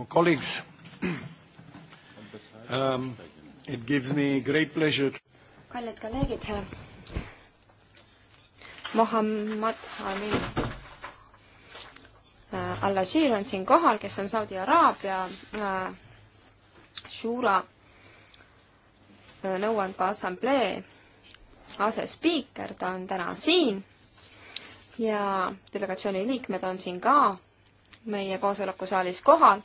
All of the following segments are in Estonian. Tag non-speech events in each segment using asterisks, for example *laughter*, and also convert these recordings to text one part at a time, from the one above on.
So, colleagues, um, it gives me great pleasure to... kallid kolleegid, Mohammad Ali äh, al-Bashir on siin kohal, kes on Saudi Araabia äh, Shura äh, nõuandva assamblee asespiiker, ta on täna siin ja delegatsiooni liikmed on siin ka meie koosolekusaalis kohal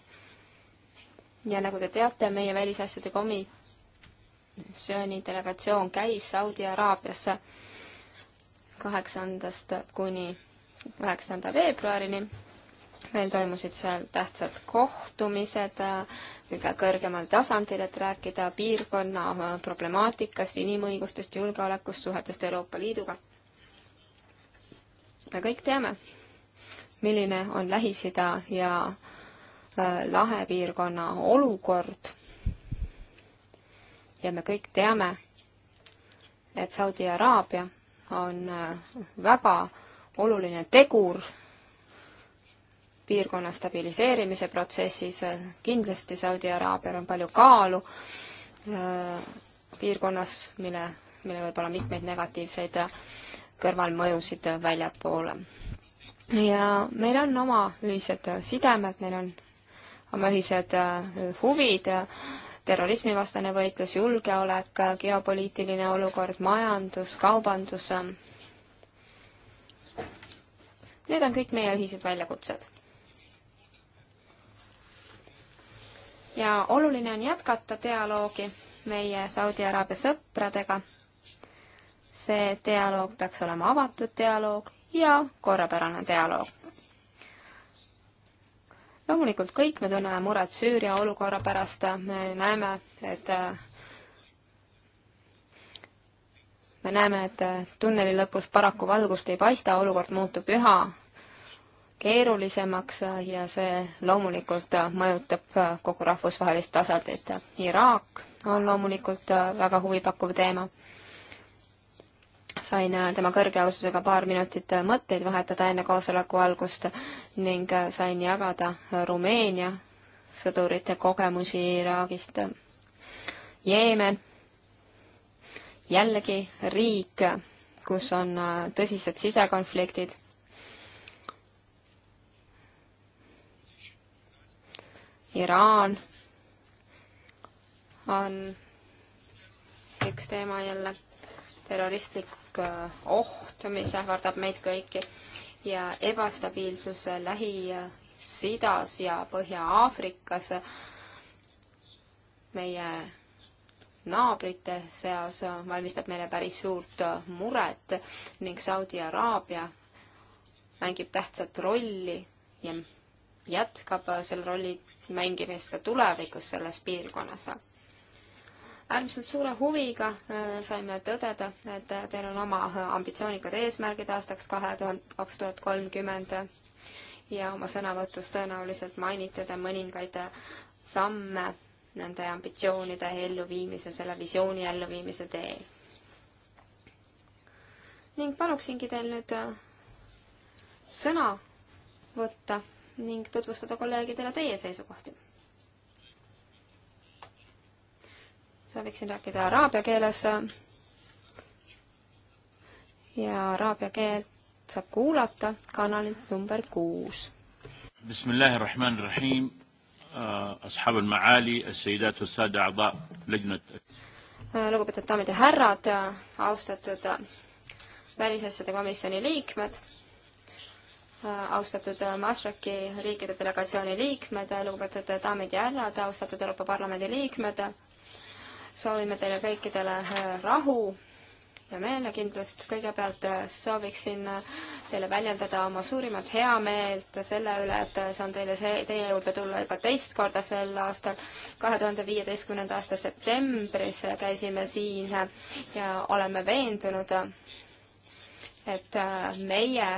ja nagu te teate, meie välisasjade komisjoni delegatsioon käis Saudi Araabiasse kaheksandast kuni üheksanda veebruarini. meil toimusid seal tähtsad kohtumised kõige kõrgemal tasandil, et rääkida piirkonna problemaatikast, inimõigustest, julgeolekust, suhetest Euroopa Liiduga. me kõik teame, milline on Lähis-Ida ja äh, Äh, lahepiirkonna olukord ja me kõik teame, et Saudi Araabia on äh, väga oluline tegur piirkonna stabiliseerimise protsessis, kindlasti Saudi Araabial on palju kaalu äh, piirkonnas, mille, millel võib olla mitmeid negatiivseid kõrvalmõjusid väljapoole. ja meil on oma ühised sidemed, meil on oma ühised äh, huvid, terrorismivastane võitlus, julgeolek, geopoliitiline olukord, majandus, kaubandus. Need on kõik meie ühised väljakutsed. ja oluline on jätkata dialoogi meie Saudi Araabia sõpradega see dialoog peaks olema avatud dialoog ja korrapärane dialoog loomulikult kõik me tunneme muret Süüria olukorra pärast, me näeme, et me näeme, et tunneli lõpus paraku valgust ei paista, olukord muutub üha keerulisemaks ja see loomulikult mõjutab kogu rahvusvahelist tasandit. Iraak on loomulikult väga huvipakkuv teema sain äh, tema kõrge aususega paar minutit äh, mõtteid vahetada enne koosoleku algust ning äh, sain jagada Rumeenia sõdurite kogemusi Iraagist. Jeemen, jällegi riik, kus on tõsised sisekonfliktid. Iraan on üks teema jälle, terroristlik ränderaamistik äh, oht, mis ähvardab meid kõiki ja ebastabiilsus Lähis-Idas ja Põhja-Aafrikas meie naabrite seas valmistab meile päris suurt muret ning Saudi Araabia mängib tähtsat rolli ja jätkab selle rolli mängimist ka tulevikus selles piirkonnas äärmiselt suure huviga äh, saime tõdeda, et teil on oma äh, ambitsioonikad eesmärgid aastaks kahe tuhande, kaks tuhat kolmkümmend ja oma sõnavõtus tõenäoliselt mainite te mõningaid äh, samme nende ambitsioonide elluviimise, selle visiooni elluviimise teel. ning paluksingi teil nüüd sõna võtta ning tutvustada kolleegidele teie seisukohti sooviksin rääkida araabia keeles. ja araabia keelt saab kuulata kanalilt number kuus. Bismillahirrahmanirrahim. Äh, Ashab al-Maali, As-Seidat As-Sada A'da, Legnat. lugupeetud daamid ja härrad, austatud välisasjade komisjoni liikmed, austatud Mašraki riikide delegatsiooni liikmed, lugupeetud daamid ja härrad, austatud Euroopa Parlamendi liikmed, soovime teile kõikidele äh, rahu ja meelekindlust. kõigepealt äh, sooviksin äh, teile väljendada oma suurimat heameelt selle üle, et saan teile see, teie juurde tulla juba teist korda sel aastal. kahe tuhande viieteistkümnenda aasta septembris käisime siin ja oleme veendunud, et meie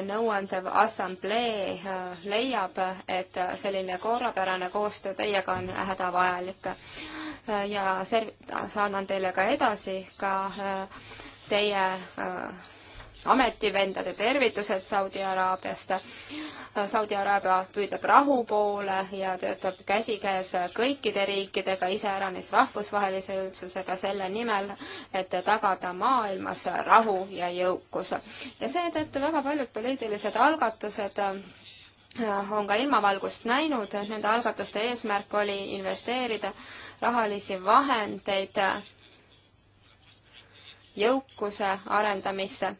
nõuandev assamblee äh, leiab, et selline korrapärane koostöö teiega on hädavajalik. Äh, ja ser-, saadan teile ka edasi ka äh, teie ametivendade tervitused Saudi Araabiast. Saudi Araabia püüdleb rahu poole ja töötab käsikäes kõikide riikidega, iseäranis rahvusvahelise üldsusega selle nimel, et tagada maailmas rahu ja jõukus. ja seetõttu väga paljud poliitilised algatused äh, on ka ilmavalgust näinud, nende algatuste eesmärk oli investeerida rahalisi vahendeid jõukuse arendamisse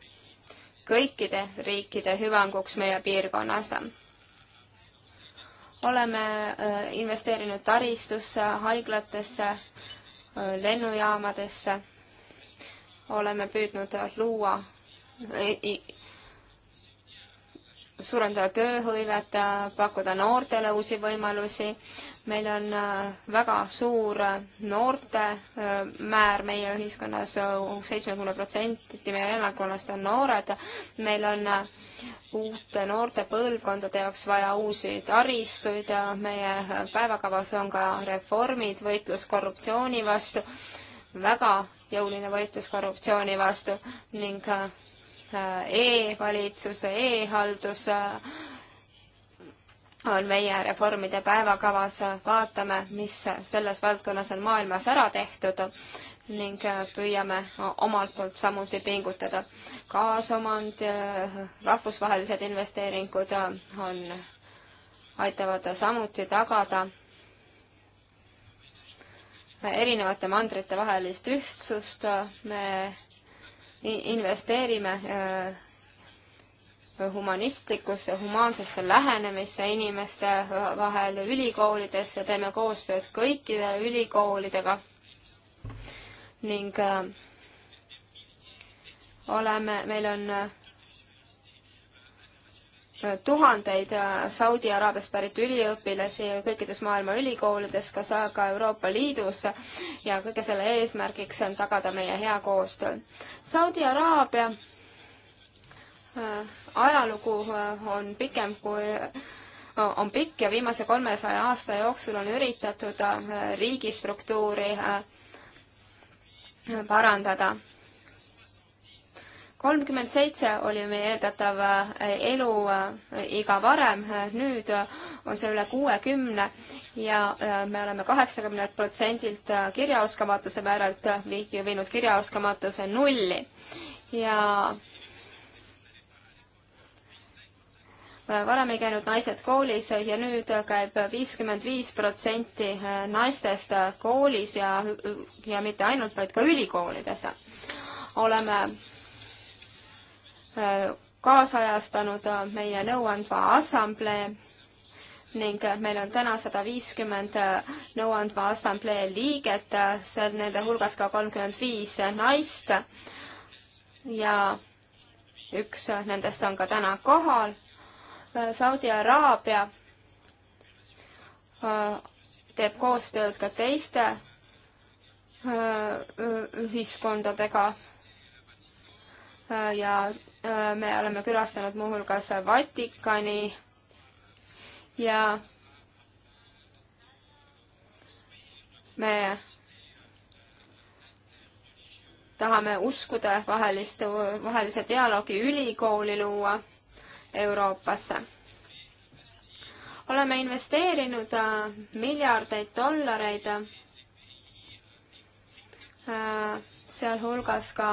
kõikide riikide hüvanguks meie piirkonnas. oleme äh, investeerinud taristusse, haiglatesse, äh, lennujaamadesse, oleme püüdnud luua äh, suurendada tööhõivet, pakkuda noortele uusi võimalusi. meil on äh, väga suur äh, noorte äh, määr meie ühiskonnas, seitsmekümne protsenti meie elanikkonnast on noored. meil on uute noorte põlvkondade jaoks vaja uusi taristuid ja meie päevakavas on ka reformid, võitlus korruptsiooni vastu, väga jõuline võitlus korruptsiooni vastu ning Äh, e-valitsus e, e-haldus äh, on meie reformide päevakavas, vaatame, mis selles valdkonnas on maailmas ära tehtud ning äh, püüame omalt poolt samuti pingutada. kaasomand, rahvusvahelised investeeringud on, aitavad samuti tagada erinevate mandrite vahelist ühtsust, me investeerime äh, humanistlikusse, humaansesse lähenemisse inimeste äh, vahel ülikoolides ja teeme koostööd kõikide ülikoolidega ning äh, oleme, meil on tuhandeid äh, Saudi Araabiast pärit üliõpilasi kõikides maailma ülikoolides, kas aga Euroopa Liidus ja kõige selle eesmärgiks on tagada meie hea koostöö. Saudi Araabia äh, ajalugu äh, on pikem kui on pikk ja viimase kolmesaja aasta jooksul on üritatud riigistruktuuri parandada kolmkümmend seitse oli meie eeldatav äh, eluiga äh, varem, nüüd äh, on see üle kuuekümne ja me oleme kaheksakümnelt protsendilt kirjaoskamatuse määralt viinud kirjaoskamatuse nulli ja varem ei käinud naised koolis ja nüüd käib viiskümmend viis protsenti naistest koolis ja, ja mitte ainult, vaid ka ülikoolides. oleme Äh, kaasajastanud äh, meie nõuandva assamblee ning äh, meil on täna sada viiskümmend nõuandva assamblee liiget, seal nende hulgas ka kolmkümmend viis naist ja üks nendest on ka täna kohal. Saudi Araabia teeb koostööd ka teiste ühiskondadega ja Äh, me oleme külastanud muuhulgas Vatikani ja me tahame uskude vahelist, vahelise dialoogi ülikooli luua Euroopasse. oleme investeerinud äh, miljardeid dollareid, äh, sealhulgas ka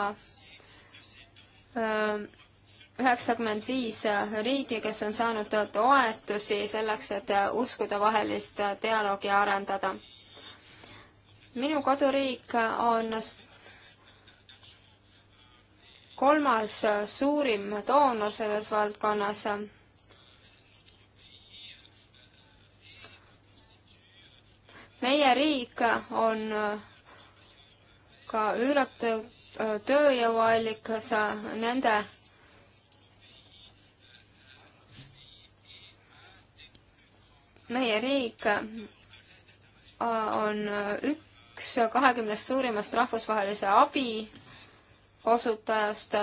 üheksakümmend viis riigi, kes on saanud toetusi selleks, et uskudevahelist dialoogi arendada. minu koduriik on kolmas suurim doonor selles valdkonnas. meie riik on ka üüratu tööjõuallikas nende meie riik äh, on äh, üks kahekümnest suurimast rahvusvahelise abi osutajast.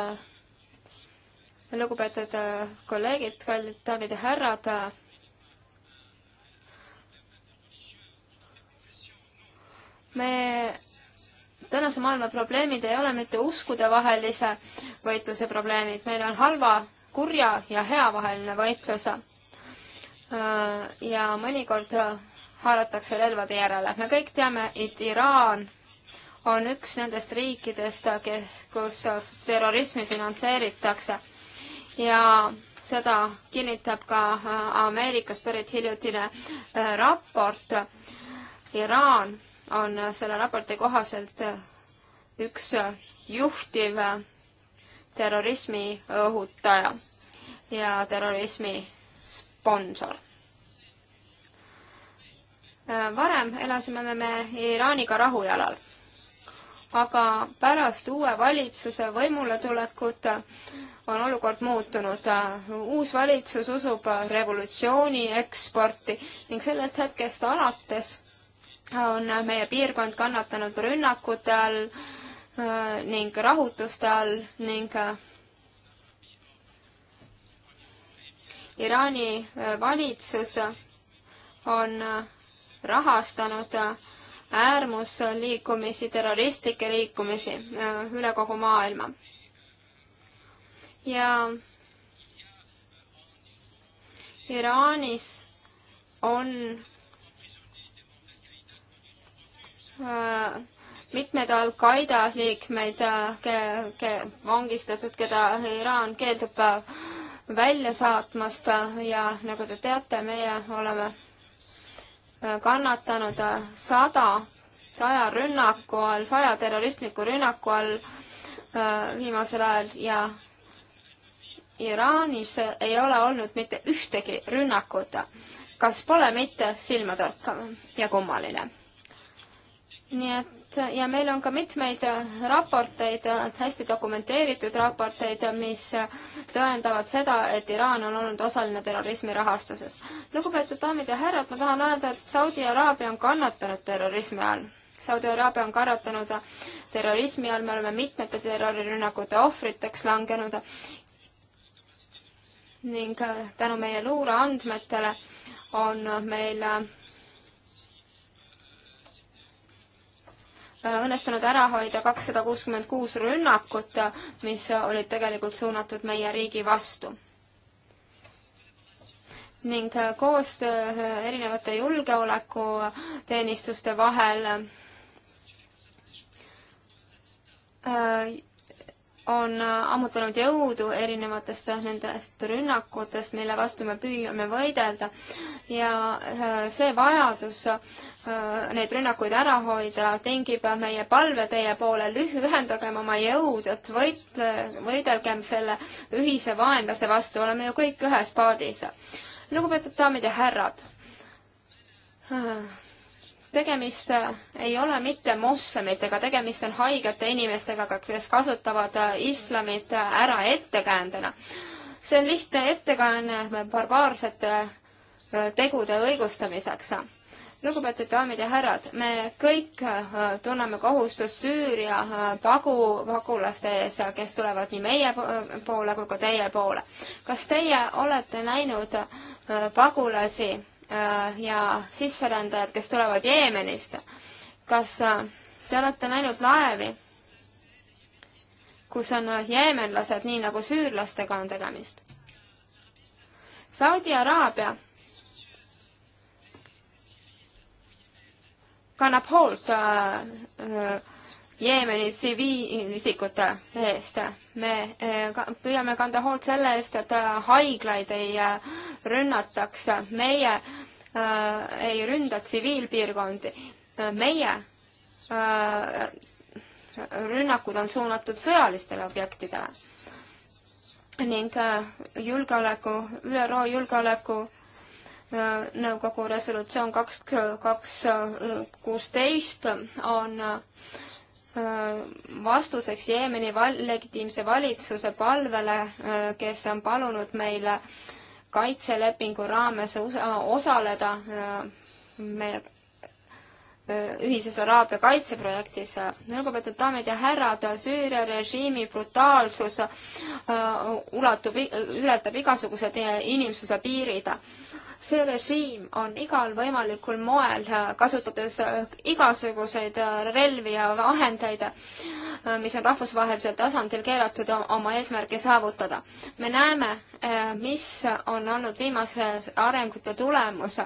lugupeetud äh, kolleegid, kallid daamid ja härrad. me tänase maailma probleemid ei ole mitte uskudevahelise võitluse probleemid, meil on halva, kurja ja hea vaheline võitlus Äh, ja mõnikord haaratakse relvade järele. me kõik teame, et Iraan on üks nendest riikidest, kus terrorismi finantseeritakse ja seda kinnitab ka äh, Ameerikast pärit hiljutine äh, raport. Iraan on selle raporti kohaselt üks juhtiv terrorismi õhutaja ja terrorismi sponsor. varem elasime me, me Iraaniga rahujalal aga pärast uue valitsuse võimuletulekut on olukord muutunud. uus valitsus usub revolutsiooni eksporti ning sellest hetkest alates on meie piirkond kannatanud rünnakute all äh, ning rahutuste all ning äh, Iraani äh, valitsus on äh, rahastanud äh, äärmusliikumisi, terroristlikke liikumisi üle kogu maailma. ja Iraanis on äh, mitmed Al-Qaeda liikmeid ke, ke, vangistatud, keda Iraan keeldub välja saatmast ja nagu te teate, meie oleme äh, kannatanud äh, sada, saja rünnaku all, saja terroristliku rünnaku all äh, viimasel ajal ja Iraanis ei ole olnud mitte ühtegi rünnakut. kas pole mitte silmatorkav ja kummaline? nii et sellest ja meil on ka mitmeid äh, raporteid, äh, hästi dokumenteeritud raporteid, mis äh, tõendavad seda, et Iraan on olnud osaline terrorismi rahastuses. lugupeetud daamid ja härrad, ma tahan öelda, et Saudi Araabia on kannatanud terrorismi all. Saudi Araabia on kannatanud terrorismi all, me oleme mitmete terrorirünnakute ohvriteks langenud ning tänu meie luureandmetele on meil Äh, õnnestunud ära hoida kakssada kuuskümmend kuus rünnakut, mis olid tegelikult suunatud meie riigi vastu. ning äh, koostöö äh, erinevate julgeolekuteenistuste vahel on ammutanud jõudu erinevatest nendest rünnakutest, mille vastu me püüame võidelda. ja see vajadus Äh, neid rünnakuid ära hoida, tingib meie palve teie poole, ühendagem oma jõud, et võitle, võidelgem selle ühise vaenlase vastu, oleme ju kõik ühes paadis. lugupeetud daamid ja härrad, tegemist ei ole mitte moslemitega, tegemist on haigete inimestega, kes kasutavad islamit ära ettekäändena. see on lihtne ettekäänne barbaarsete äh, tegude õigustamiseks lugupeetud daamid ja härrad, me kõik äh, tunneme kohustust Süüria äh, pagu, pagulaste ees, kes tulevad nii meie poole kui ka teie poole. kas teie olete näinud äh, pagulasi ja sisserändajad, kes tulevad Jeemenist? kas te olete näinud laevi, kus on jeemenlased, nii nagu süürlastega on tegemist? Saudi Araabia kannab hoolt äh, äh, Jeemeni tsiviilisikute eest. me äh, püüame kanda hoolt selle eest, et haiglaid ei rünnataks, meie ei ründa tsiviilpiirkondi, meie rünnakud on suunatud sõjalistele objektidele ning julgeoleku, ÜRO julgeoleku nõukogu resolutsioon kaks, kaks kuusteist on äh, vastuseks Jeemeni val-, legitiimse valitsuse palvele, äh, kes on palunud meile kaitselepingu raames osaleda äh, meie ühises Araabia kaitseprojektis. lugupeetud daamid ja härrad, Süüria režiimi brutaalsus ulatub, ületab igasugused inimsuse piirid see režiim on igal võimalikul moel, äh, kasutades äh, igasuguseid äh, relvi ja vahendeid, mis on rahvusvahelisel tasandil keelatud oma eesmärgi saavutada. me näeme, mis on olnud viimase arengute tulemus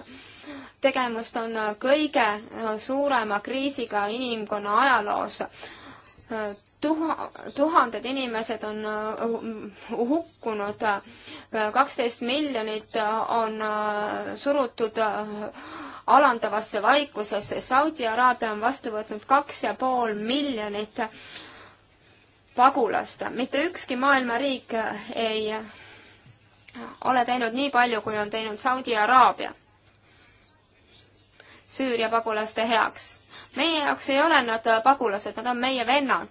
tegemist on kõige suurema kriisiga inimkonna ajaloos tuha-, tuhanded inimesed on äh, uh, hukkunud, kaksteist miljonit on äh, surutud äh, alandavasse vaikusesse, Saudi Araabia on vastu võtnud kaks ja pool miljonit pagulast, mitte ükski maailma riik ei ole teinud nii palju, kui on teinud Saudi Araabia Süüria pagulaste heaks. meie jaoks ei ole nad pagulased, nad on meie vennad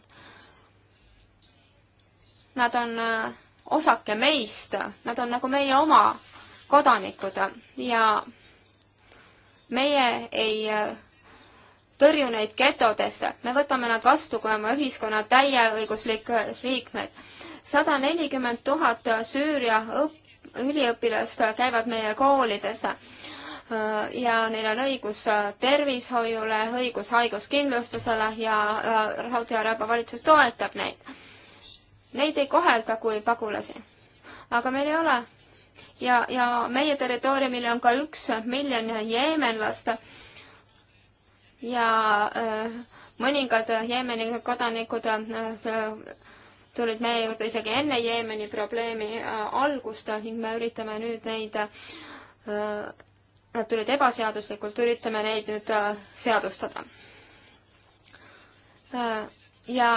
nad on äh, osake meist, nad on nagu meie oma kodanikud ja meie ei äh, tõrju neid getodesse, me võtame nad vastu kui oma ühiskonna täieõiguslikud äh, liikmed. sada nelikümmend tuhat Süüria õpp-, üliõpilast käivad meie koolides ja neil on õigus tervishoiule, õigus haiguskindlustusele ja Saudi Araabia valitsus toetab neid Neid ei kohelda kui pagulasi. aga meil ei ole ja, ja meie territooriumil on ka üks miljon jeemenlast ja äh, mõningad Jeemeni kodanikud äh, tulid meie juurde isegi enne Jeemeni probleemi äh, algust ning me üritame nüüd neid äh, Nad tulid ebaseaduslikult, üritame neid nüüd äh, seadustada. Äh, ja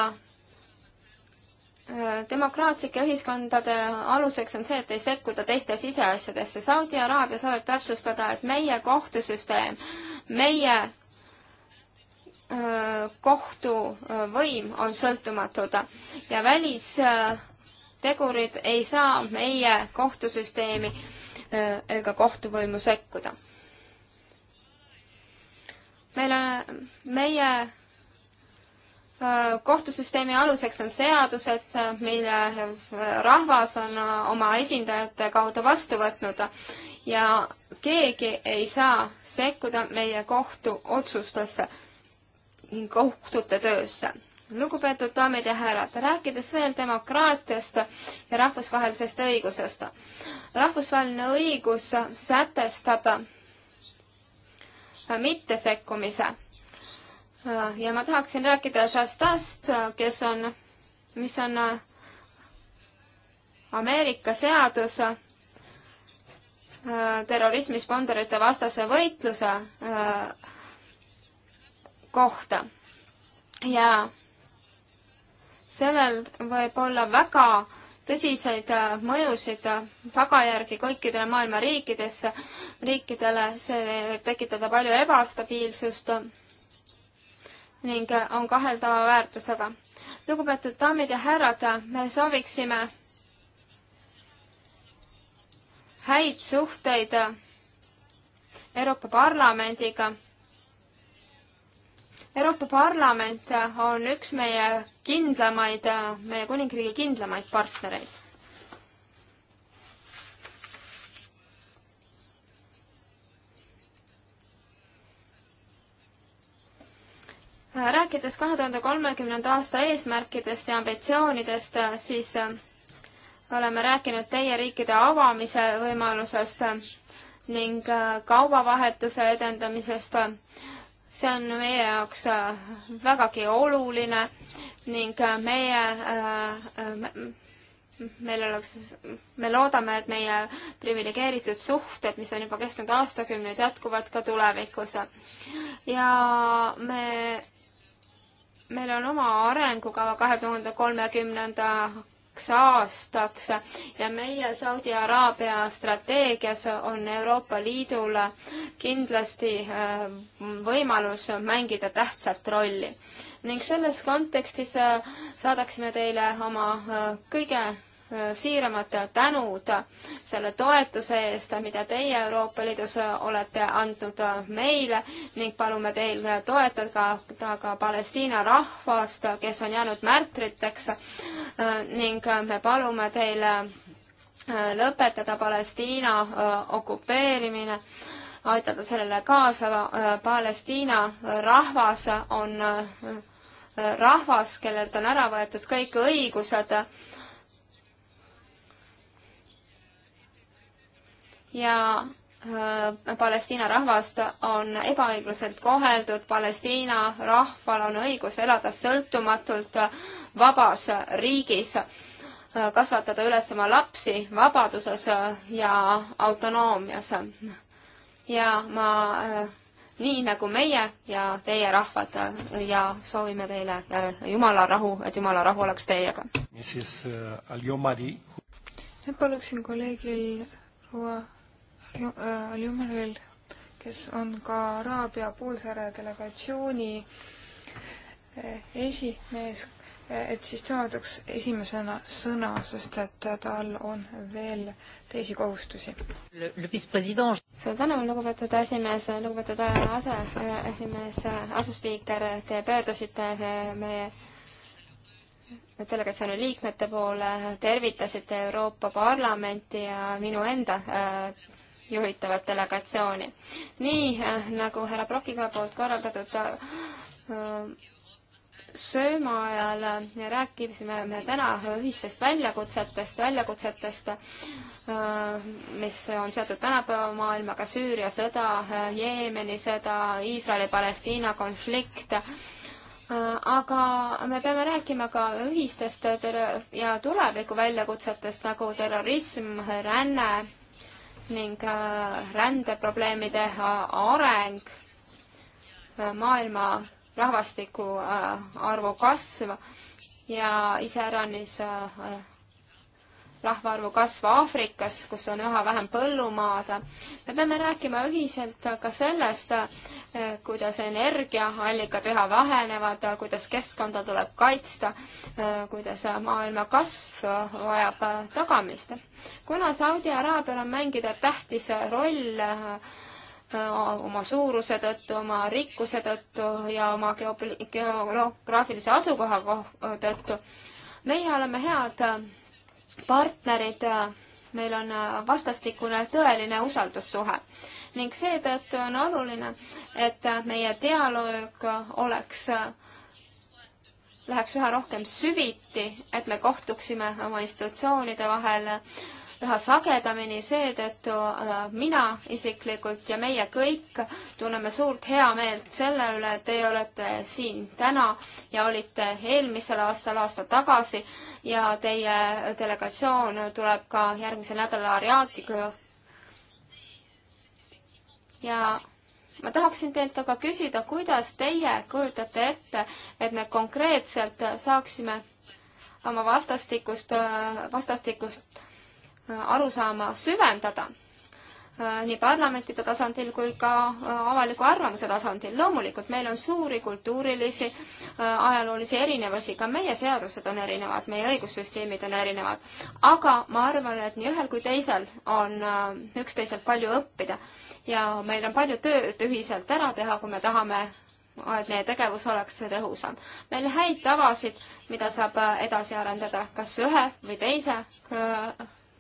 demokraatlike ühiskondade aluseks on see, et ei sekkuda teiste siseasjadesse. Saudi Araabia soovib täpsustada, et meie kohtusüsteem, meie kohtuvõim on sõltumatud ja välistegurid ei saa meie kohtusüsteemi ega kohtuvõimu sekkuda. meile, meie, meie kohtusüsteemi aluseks on seadused, mille rahvas on oma esindajate kaudu vastu võtnud ja keegi ei saa sekkuda meie kohtuotsustesse ning kohtute töösse. lugupeetud daamid ja härrad, rääkides veel demokraatiast ja rahvusvahelisest õigusest. rahvusvaheline õigus sätestab mittesekkumise Äh, ja ma tahaksin rääkida Shastast, äh, kes on, mis on äh, Ameerika seadus terrorismispondorite vastase võitluse kohta. ja sellel võib olla väga tõsiseid mõjusid, tagajärgi kõikidele maailma riikidesse, riikidele, see võib tekitada palju ebastabiilsust ning on kaheldava väärtusega. lugupeetud daamid ja härrad, me sooviksime häid suhteid Euroopa Parlamendiga. Euroopa Parlament on üks meie kindlamaid, meie kuningriigi kindlamaid partnereid rääkides kahe tuhande kolmekümnenda aasta eesmärkidest ja ambitsioonidest, siis äh, oleme rääkinud teie riikide avamise võimalusest ning äh, kaubavahetuse edendamisest. see on meie jaoks äh, vägagi oluline ning meie meil oleks, me loodame, et meie priviligeeritud suhted, mis on juba kestnud aastakümneid, jätkuvad ka tulevikus. ja me meil on oma arengukava kahe tuhande kolmekümnendaks aastaks ja meie Saudi Araabia strateegias on Euroopa Liidul kindlasti äh, võimalus mängida tähtsat rolli. ning selles kontekstis äh, saadaksime teile oma äh, kõige siiramad tänud selle toetuse eest, mida teie Euroopa Liidus olete andnud meile ning palume teil toetada ka, ka Palestiina rahvast, kes on jäänud märtriteks ning me palume teil lõpetada Palestiina okupeerimine aidata sellele kaasa, Palestiina rahvas on rahvas, kellelt on ära võetud kõik õigused ja äh, Palestiina rahvast on ebaõiglaselt koheldud, Palestiina rahval on õigus elada sõltumatult vabas riigis, äh, kasvatada üles oma lapsi vabaduses ja autonoomias. ja ma, äh, nii nagu meie ja teie rahvad ja soovime teile Jumala rahu, et Jumala rahu oleks teiega. nüüd paluksin kolleegil proua oli äh, Jumalil, kes on ka Araabia poolsaare delegatsiooni äh, esimees, äh, et siis tema võtaks esimesena sõna, sest et tal on veel teisi kohustusi. suur tänu, lugupeetud esimees, lugupeetud aseesimees, asespiiker, te pöördusite meie delegatsiooni liikmete poole, tervitasite Euroopa Parlamenti ja minu enda äh, juhitavat delegatsiooni. nii äh, nagu härra Prokiga poolt korraldatud äh, sööma ajal äh, rääkisime me täna ühistest väljakutsetest, väljakutsetest, mis on seotud tänapäeva maailmaga, Süüria sõda, Jeemeni sõda, Iisraeli-Palestiina konflikt, aga me peame rääkima ka ühistest ja tuleviku väljakutsetest nagu terrorism, ränne ning äh, rändeprobleemide äh, areng, äh, maailma rahvastiku arvu kasv ja iseäranis rahvaarvu kasv Aafrikas, kus on üha vähem põllumaad. me peame rääkima ühiselt ka sellest, eh, kuidas energiaallikad üha vähenevad, kuidas keskkonda tuleb kaitsta, eh, kuidas maailma kasv vajab tagamist. kuna Saudi Araabial on mängida tähtis roll eh, oma suuruse tõttu, oma rikkuse tõttu ja oma geograafilise asukoha tõttu. meie oleme head partnerid, meil on vastastikune tõeline usaldussuhe ning seetõttu on oluline, et meie dialoog oleks läheks üha rohkem süviti, et me kohtuksime oma institutsioonide vahel üha sagedamini, seetõttu äh, mina isiklikult ja meie kõik tunneme suurt heameelt selle üle, et teie olete siin täna ja olite eelmisel aastal aasta tagasi ja teie delegatsioon tuleb ka järgmisel nädalal Ariaatiga. ja ma tahaksin teilt aga küsida, kuidas teie kujutate ette, et me konkreetselt saaksime oma vastastikust, äh, vastastikust arusaama süvendada äh, nii parlamentide tasandil kui ka äh, avaliku arvamuse tasandil. loomulikult meil on suuri kultuurilisi, äh, ajaloolisi erinevusi, ka meie seadused on erinevad, meie õigussüsteemid on erinevad. aga ma arvan, et nii ühel kui teisel on üksteiselt palju õppida ja meil on palju tööd ühiselt ära teha, kui me tahame et meie tegevus oleks tõhusam. meil häid tavasid, mida saab edasi arendada kas ühe või teise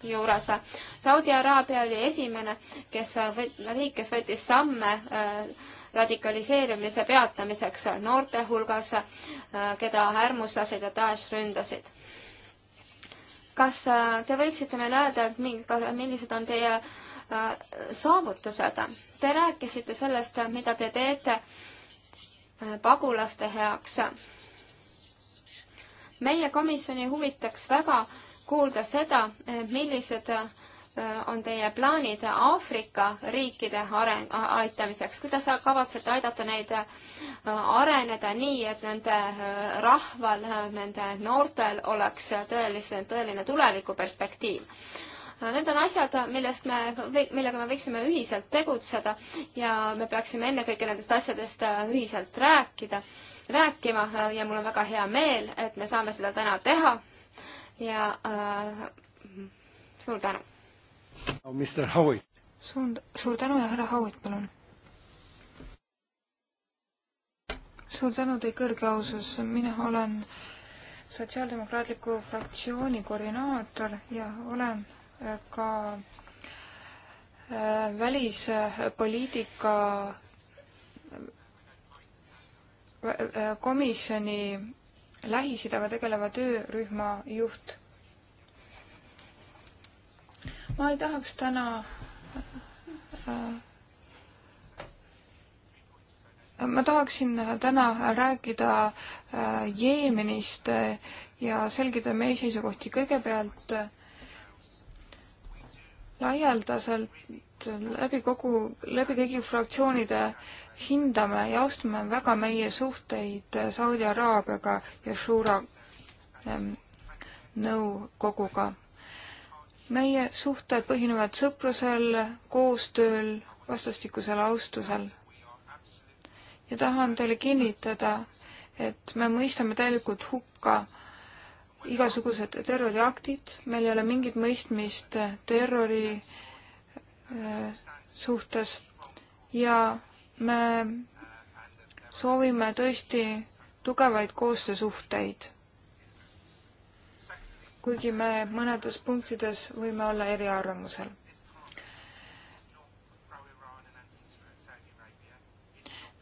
juures. Saudi Araabia oli esimene, kes, riik, kes võttis samme äh, radikaliseerumise peatamiseks noorte hulgas, äh, keda äärmuslased ja Daesh ründasid. kas äh, te võiksite meile öelda, et millised on teie saavutused? Te rääkisite sellest, mida te teete pagulaste heaks. meie komisjoni huvitaks väga äh, kuulda seda, millised äh, on teie plaanid Aafrika riikide areng, aitamiseks, kuidas kavatsete aidata neid äh, areneda nii, et nende äh, rahval, nende noortel oleks tõelise, tõeline tulevikuperspektiiv? Need on asjad, millest me, millega me võiksime ühiselt tegutseda ja me peaksime ennekõike nendest asjadest ühiselt rääkida, rääkima ja mul on väga hea meel, et me saame seda täna teha ja äh, suur tänu. Oh, Mr Howitt. suur, suur tänu ja härra Howitt, palun. suur tänu teie kõrge ausus, mina olen Sotsiaaldemokraatliku fraktsiooni koordinaator ja olen äh, ka äh, välispoliitika äh, komisjoni Lähis-Idaga tegeleva töörühma juht. ma ei tahaks täna äh, ma tahaksin täna rääkida äh, Jeemenist ja selgitada meie seisukohti. kõigepealt laialdaselt läbi kogu, läbi kõigi fraktsioonide äh, hindame ja austame väga meie suhteid Saudi Araabiaga ja Shura ähm, nõukoguga. meie suhted põhinevad sõprusel, koostööl, vastastikusel austusel. ja tahan teile kinnitada, et me mõistame täielikult hukka igasugused terroriaktid, meil ei ole mingit mõistmist terrori äh, suhtes ja me soovime tõesti tugevaid koostöösuhteid. kuigi me mõnedes punktides võime olla eriarvamusel.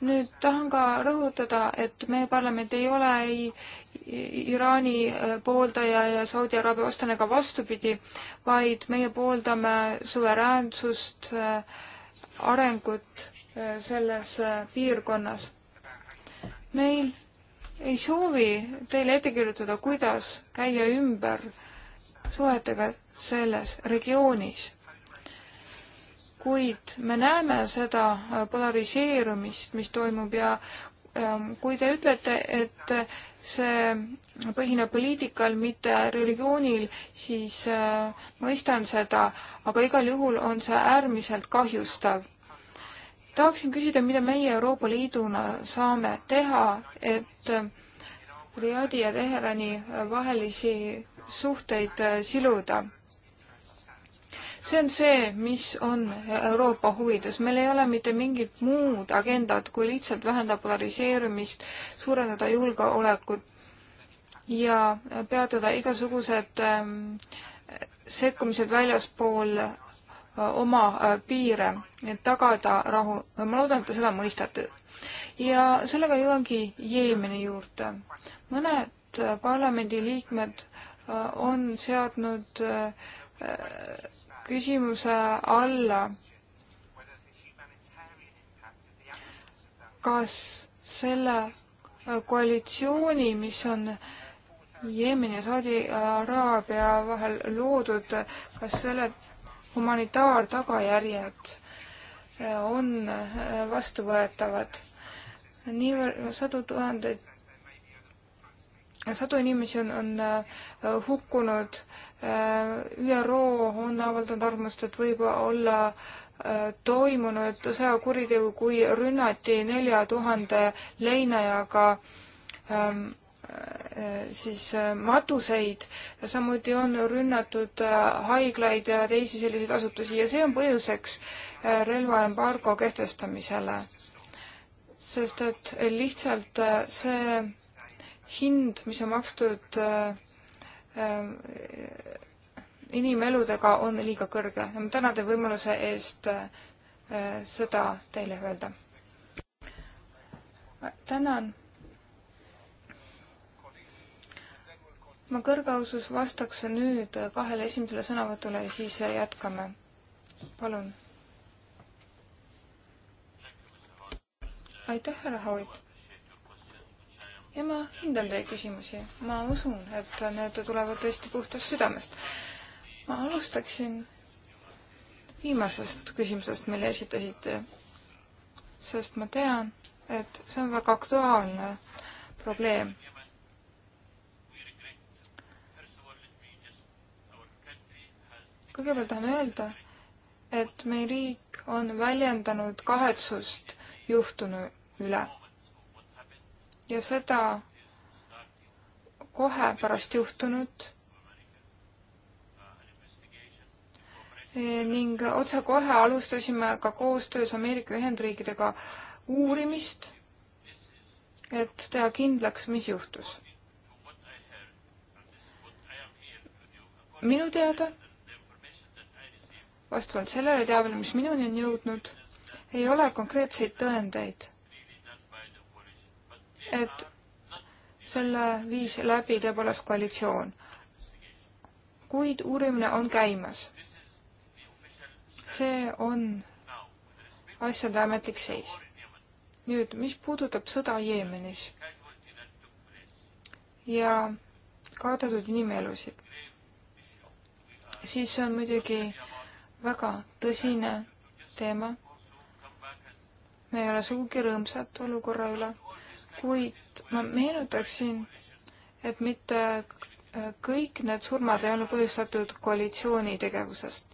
nüüd tahan ka rõhutada, et meie parlament ei ole ei Iraani äh, pooldaja ja Saudi Araabia vastane, aga vastupidi, vaid meie pooldame suveräänsust äh, arengut eh, selles eh, piirkonnas. meil ei soovi teile ette kirjutada, kuidas käia ümber suhetega selles regioonis. kuid me näeme seda polariseerumist, mis toimub ja Ähm, kui te ütlete, et see põhineb poliitikal, mitte religioonil, siis äh, mõistan seda, aga igal juhul on see äärmiselt kahjustav. tahaksin küsida, mida meie Euroopa Liiduna saame teha, et äh, Riadi ja Teherani vahelisi suhteid äh, siluda see on see, mis on Euroopa huvides. meil ei ole mitte mingit muud agendat, kui lihtsalt vähendada polariseerumist, suurendada julgeolekut ja peatada igasugused ähm, sekkumised väljaspool äh, oma äh, piire, et tagada rahu. ma loodan, et te seda mõistate. ja sellega jõuangi Jeemeni juurde. mõned äh, parlamendiliikmed on seadnud küsimuse alla, kas selle koalitsiooni, mis on Jeemeni ja Saudi-Araabia vahel loodud, kas selle humanitaartagajärjed on vastuvõetavad? niivõrd sadu tuhandeid sadu inimesi on, on äh, hukkunud. Äh, ÜRO on avaldanud arvamust, et võib olla äh, toimunud sõjakuritegu, kui rünnati nelja tuhande leinajaga ähm, siis matuseid, samuti on rünnatud haiglaid ja teisi selliseid asutusi ja see on põhjuseks relvaembargo kehtestamisele. sest et lihtsalt see hind, mis on makstud äh, äh, inimeludega, on liiga kõrge ja ma tänan teid võimaluse eest äh, seda teile öelda. tänan. ma kõrgeausus vastaks nüüd kahele esimesele sõnavõtule ja siis jätkame. palun. aitäh, härra Howitt ja ma hindan teie küsimusi. ma usun, et need tulevad tõesti puhtast südamest. ma alustaksin viimasest küsimusest, mille esitasite, sest ma tean, et see on väga aktuaalne probleem kõigepealt tahan öelda, et meie riik on väljendanud kahetsust juhtunu üle ja seda kohe pärast juhtunut e, ning otsekohe alustasime ka koostöös Ameerika Ühendriikidega uurimist, et teha kindlaks, mis juhtus. minu teada, vastavalt sellele teabele, mis minuni on jõudnud, ei ole konkreetseid tõendeid et selle viis läbi tõepoolest koalitsioon. kuid uurimine on käimas. see on asjade ametlik seis. nüüd, mis puudutab sõda Jeemenis ja kaotatud inimelusid, siis see on muidugi väga tõsine teema. me ei ole sugugi rõõmsad olukorra üle kuid ma meenutaksin, et mitte kõik need surmad ei olnud põhjustatud koalitsiooni tegevusest.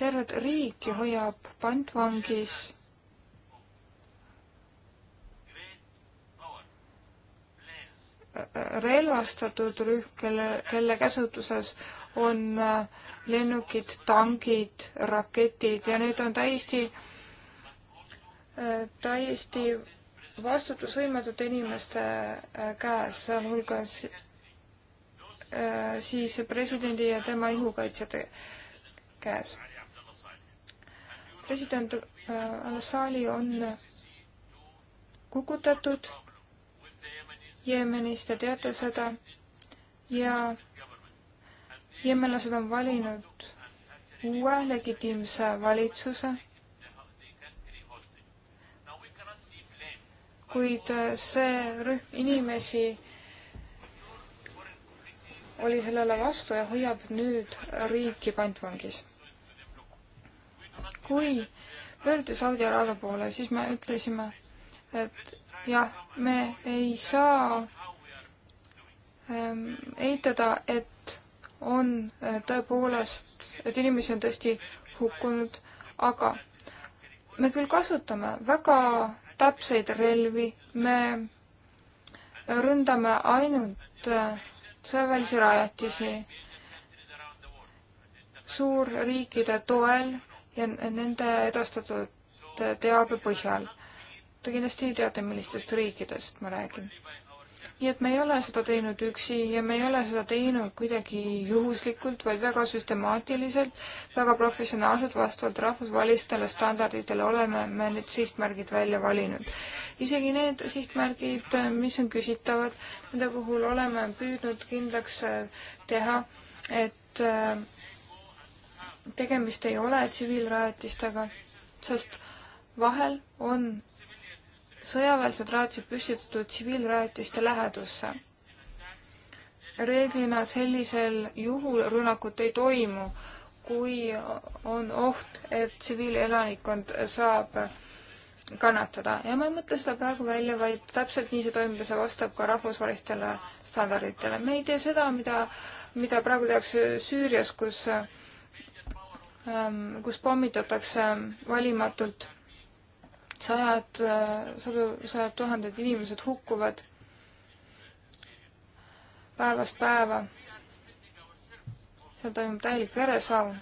tervet riiki hoiab pantvangis relvastatud rühm, kelle, kelle käsutuses on lennukid, tankid, raketid ja need on täiesti äh, täiesti vastutusvõimetute inimeste äh, käes, sealhulgas äh, siis presidendi ja tema ihukaitsjate käes. president äh, Al-Assali on kukutatud Jeemenis, te teate seda, ja jeemenlased on valinud uue legitiimse valitsuse kuid äh, see rühm inimesi oli sellele vastu ja hoiab nüüd riiki pantvangis. kui pöördus Saudi Araabia poole, siis me ütlesime, et jah, me ei saa ähm, eitada, et on äh, tõepoolest, et inimesi on tõesti hukkunud, aga me küll kasutame väga täpseid relvi, me ründame ainult äh, sõjaväelisi rajatisi suurriikide toel ja nende edastatud äh, teabe põhjal. Te kindlasti teate, millistest riikidest ma räägin nii et me ei ole seda teinud üksi ja me ei ole seda teinud kuidagi juhuslikult, vaid väga süstemaatiliselt, väga professionaalselt, vastavalt rahvusvahelistele standarditele oleme me need sihtmärgid välja valinud. isegi need sihtmärgid, mis on küsitavad, nende puhul oleme püüdnud kindlaks äh, teha, et äh, tegemist ei ole tsiviilrajatistega, sest vahel on sõjaväelised raadid püstitatud tsiviilrajatiste lähedusse. reeglina sellisel juhul rünnakut ei toimu, kui on oht, et tsiviilelanikkond saab kannatada ja ma ei mõtle seda praegu välja, vaid täpselt nii see toimib ja see vastab ka rahvusvahelistele standarditele. me ei tee seda, mida, mida praegu tehakse Süürias, kus ähm,, kus pommitatakse valimatult sajad, sadu, sajad tuhanded inimesed hukkuvad päevast päeva. seal toimub täielik veresaun.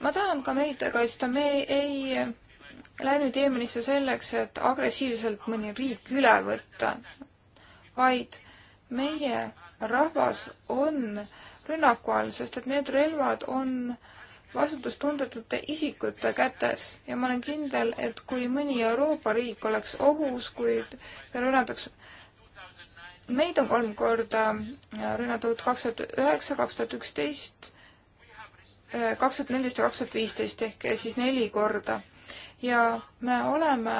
ma tahan ka meid kaitsta, me ei, ei läinud Jeemenisse selleks, et agressiivselt mõni riik üle võtta, vaid meie rahvas on rünnaku all, sest et need relvad on äh, vastutustundetute isikute kätes ja ma olen kindel, et kui mõni Euroopa riik oleks ohus, kuid rünnataks meid on kolm korda äh, rünnatud kaks tuhat üheksa, kaks tuhat üksteist, äh, kaks tuhat neliteist ja kaks tuhat viisteist ehk siis neli korda. ja me oleme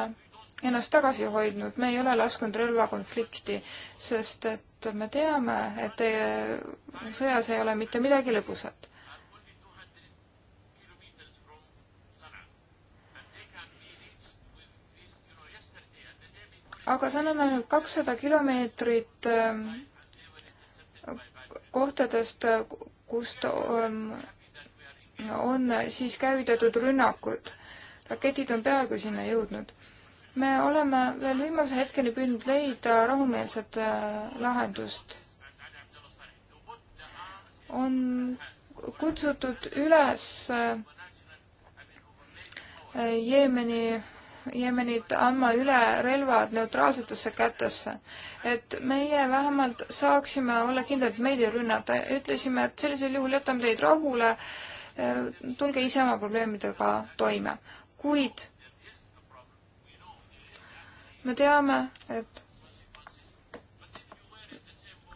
ennast tagasi hoidnud, me ei ole lasknud relvakonflikti, sest et me teame, et sõjas ei ole mitte midagi lõbusat aga see on ainult kakssada kilomeetrit ähm, kohtadest, kust ähm, on siis käivitatud rünnakud. raketid on peaaegu sinna jõudnud. me oleme veel viimase hetkeni püüdnud leida rahumeelset äh, lahendust. on kutsutud üles äh, Jeemeni Jemenit andma üle relvad neutraalsetesse kätesse. et meie vähemalt saaksime olla kindlad, et meid ei rünnata. ütlesime, et sellisel juhul jätame teid rahule, äh, tulge ise oma probleemidega toime. kuid me teame, et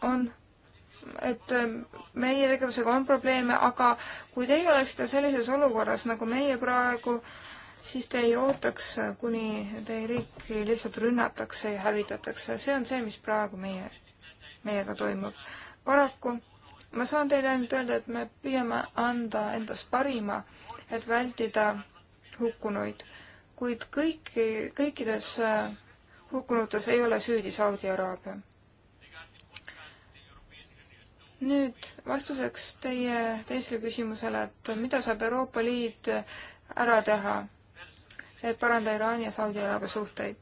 on, et äh, meie tegevusega on probleeme, aga kui teie oleksite sellises olukorras, nagu meie praegu äh, siis te ei ootaks, kuni teie riiki lihtsalt rünnatakse ja hävitatakse. see on see, mis praegu meie, meiega toimub. paraku ma saan teile ainult öelda, et me püüame anda endast parima, et vältida hukkunuid, kuid kõiki, kõikides äh, hukkunutes ei ole süüdi Saudi Araabia. nüüd vastuseks teie teisele küsimusele, et mida saab Euroopa Liit ära teha et parandada Iraani ja Saudi Araabia suhteid.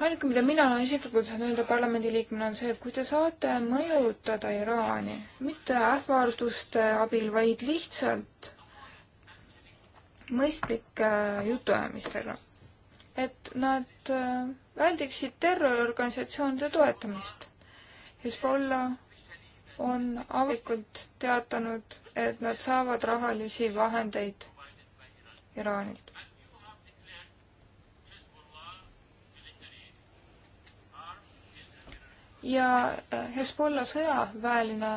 ainuke, mida mina isiklikult saan öelda parlamendiliikmena, on see, et kui te saate mõjutada Iraani mitte ähvarduste abil, vaid lihtsalt mõistlike äh, jutuajamistega, et nad äh, väldiksid terroriorganisatsioonide toetamist. Hezbollah on avalikult teatanud, et nad saavad rahalisi vahendeid Iraanilt. ja äh, Hezbollah sõjaväeline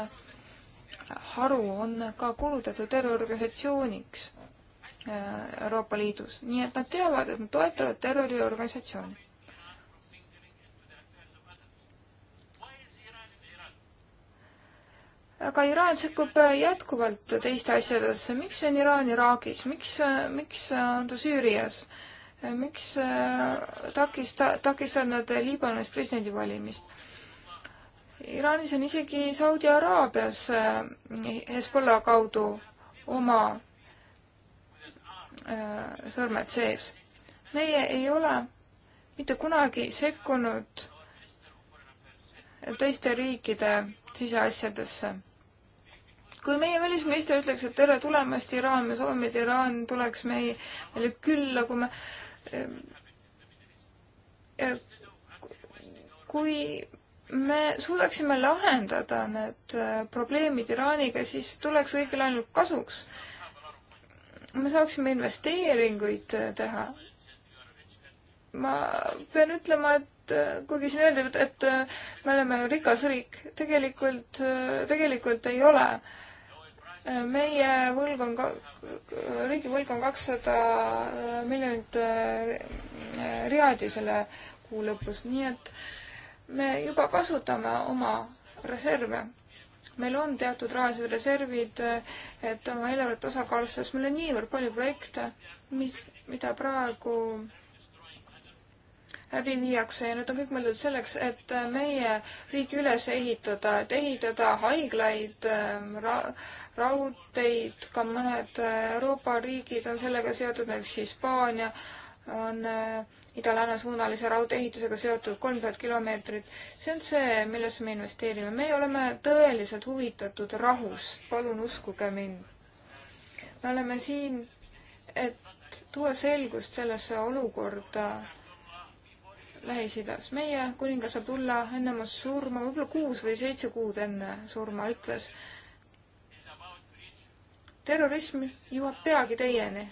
haru on ka kuulutatud terroriorganisatsiooniks äh, Euroopa Liidus, nii et nad teavad, et nad toetavad terroriorganisatsiooni. aga Iraan sekkub äh, jätkuvalt teiste asjadesse. miks on Iraan Iraagis, miks, äh, miks äh, on ta Süürias? miks takista-, takistavad nad Liibanonis presidendivalimist? Iraanis on isegi Saudi Araabias Hezbollah kaudu oma sõrmed sees. meie ei ole mitte kunagi sekkunud teiste riikide siseasjadesse kui meie välisminister ütleks, et tere tulemast, Iraan, me soovime, et Iraan tuleks meie, meile külla, kui me eh, eh, kui me suudaksime lahendada need eh, probleemid Iraaniga, siis tuleks kõigil ainult kasuks. me saaksime investeeringuid teha. ma pean ütlema, et kuigi siin öeldi, et me oleme rikas riik, tegelikult, tegelikult ei ole äh, meie võlg on, riigi võlg on kakssada äh, miljonit äh, riadi selle kuu lõpus, nii et me juba kasutame oma reserve. meil on teatud rahalised reservid, äh, et oma eelarvet tasakaalustada, sest meil on niivõrd palju projekte, mis, mida praegu läbi viiakse ja need on kõik mõeldud selleks, et meie riiki üles ehitada, et ehitada haiglaid ra, raudteid, ka mõned Euroopa riigid on sellega seotud, näiteks Hispaania on äh, ida-lääne suunalise raudtee ehitusega seotud kolm tuhat kilomeetrit. see on see, millesse me investeerime. meie oleme tõeliselt huvitatud rahust, palun uskuge mind. me oleme siin, et tuua selgust sellesse olukorda Lähis-Idas. meie kuningas Abdullah enne oma surma, võib-olla kuus või seitse kuud enne surma ütles, terrorism jõuab peagi teieni.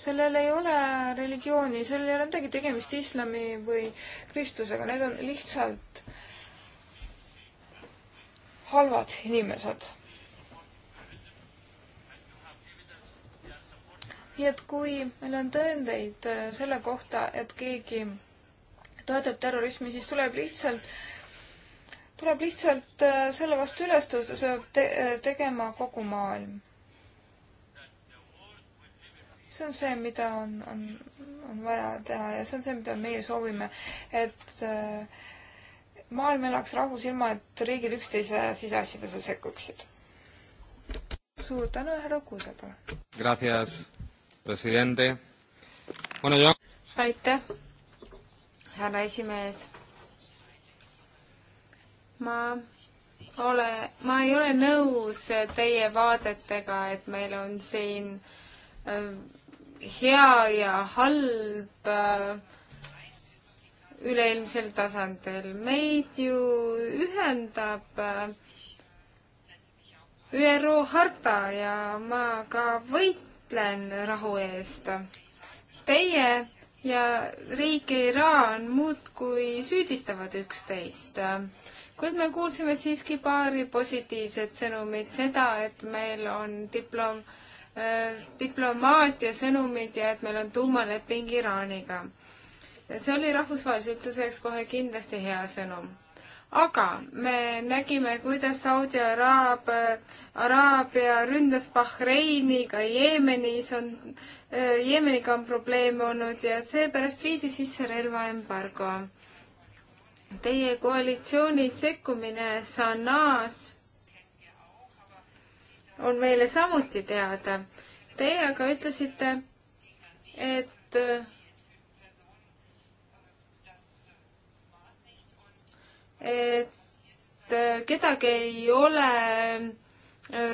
sellel ei ole religiooni, sellel ei ole midagi tegemist islami või kristlusega, need on lihtsalt halvad inimesed. nii et kui meil on tõendeid selle kohta, et keegi toetab terrorismi, siis tuleb lihtsalt äh, tuleb lihtsalt äh, selle vastu üles tõusta, see peab te äh, tegema kogu maailm. see on see, mida on, on, on vaja teha ja see on see, mida meie soovime, et äh, maailm elaks rahus, ilma et riigid üksteise siseasjadesse sekkuksid. suur tänu, härra Kuuse, palun. Gracias, presidente bueno,. aitäh, härra esimees ma ole, ma ei ole nõus teie vaadetega, et meil on siin äh, hea ja halb äh, üleilmsel tasandil. meid ju ühendab äh, ÜRO harta ja ma ka võitlen rahu eest. Teie ja riik Iraan muudkui süüdistavad üksteist äh, kuid me kuulsime siiski paari positiivset sõnumit, seda, et meil on diplom- äh,, diplomaatia sõnumid ja et meil on tuumaleping Iraaniga. see oli rahvusvahelise üldsuse jaoks kohe kindlasti hea sõnum aga me nägime, kuidas Saudi Araab, Araabia ründas Bahreini, ka Jeemenis on, äh, Jeemeniga on probleeme olnud ja seepärast viidi sisse relvaembargo. Teie koalitsiooni sekkumine Sanaas on meile samuti teada. Teie aga ütlesite, et et kedagi ei ole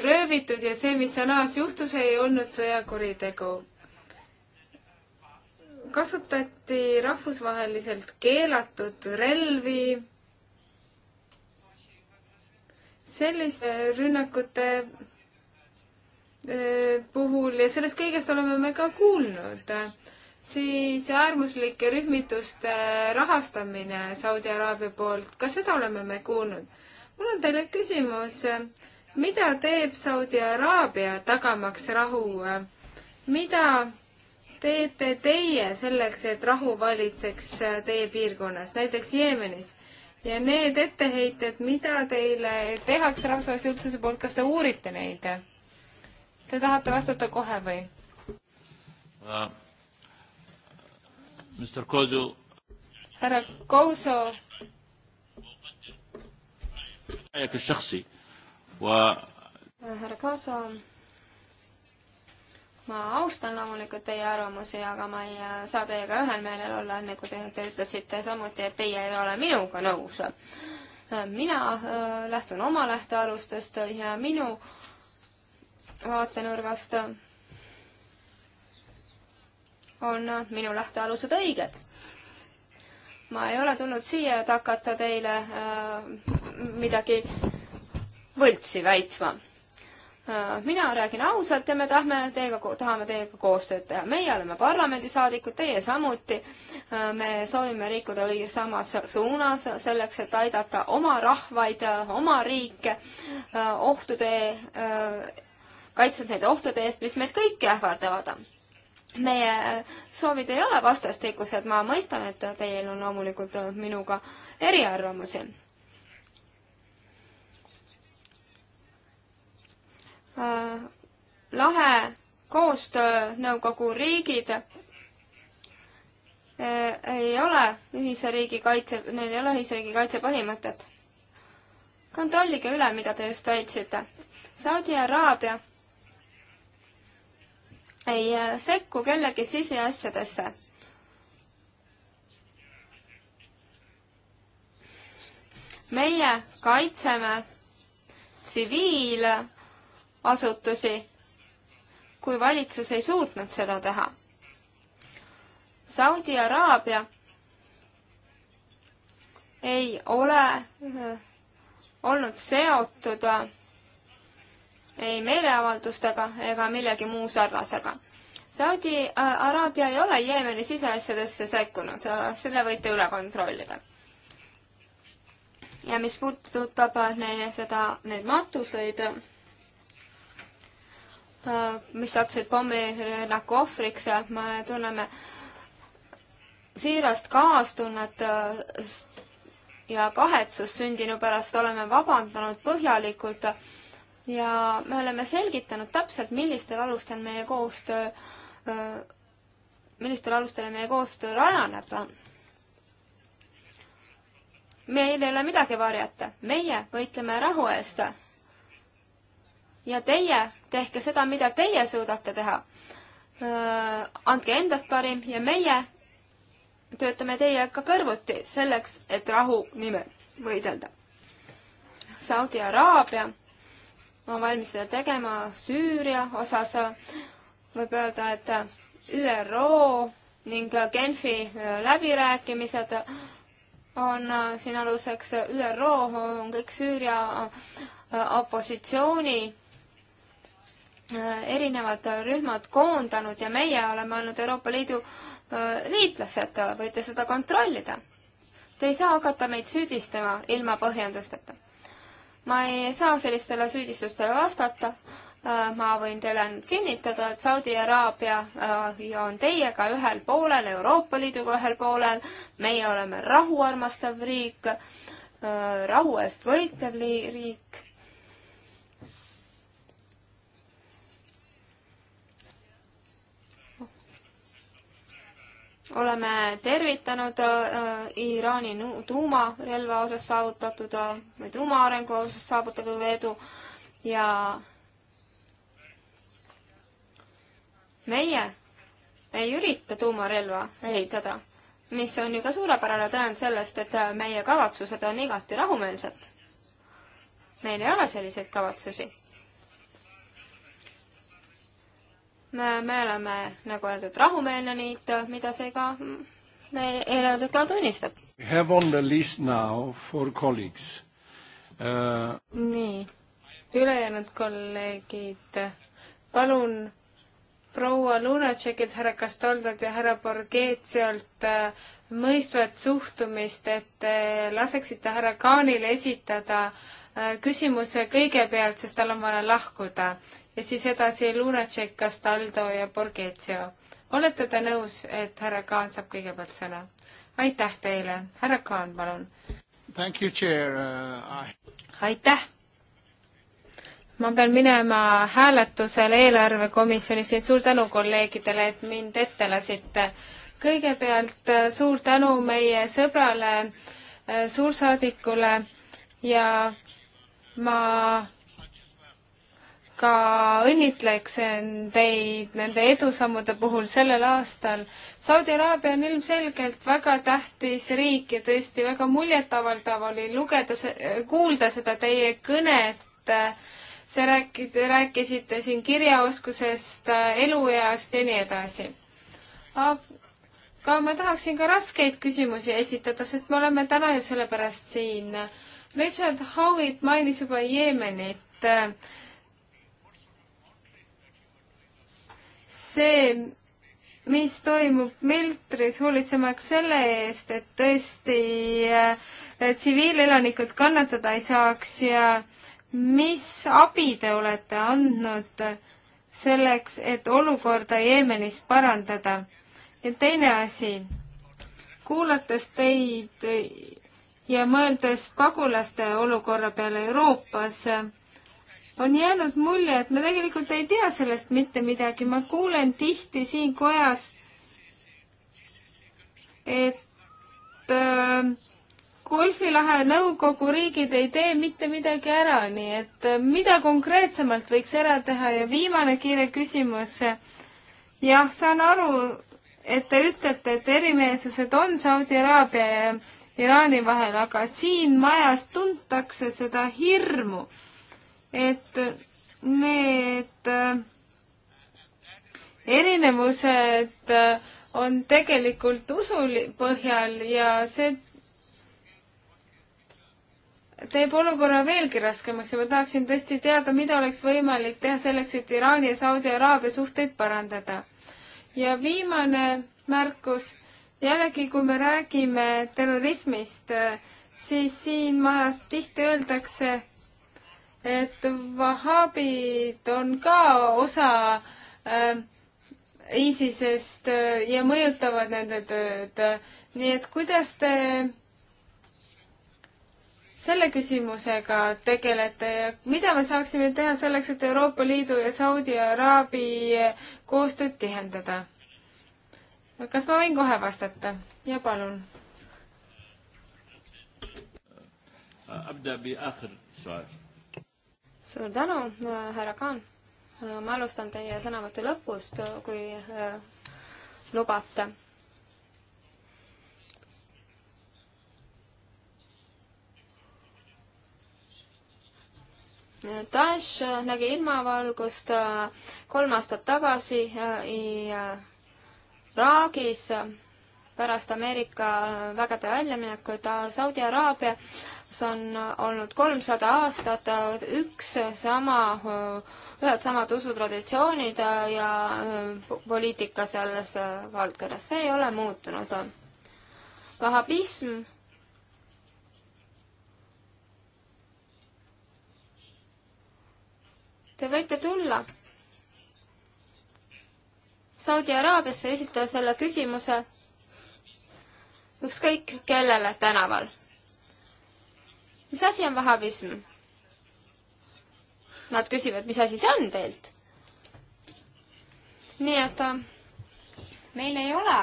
röövitud ja see, mis Sanaas juhtus, ei olnud sõjakuritegu kasutati rahvusvaheliselt keelatud relvi. selliste rünnakute eh, puhul ja sellest kõigest oleme me ka kuulnud, siis äärmuslike rühmituste rahastamine Saudi Araabia poolt, ka seda oleme me kuulnud. mul on teile küsimus, mida teeb Saudi Araabia tagamaks rahu? mida teete teie selleks, et rahu valitseks äh, teie piirkonnas, näiteks Jeemenis? ja need etteheited, mida teile tehakse rahvusvahelise üldsuse poolt, kas te uurite neid? Te tahate vastata kohe või uh,? härra Kouso. Äh, härra Kouso ma austan loomulikult teie arvamusi, aga ma ei äh, saa teiega ühel meelel olla, enne kui te, te ütlesite samuti, et teie ei ole minuga nõus. Äh, mina äh, lähtun oma lähtealustest ja minu vaatenurgast on minu lähtealused õiged ma ei ole tulnud siia, et hakata teile äh, midagi võltsi väitma. Äh, mina räägin ausalt ja me tahame teiega, tahame teiega koostööd teha. meie oleme parlamendisaadikud, teie samuti. Äh, me soovime liikuda õige samas suunas selleks, et aidata oma rahvaid, oma riike äh, ohtude, kaitsta neid ohtude eest, mis meid kõiki ähvardavad meie soovid ei ole vastastikused, ma mõistan, et teil on loomulikult minuga eriarvamusi Äh, lahe koostöönõukogu riigid äh, ei ole ühise riigi kaitse, neil ei ole ühise riigi kaitse põhimõtet. kontrollige üle, mida te just väitsite. Saudi Araabia ei äh, sekku kellegi siseasjadesse. meie kaitseme tsiviil- asutusi, kui valitsus ei suutnud seda teha. Saudi Araabia ei ole äh, olnud seotud äh, ei meeleavaldustega ega millegi muu sarnasega. Saudi äh, Araabia ei ole Jeemeni siseasjadesse sekkunud, selle võite üle kontrollida. ja mis puudutab neid, seda, neid matuseid, Äh, mis sattusid pommirünnaku ohvriks ja me tunneme siirast kaastunnet äh, ja kahetsust sündinu pärast, oleme vabandanud põhjalikult ja me oleme selgitanud täpselt, millistel alustel meie koostöö, äh, millistel alustel meie koostöö rajaneb. meil ei ole midagi varjata, meie võitleme rahu eest. ja teie tehke seda, mida teie suudate teha. andke endast parim ja meie töötame teiega kõrvuti selleks, et rahu nimel võidelda. Saudi Araabia on valmis seda tegema Süüria osas. võib öelda, et ÜRO ning Genfi läbirääkimised on siin aluseks ÜRO, on kõik Süüria opositsiooni Äh, erinevad rühmad koondanud ja meie oleme olnud Euroopa Liidu äh, liitlased, võite seda kontrollida. Te ei saa hakata meid süüdistama ilma põhjendusteta. ma ei saa sellistele süüdistustele vastata, äh, ma võin teile ainult kinnitada, et Saudi Araabia on teiega ühel poolel, Euroopa Liiduga ühel poolel, meie oleme rahuarmastav riik, rahu eest võitlev riik oleme tervitanud äh, Iraani tuumarelva osas saavutatud äh, või tuumaarengu osas saavutatud edu ja meie ei ürita tuumarelva ehitada, mis on ju ka suurepärane tõend sellest, et äh, meie kavatsused on igati rahumeelsed. meil ei ole selliseid kavatsusi me, me oleme, nagu öeldud, rahumeelne liit, mida see ka eelöeldud ka tunnistab. We have on the list now for colleagues uh.... nii, ülejäänud kolleegid, palun proua Lunatšekilt, härra Kastoldalt ja härra Borgetsiolt äh, mõistvat suhtumist, et laseksite härra Kaanil esitada äh, küsimuse kõigepealt, sest tal on vaja lahkuda ja siis edasi Lunacek, Castaldo ja Borghezio. olete te nõus, et härra Kaan saab kõigepealt sõna? aitäh teile, härra Kaan, palun. Uh, I... aitäh ma pean minema hääletusele eelarvekomisjonis, nii et suur tänu kolleegidele, et mind ette lasite. kõigepealt äh, suur tänu meie sõbrale, äh, suursaadikule ja ma ka õnnitleksin teid nende edusammude puhul sellel aastal. Saudi Araabia on ilmselgelt väga tähtis riik ja tõesti väga muljetavaldav oli lugeda, kuulda seda teie kõnet. see rääkis, rääkisite siin kirjaoskusest, elueast ja nii edasi. aga ma tahaksin ka raskeid küsimusi esitada, sest me oleme täna ju sellepärast siin. Richard Howitt mainis juba Jeemenit see, mis toimub Miltris, hoolitsemaks selle eest, et tõesti äh, tsiviilelanikud äh, kannatada ei saaks ja mis abi te olete andnud selleks, et olukorda Jeemenis parandada? ja teine asi, kuulates teid ja mõeldes pagulaste olukorra peale Euroopas äh,, on jäänud mulje, et me tegelikult ei tea sellest mitte midagi, ma kuulen tihti siin kojas, et äh, golfilahe nõukogu riigid ei tee mitte midagi ära, nii et äh, mida konkreetsemalt võiks ära teha ja viimane kiire küsimus. Äh, jah, saan aru, et te ütlete, et erimeelsused on Saudi Araabia ja Iraani vahel, aga siin majas tuntakse seda hirmu et need äh, erinevused äh, on tegelikult usu põhjal ja see teeb olukorra veelgi raskemaks ja ma tahaksin tõesti teada, mida oleks võimalik teha selleks, et Iraani ja Saudi Araabia suhteid parandada. ja viimane märkus, jällegi kui me räägime terrorismist, äh, siis siin majas tihti öeldakse, et vahabid on ka osa ähm, äh, ISISest ja mõjutavad nende tööd. nii et kuidas te selle küsimusega tegelete ja mida me saaksime teha selleks, et Euroopa Liidu ja Saudi Araabi koostööd tihendada? kas ma võin kohe vastata? ja palun. أبدأ بآخر سؤال suur tänu, äh, härra Kaan. Äh, ma alustan teie sõnavõtu lõpust, äh, kui lubate Daesh nägi ilmavalgust kolm aastat tagasi Iraagis pärast Ameerika vägede väljaminekut Saudi Araabia see on olnud kolmsada aastat üks sama, ühed samad usutraditsioonid ja äh, poliitika selles äh, valdkonnas, see ei ole muutunud. vahabism Te võite tulla Saudi Araabiasse esitada selle küsimuse ükskõik kellele tänaval mis asi on vahabism? Nad küsivad, mis asi see on teilt? nii et äh, meil ei ole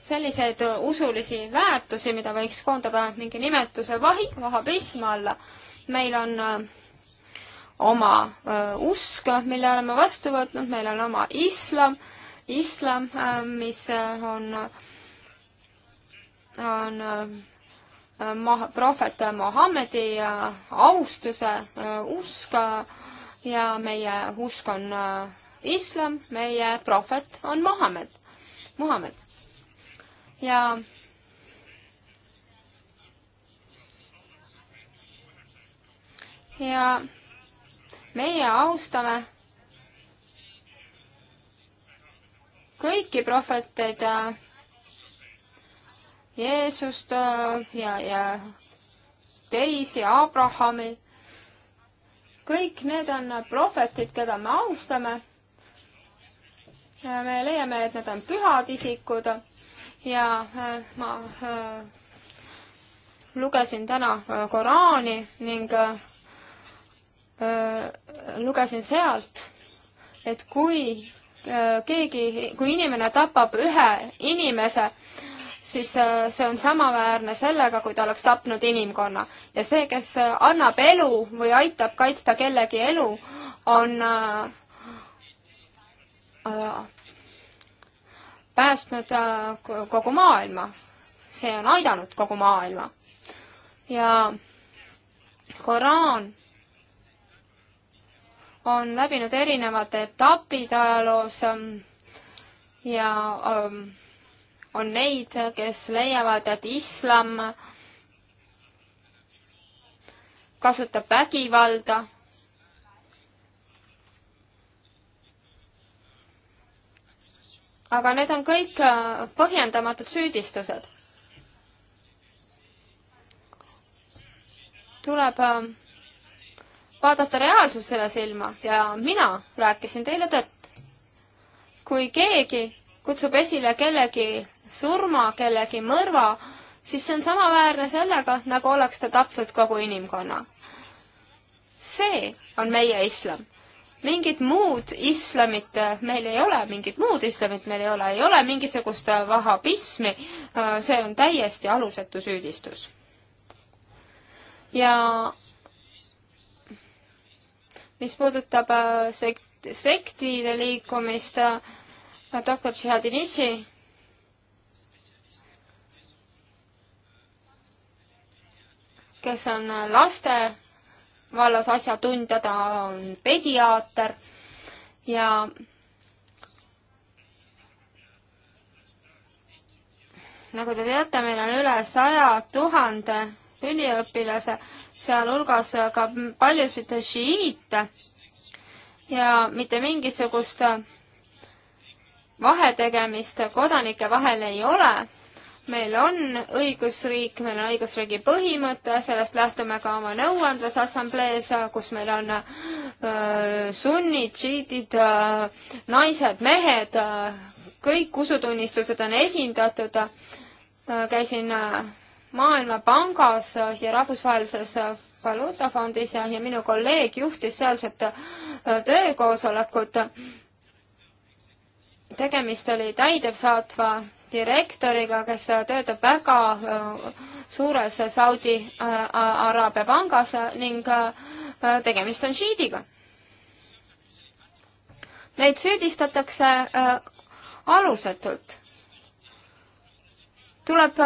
selliseid äh, usulisi väärtusi, mida võiks koondada ainult mingi nimetuse vahi, vahabism alla. meil on äh, oma usk, mille oleme vastu võtnud, meil on oma islam, islam, mis on, on Äh, prohvet Mohammedi äh, austuse äh, usk ja meie usk on islam, meie prohvet on Mohammed, Muhamed. ja ja meie austame kõiki prohveteid Jeesust äh, ja, ja teisi, Abrahami. kõik need on prohvetid, keda me austame. me leiame, et nad on pühad isikud ja äh, ma äh, lugesin täna Koraani ning lugesin sealt, et kui keegi, kui inimene tapab ühe inimese, siis äh, see on samaväärne sellega, kui ta oleks tapnud inimkonna. ja see, kes äh, annab elu või aitab kaitsta kellegi elu, on äh, äh päästnud äh, kogu maailma. see on aidanud kogu maailma. ja Koraan on läbinud erinevad etapid ajaloos ähm, ja ähm, on neid, kes leiavad, et islam kasutab vägivalda aga need on kõik põhjendamatud süüdistused. tuleb äh, vaadata reaalsusele silma ja mina rääkisin teile tõtt. kui keegi kutsub esile kellegi surma, kellegi mõrva, siis see on samaväärne sellega, nagu oleks ta tapnud kogu inimkonna. see on meie islam. mingit muud islamit meil ei ole, mingit muud islamit meil ei ole, ei ole mingisugust vahabismi, see on täiesti alusetu süüdistus. ja mis puudutab äh, sekt-, sektide liikumist, doktor Tšihadinisi. kes on laste vallas asjatundja, ta on pediaater ja nagu te teate, meil on üle saja tuhande üliõpilase, sealhulgas ka paljusid šiiite ja mitte mingisugust vahetegemist kodanike vahel ei ole. meil on õigusriik, meil on õigusriigi põhimõte, sellest lähtume ka oma nõuandvas assamblees, kus meil on öö, sunnid, šiitid, naised, mehed, kõik usutunnistused on esindatud. käisin Maailmapangas ja Rahvusvahelises Valuutafondis ja, ja minu kolleeg juhtis sealset töökoosolekut tegemist oli täidevsaatva direktoriga, kes töötab väga äh, suures Saudi äh, Araabia pangas ning äh, tegemist on šiidiga. Neid süüdistatakse alusetult. tuleb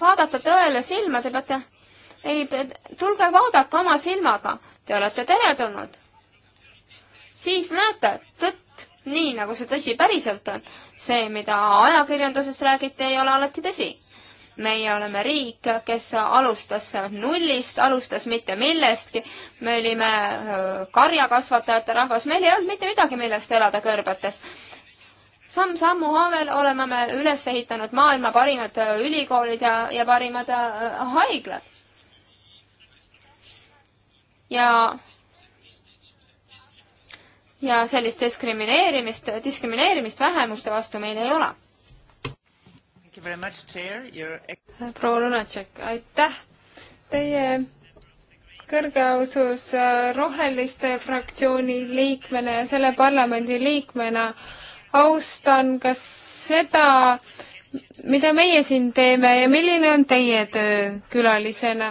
vaadata tõele silma, te peate, ei, tulge vaadake oma silmaga, te olete teretulnud. siis näete, tõtt nii, nagu see tõsi päriselt on. see, mida ajakirjanduses räägiti, ei ole alati tõsi. meie oleme riik, kes alustas nullist, alustas mitte millestki. me olime karjakasvatajate rahvas, meil ei olnud mitte midagi, millest elada kõrbetes samm-sammu haavel oleme me üles ehitanud maailma parimad ülikoolid ja, ja parimad haiglad. ja ja sellist diskrimineerimist, diskrimineerimist vähemuste vastu meil ei ole. proua Lunatšek, aitäh! Teie kõrgeausus äh, Roheliste fraktsiooni liikmena ja selle parlamendi liikmena austan ka seda, mida meie siin teeme ja milline on teie töö külalisena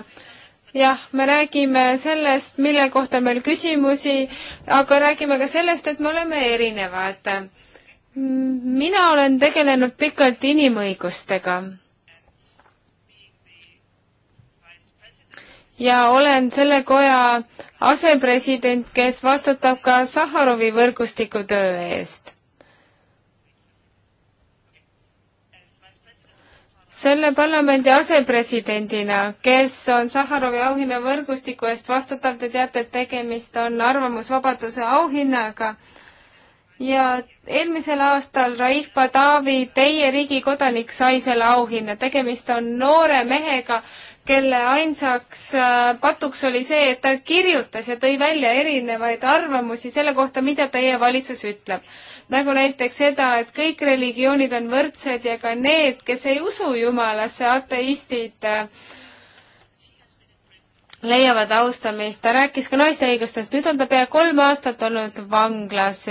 jah, me räägime sellest, mille kohta on meil küsimusi, aga räägime ka sellest, et me oleme erinevad. mina olen tegelenud pikalt inimõigustega. ja olen selle koja asepresident, kes vastutab ka Sahharovi võrgustiku töö eest selle parlamendi asepresidendina, kes on Sahharovi auhinna võrgustiku eest vastutav, te teate, et tegemist on arvamusvabaduse auhinnaga ja eelmisel aastal Raif Badavi, teie riigi kodanik, sai selle auhinna. tegemist on noore mehega, kelle ainsaks äh, patuks oli see, et ta kirjutas ja tõi välja erinevaid arvamusi selle kohta, mida teie valitsus ütleb nagu näiteks seda, et kõik religioonid on võrdsed ja ka need, kes ei usu jumalasse, ateistid, äh, leiavad austamist, ta rääkis ka naiste õigustest, nüüd on ta pea kolm aastat olnud vanglas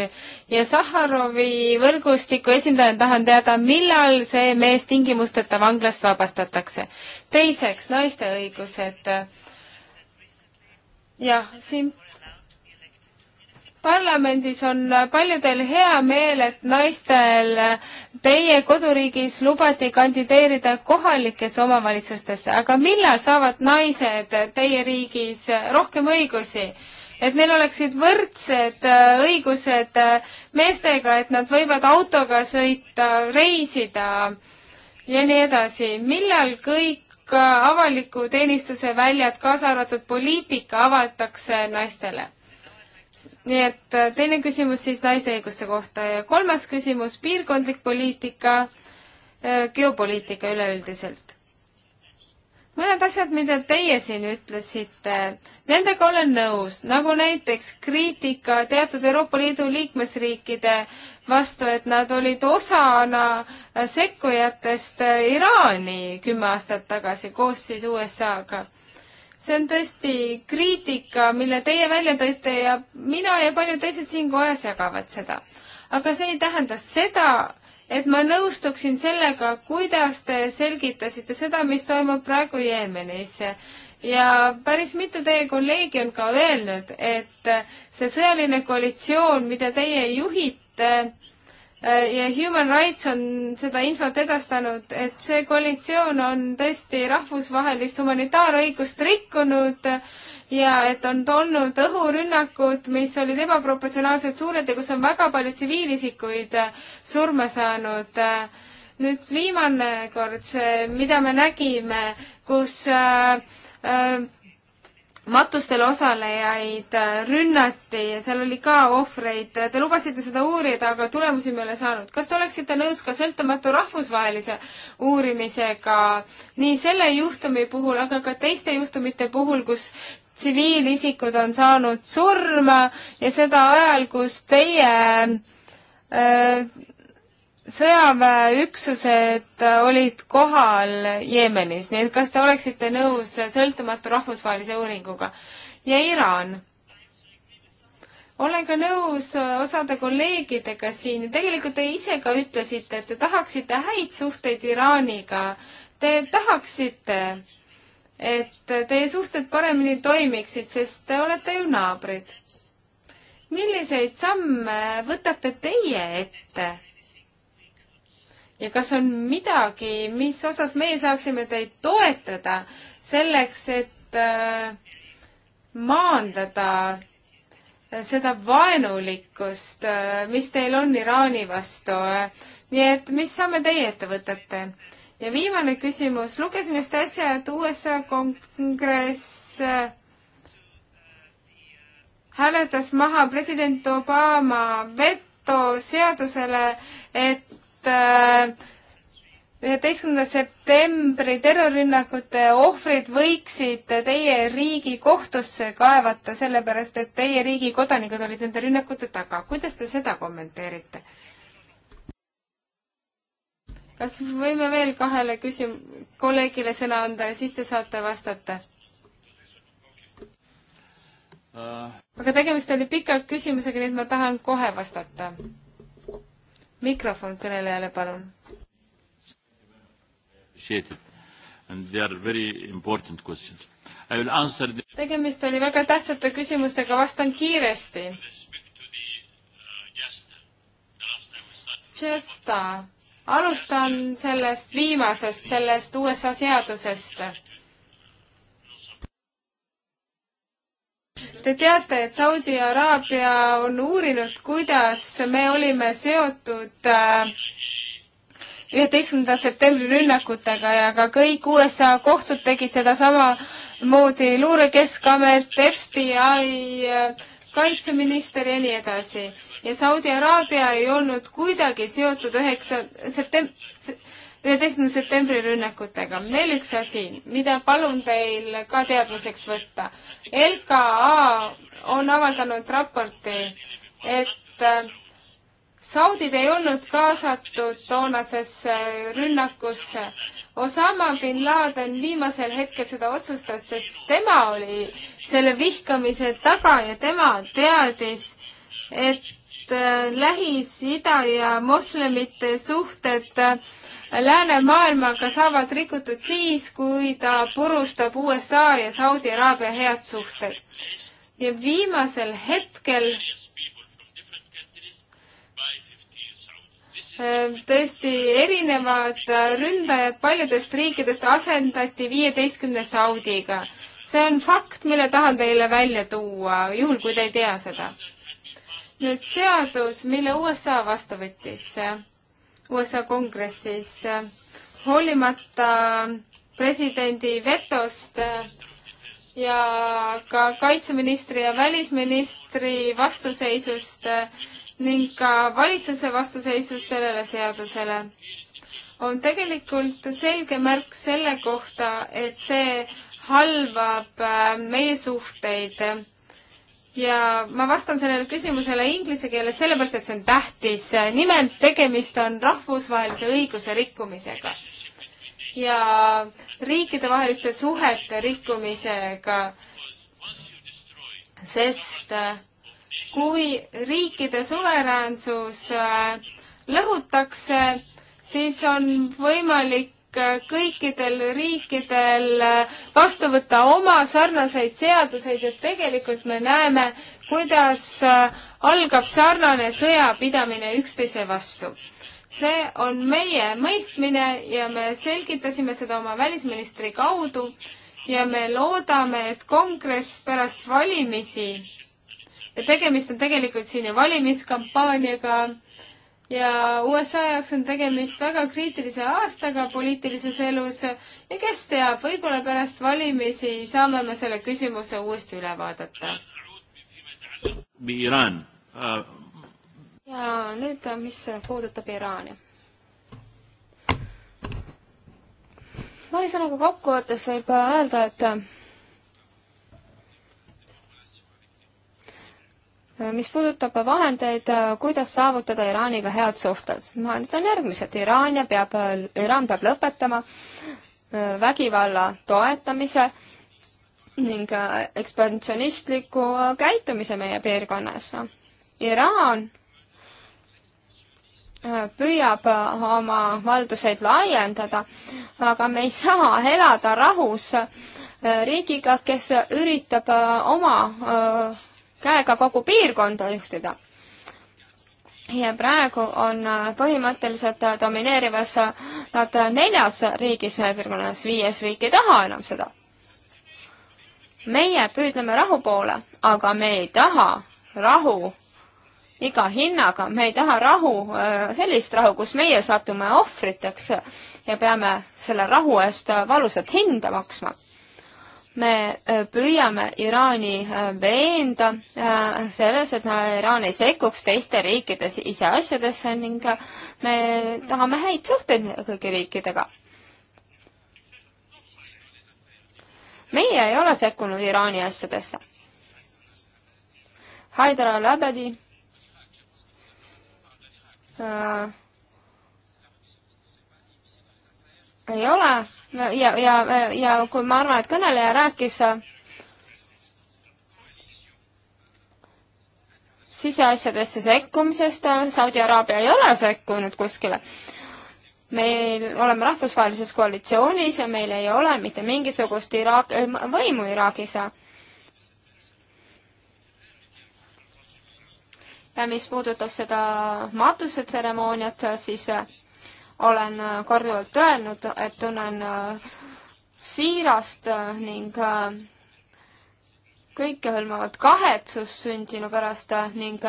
ja Saharovi võrgustiku esindajana tahan teada, millal see mees tingimusteta vanglast vabastatakse. teiseks, naiste õigused. jah, siin parlamendis on paljudel hea meel, et naistel teie koduriigis lubati kandideerida kohalikes omavalitsustesse, aga millal saavad naised teie riigis rohkem õigusi? et neil oleksid võrdsed õigused meestega, et nad võivad autoga sõita, reisida ja nii edasi. millal kõik avaliku teenistuse väljad, kaasa arvatud poliitika, avatakse naistele? nii et äh, teine küsimus siis naiste õiguste kohta ja kolmas küsimus, piirkondlik poliitika, äh, geopoliitika üleüldiselt. mõned asjad, mida teie siin ütlesite, nendega olen nõus, nagu näiteks kriitika teatud Euroopa Liidu liikmesriikide vastu, et nad olid osana äh, sekkujatest Iraani kümme aastat tagasi koos siis USA-ga see on tõesti kriitika, mille teie välja tõite ja mina ja paljud teised siin kojas jagavad seda. aga see ei tähenda seda, et ma nõustuksin sellega, kuidas te selgitasite seda, mis toimub praegu Jeemenis. ja päris mitu teie kolleegi on ka öelnud, et see sõjaline koalitsioon, mida teie juhite, Äh, ja Human Rights on seda infot edastanud, et see koalitsioon on tõesti rahvusvahelist humanitaarõigust rikkunud ja et on olnud õhurünnakud, mis olid ebaproportsionaalselt suured ja kus on väga palju tsiviilisikuid surma saanud. nüüd viimane kord see, mida me nägime, kus äh, äh, matustel osalejaid äh, rünnati ja seal oli ka ohvreid. Te lubasite seda uurida, aga tulemusi me ei ole saanud. kas te oleksite nõus ka sõltumatu rahvusvahelise uurimisega nii selle juhtumi puhul, aga ka teiste juhtumite puhul, kus tsiviilisikud on saanud surma ja seda ajal, kus teie öö, äh, sõjaväeüksused olid kohal Jeemenis, nii et kas te oleksite nõus sõltumatu rahvusvahelise uuringuga? ja Iraan? olen ka nõus osade kolleegidega siin, tegelikult te ise ka ütlesite, et te tahaksite häid suhteid Iraaniga. Te tahaksite, et teie suhted paremini toimiksid, sest te olete ju naabrid. milliseid samme võtate teie ette? ja kas on midagi, mis osas meie saaksime teid toetada selleks, et äh, maandada äh, seda vaenulikkust, äh, mis teil on Iraani vastu. nii et mis samme teie ette võtate? ja viimane küsimus, lugesin just äsja, et USA kongress hääletas maha president Obama veto seadusele, et Äh, üheteistkümnenda septembri terrorirünnakute ohvrid võiksid teie riigi kohtusse kaevata, sellepärast et teie riigi kodanikud olid nende rünnakute taga. kuidas te seda kommenteerite? kas võime veel kahele küsim-, kolleegile sõna anda ja siis te saate vastata uh...? aga tegemist oli pika küsimusega, nii et ma tahan kohe vastata mikrofon kõnelejale, palun. tegemist oli väga tähtsate küsimustega, vastan kiiresti. Chesta, alustan sellest viimasest, sellest USA seadusest Te teate, et Saudi Araabia on uurinud, kuidas me olime seotud äh, üheteistkümnenda septembri rünnakutega ja ka kõik USA kohtud tegid sedasama moodi luurekeskamet, FBI, äh, kaitseminister ja nii edasi. ja Saudi Araabia ei olnud kuidagi seotud üheksa septem-, üheteistkümnenda septembri rünnakutega. veel üks asi, mida palun teil ka teadmiseks võtta. LKA on avaldanud raporti, et äh, saudid ei olnud kaasatud toonasesse rünnakusse. Osama bin Laden viimasel hetkel seda otsustas, sest tema oli selle vihkamise taga ja tema teadis, et äh, Lähis-Ida ja moslemite suhted äh, läänemaailmaga saavad rikutud siis, kui ta purustab USA ja Saudi Araabia head suhted. ja viimasel hetkel äh, tõesti erinevad äh, ründajad paljudest riikidest asendati viieteistkümne Saudiga. see on fakt, mille tahan teile välja tuua, juhul kui te ei tea seda. nüüd seadus, mille USA vastu võttis äh, USA kongressis. hoolimata presidendi vetost ja ka kaitseministri ja välisministri vastuseisust ning ka valitsuse vastuseisus sellele seadusele on tegelikult selge märk selle kohta, et see halvab äh, meie suhteid ja ma vastan sellele küsimusele inglise keeles, sellepärast et see on tähtis. nimelt tegemist on rahvusvahelise õiguse rikkumisega ja riikidevaheliste suhete rikkumisega, sest äh, kui riikide suveräänsus äh, lõhutakse, siis on võimalik Äh, kõikidel riikidel äh, vastu võtta oma sarnaseid seaduseid, et tegelikult me näeme, kuidas äh, algab sarnane sõjapidamine üksteise vastu. see on meie mõistmine ja me selgitasime seda oma välisministri kaudu ja me loodame, et kongress pärast valimisi ja tegemist on tegelikult siin ju valimiskampaaniaga ja USA jaoks on tegemist väga kriitilise aastaga poliitilises elus ja kes teab, võib-olla pärast valimisi saame me selle küsimuse uuesti üle vaadata. Iraan uh.... ja nüüd, äh, mis puudutab Iraani. paari sõnaga kokkuvõttes võib öelda, et mis puudutab vahendeid, kuidas saavutada Iraaniga head suhted. vahendid on järgmised, Iraan ja peab, Iraan peab lõpetama äh, vägivalla toetamise ning äh, ekspansionistliku käitumise meie piirkonnas. Iraan äh, püüab oma valduseid laiendada, aga me ei saa elada rahus riigiga, kes üritab oma käega kogu piirkonda juhtida. ja praegu on äh, põhimõtteliselt äh, domineerivas äh, nad neljas riigis meie piirkonnas, viies riik ei taha enam seda. meie püüdleme rahu poole, aga me ei taha rahu iga hinnaga, me ei taha rahu, sellist rahu, kus meie satume ohvriteks ja peame selle rahu eest valusat hinda maksma me äh, püüame Iraani äh, veenda äh, selles, et Iraan ei sekkuks teiste riikide siseasjadesse ning me tahame häid suhteid kõigi riikidega. meie ei ole sekkunud Iraani asjadesse. Haidar al-Abadi äh, ei ole ja, ja, ja kui ma arvan, et kõneleja rääkis siseasjadesse sekkumisest, Saudi Araabia ei ole sekkunud kuskile. meil oleme rahvusvahelises koalitsioonis ja meil ei ole mitte mingisugust Iraak, võimu Iraagis. ja mis puudutab seda matusetseremooniat, siis olen äh, korduvalt öelnud, et tunnen äh, siirast äh, ning kõikehõlmavat kahetsust sündinu pärast ning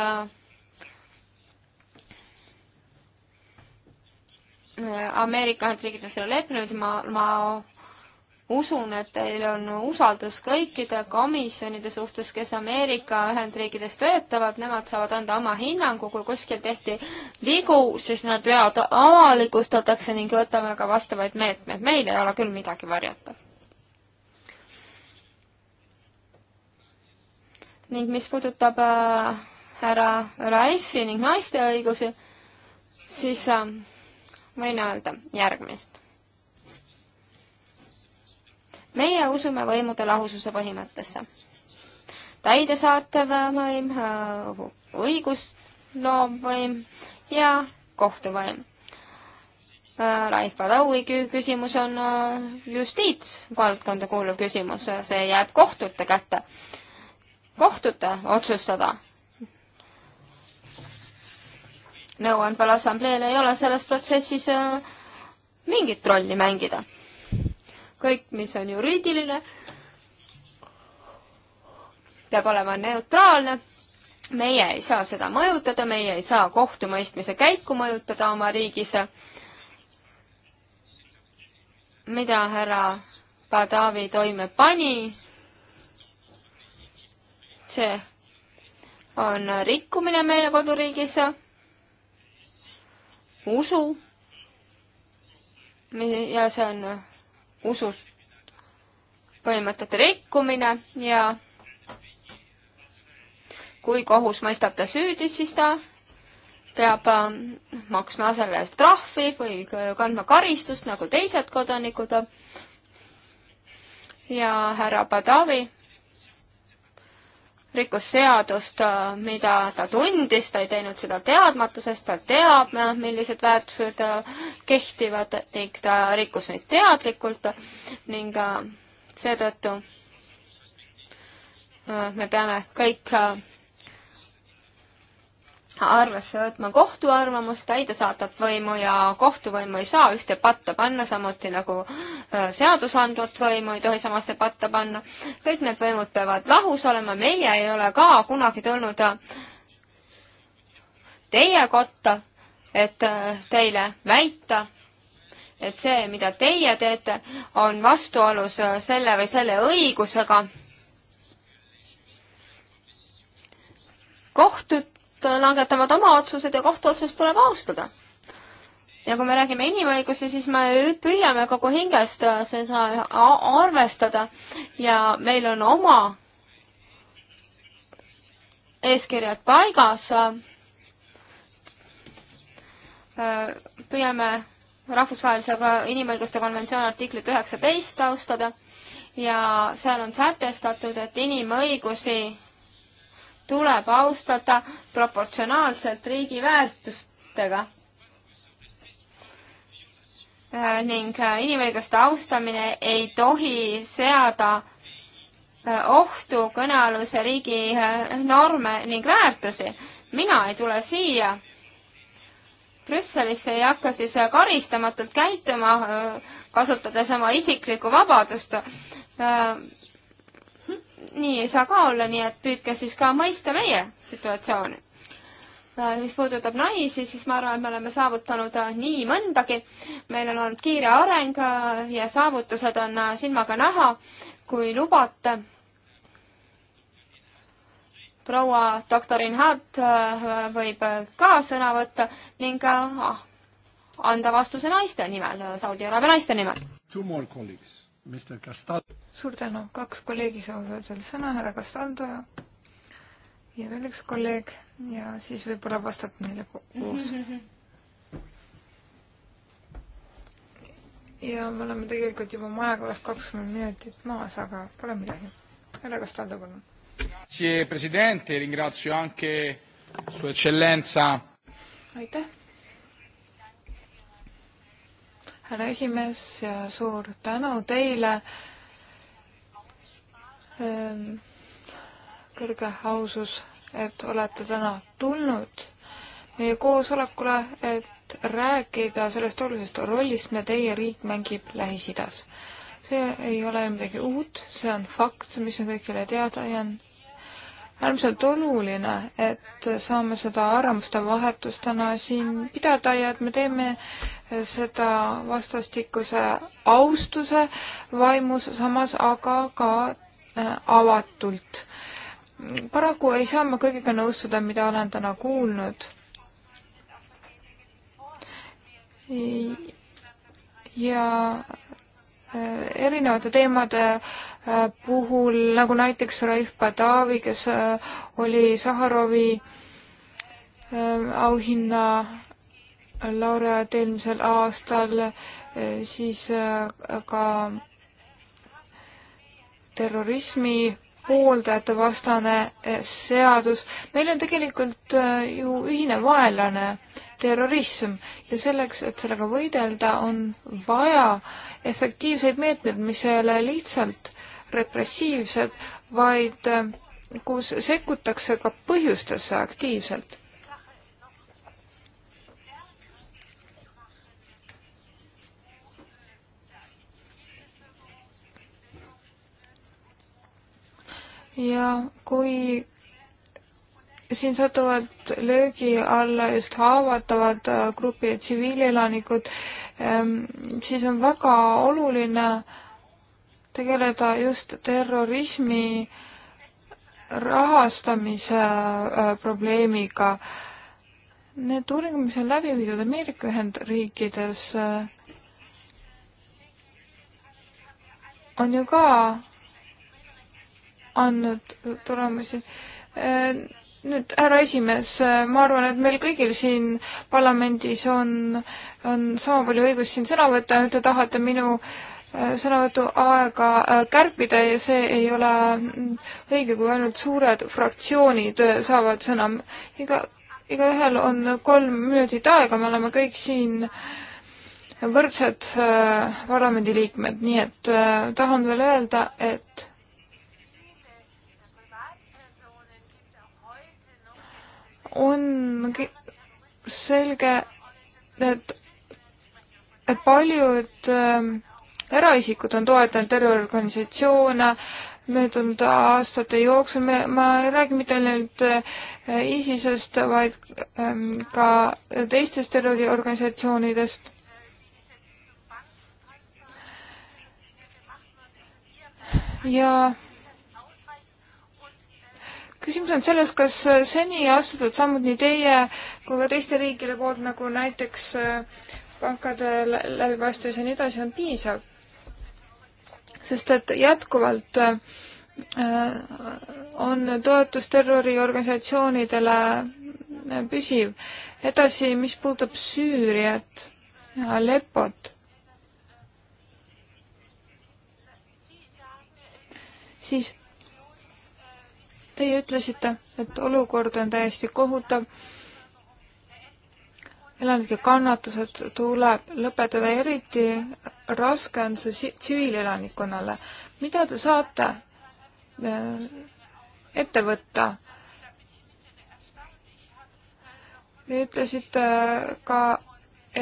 Ameerika Ühendriigid on selle leppinud, ma, ma usun, et teil on usaldus kõikide komisjonide suhtes, kes Ameerika Ühendriikides töötavad, nemad saavad anda oma hinnangu, kui kuskil tehti vigu, siis need vead avalikustatakse ning võtame ka vastavaid meetmeid, meil ei ole küll midagi varjata. ning mis puudutab äh, härra Raifi ning naiste õigusi, siis äh, võin öelda järgmist meie usume võimude lahususe põhimõttesse. täidesaatev võim, õigusloov võim ja kohtuvaim. Äh, Raif Padaui küsimus on äh, justiitsvaldkonda kuuluv küsimus, äh, see jääb kohtute kätte. kohtute otsustada. nõuandval assambleel ei ole selles protsessis mingit rolli mängida kõik, mis on juriidiline, peab olema neutraalne. meie ei saa seda mõjutada, meie ei saa kohtumõistmise käiku mõjutada oma riigis. mida härra Padavi toime pani, see on rikkumine meie koduriigis, usu ja see on usus põhimõtete rikkumine ja kui kohus mõistab ta süüdi, siis ta peab ähm, maksma selle eest trahvi või kandma karistust nagu teised kodanikud. ja härra Padavi rikkus seadust, äh, mida ta tundis, ta ei teinud seda teadmatusest, ta teab, äh, millised väärtused äh, kehtivad ning ta rikkus neid teadlikult ning seetõttu me peame kõik arvesse võtma kohtu arvamust, täidesaatvat võimu ja kohtuvõimu ei saa ühte patta panna, samuti nagu äh, seadusandvat võimu ei tohi samasse patta panna. kõik need võimud peavad lahus olema, meie ei ole ka kunagi tulnud äh, teie kotta, et äh, teile väita, et see, mida teie teete, on vastuolus selle või selle õigusega. kohtud langetavad oma otsused ja kohtuotsust tuleb austada. ja kui me räägime inimõigusi, siis me püüame kogu hingest äh, seda arvestada ja meil on oma eeskirjad paigas. Äh, püüame rahvusvahelise inimõiguste konventsiooni artiklit üheksateist austada ja seal on sätestatud, et inimõigusi tuleb austada proportsionaalselt riigi väärtustega. Äh, ning äh, inimõiguste austamine ei tohi seada äh, ohtu kõnealuse riigi norme ning väärtusi. mina ei tule siia Brüsselisse ei hakka siis karistamatult käituma, kasutades oma isiklikku vabadust nii ei saa ka olla, nii et püüdke siis ka mõista meie situatsiooni. mis puudutab naisi, siis ma arvan, et me oleme saavutanud äh, nii mõndagi. meil on olnud kiire areng äh, ja saavutused on äh, silmaga näha, kui lubate. proua doktorin Hart võib ka sõna võtta ning ah, anda vastuse naiste nimel, Saudi Araabia naiste nimel. Two more colleagues suur tänu, kaks kolleegi soovivad veel sõna, härra Castaldo ja, ja veel üks kolleeg ja siis võib-olla vastate neile koos. ja me oleme tegelikult juba majakavast kakskümmend minutit maas, aga pole midagi. härra Castaldo, palun. Grazie Presidente, ringrazio anche Sua Eccellenza. aitäh härra esimees ja suur tänu teile ähm,. kõrge ausus, et olete täna tulnud meie koosolekule, et rääkida sellest olulisest rollist, mida teie riik mängib Lähis-Idas. see ei ole ju midagi uut, see on fakt, mis on kõigile teada ja on äärmiselt oluline, et saame seda arvamuste vahetust täna siin pidada ja et me teeme seda vastastikuse austuse vaimus, samas aga ka äh, avatult. paraku ei saa ma kõigega nõustuda, mida olen täna kuulnud. ja äh, erinevate teemade äh, puhul, nagu näiteks Raif Badavi, kes oli Saharovi auhinna laureaat eelmisel aastal, eh, siis eh, ka terrorismi pooldajate vastane eh, seadus. meil on tegelikult ju ühine vaenlane terrorism ja selleks, et sellega võidelda, on vaja efektiivseid meetmeid, mis ei ole lihtsalt repressiivsed, vaid kus sekkutakse ka põhjustesse aktiivselt. ja kui siin satuvad löögi alla just haavatavad äh, grupid, tsiviilelanikud, ähm, siis on väga oluline tegeleda just terrorismi rahastamise äh, probleemiga. Need uuringud, mis on läbi viidud Ameerika Ühendriikides, äh, on ju ka andnud tulemusi. Eh, nüüd, härra esimees, eh, ma arvan, et meil kõigil siin parlamendis on, on sama palju õigust siin sõna võtta, nüüd te tahate minu eh, sõnavõtu aega kärpida ja see ei ole mm, õige, kui ainult suured fraktsioonid saavad sõna. iga, igaühel on kolm minutit aega, me oleme kõik siin võrdsed parlamendiliikmed, nii et tahan veel öelda, et on selge, et, et paljud ähm, eraisikud on toetanud terroriorganisatsioone möödunud aastate jooksul, me, ma ei räägi mitte ainult äh, ISISest, vaid ähm, ka teistest terroriorganisatsioonidest. ja küsimus on selles, kas äh, seni astutud sammud nii teie kui ka teiste riikide poolt, nagu näiteks äh, pankade läbipaistvus ja nii edasi, on piisav? sest et jätkuvalt äh, on toetus terroriorganisatsioonidele äh, püsiv. edasi, mis puudutab Süüriat ja Alepot, siis Teie ütlesite, et olukord on täiesti kohutav. elanike kannatused tuleb lõpetada, eriti raske on see tsiviilelanikkonnale. mida te saate eh, ette võtta? Te ütlesite ka,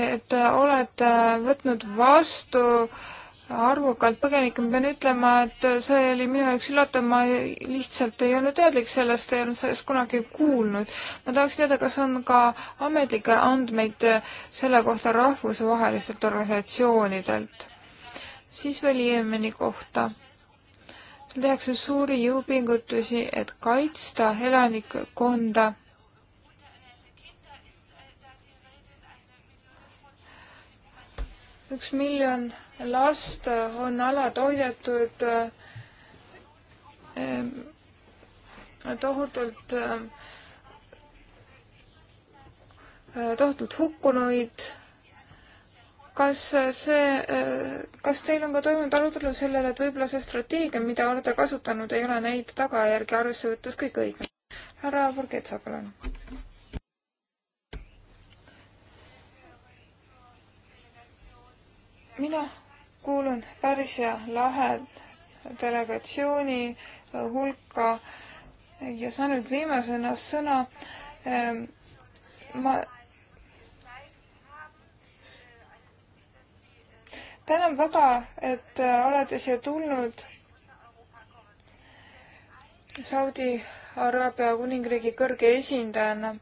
et olete võtnud vastu äh, arvukalt põgenikke, ma pean ütlema, et see oli minu jaoks üllatav, ma lihtsalt ei olnud teadlik sellest, ei olnud sellest kunagi kuulnud. ma tahaks teada, kas on ka ametlikke andmeid selle kohta rahvusvahelistelt organisatsioonidelt. siis veel Jeemeni kohta. seal tehakse suuri jõupingutusi, et kaitsta elanikkonda üks miljon last on alatoidetud eh, tohutult, eh, tohutult hukkunuid. kas see, eh, kas teil on ka toimunud arutelu sellele, et võib-olla see strateegia, mida olete kasutanud, ei ole neid tagajärgi arvesse võttes kõik õige? härra Borgetsa, palun mina kuulun Pärsia lahe delegatsiooni hulka ja saan nüüd viimasena sõna. Ehm, ma tänan väga, et äh, olete siia tulnud. Saudi Araabia kuningriigi kõrge esindajana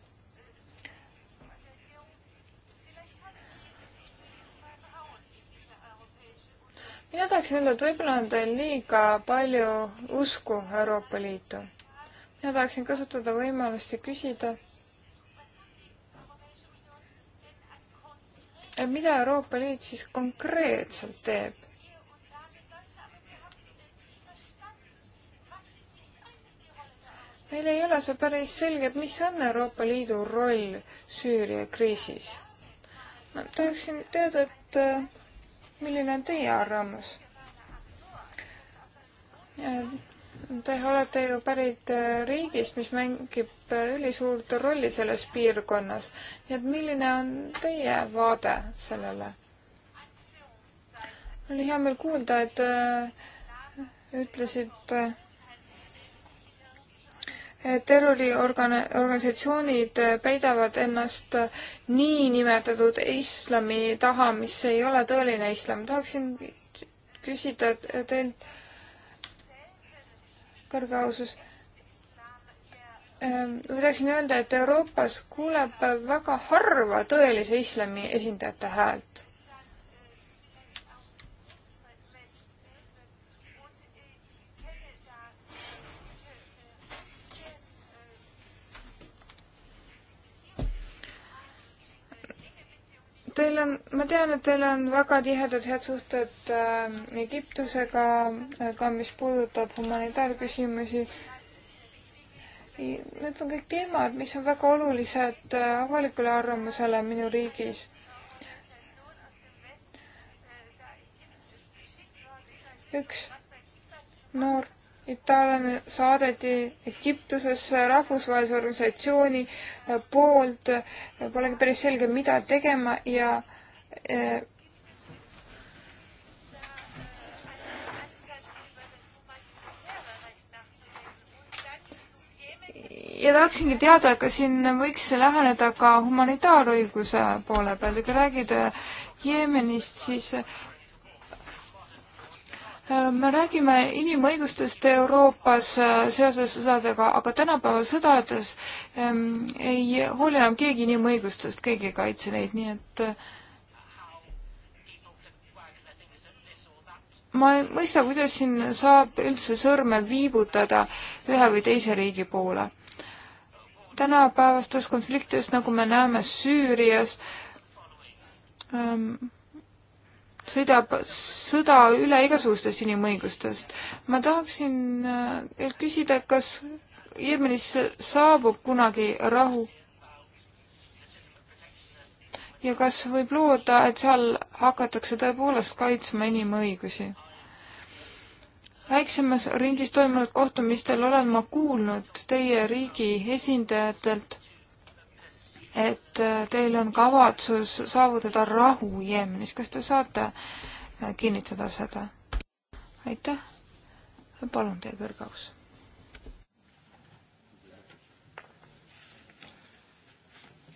mina tahaksin öelda, et võib-olla on teil liiga palju usku Euroopa Liitu. mina tahaksin kasutada võimalust ja küsida, et mida Euroopa Liit siis konkreetselt teeb? meil ei ole see päris selge, et mis on Euroopa Liidu roll Süüria kriisis. ma tahaksin teada, et milline on teie arvamus? Te olete ju pärit äh, riigist, mis mängib äh, ülisuurt rolli selles piirkonnas. nii et milline on teie vaade sellele? oli hea meel kuulda, et äh, ütlesite terroriorganisatsioonid peidavad ennast niinimetatud islami taha, mis ei ole tõeline islam. tahaksin küsida teilt, kõrge ausus, ehm, ma tahaksin öelda, et Euroopas kuuleb väga harva tõelise islami esindajate häält Teil on, ma tean, et teil on väga tihedad head suhted äh, Egiptusega, äh, ka mis puudutab humanitaarküsimusi. Need on kõik teemad, mis on väga olulised äh, avalikule arvamusele minu riigis üks noor itaallane saadeti Egiptusesse rahvusvahelise organisatsiooni poolt, polegi päris selge, mida tegema ja eh, ja tahaksingi teada, et kas siin võiks läheneda ka humanitaarõiguse poole peal, kui räägida Jeemenist, siis Äh, me räägime inimõigustest Euroopas äh, seoses sõdadega, aga tänapäeva sõdades ähm, ei hooli enam keegi inimõigustest, keegi ei kaitse neid, nii et äh, ma ei mõista, kuidas siin saab üldse sõrme viibutada ühe või teise riigi poole. tänapäevastes konfliktides, nagu me näeme Süürias ähm,, sõidab sõda üle igasugustest inimõigustest. ma tahaksin teilt äh, küsida, kas Jeemenisse saabub kunagi rahu? ja kas võib loota, et seal hakatakse tõepoolest kaitsma inimõigusi? väiksemas ringis toimunud kohtumistel olen ma kuulnud teie riigi esindajatelt et äh, teil on kavatsus saavutada rahu Jeemenis. kas te saate äh, kinnitada seda? aitäh. palun teie kõrgaus.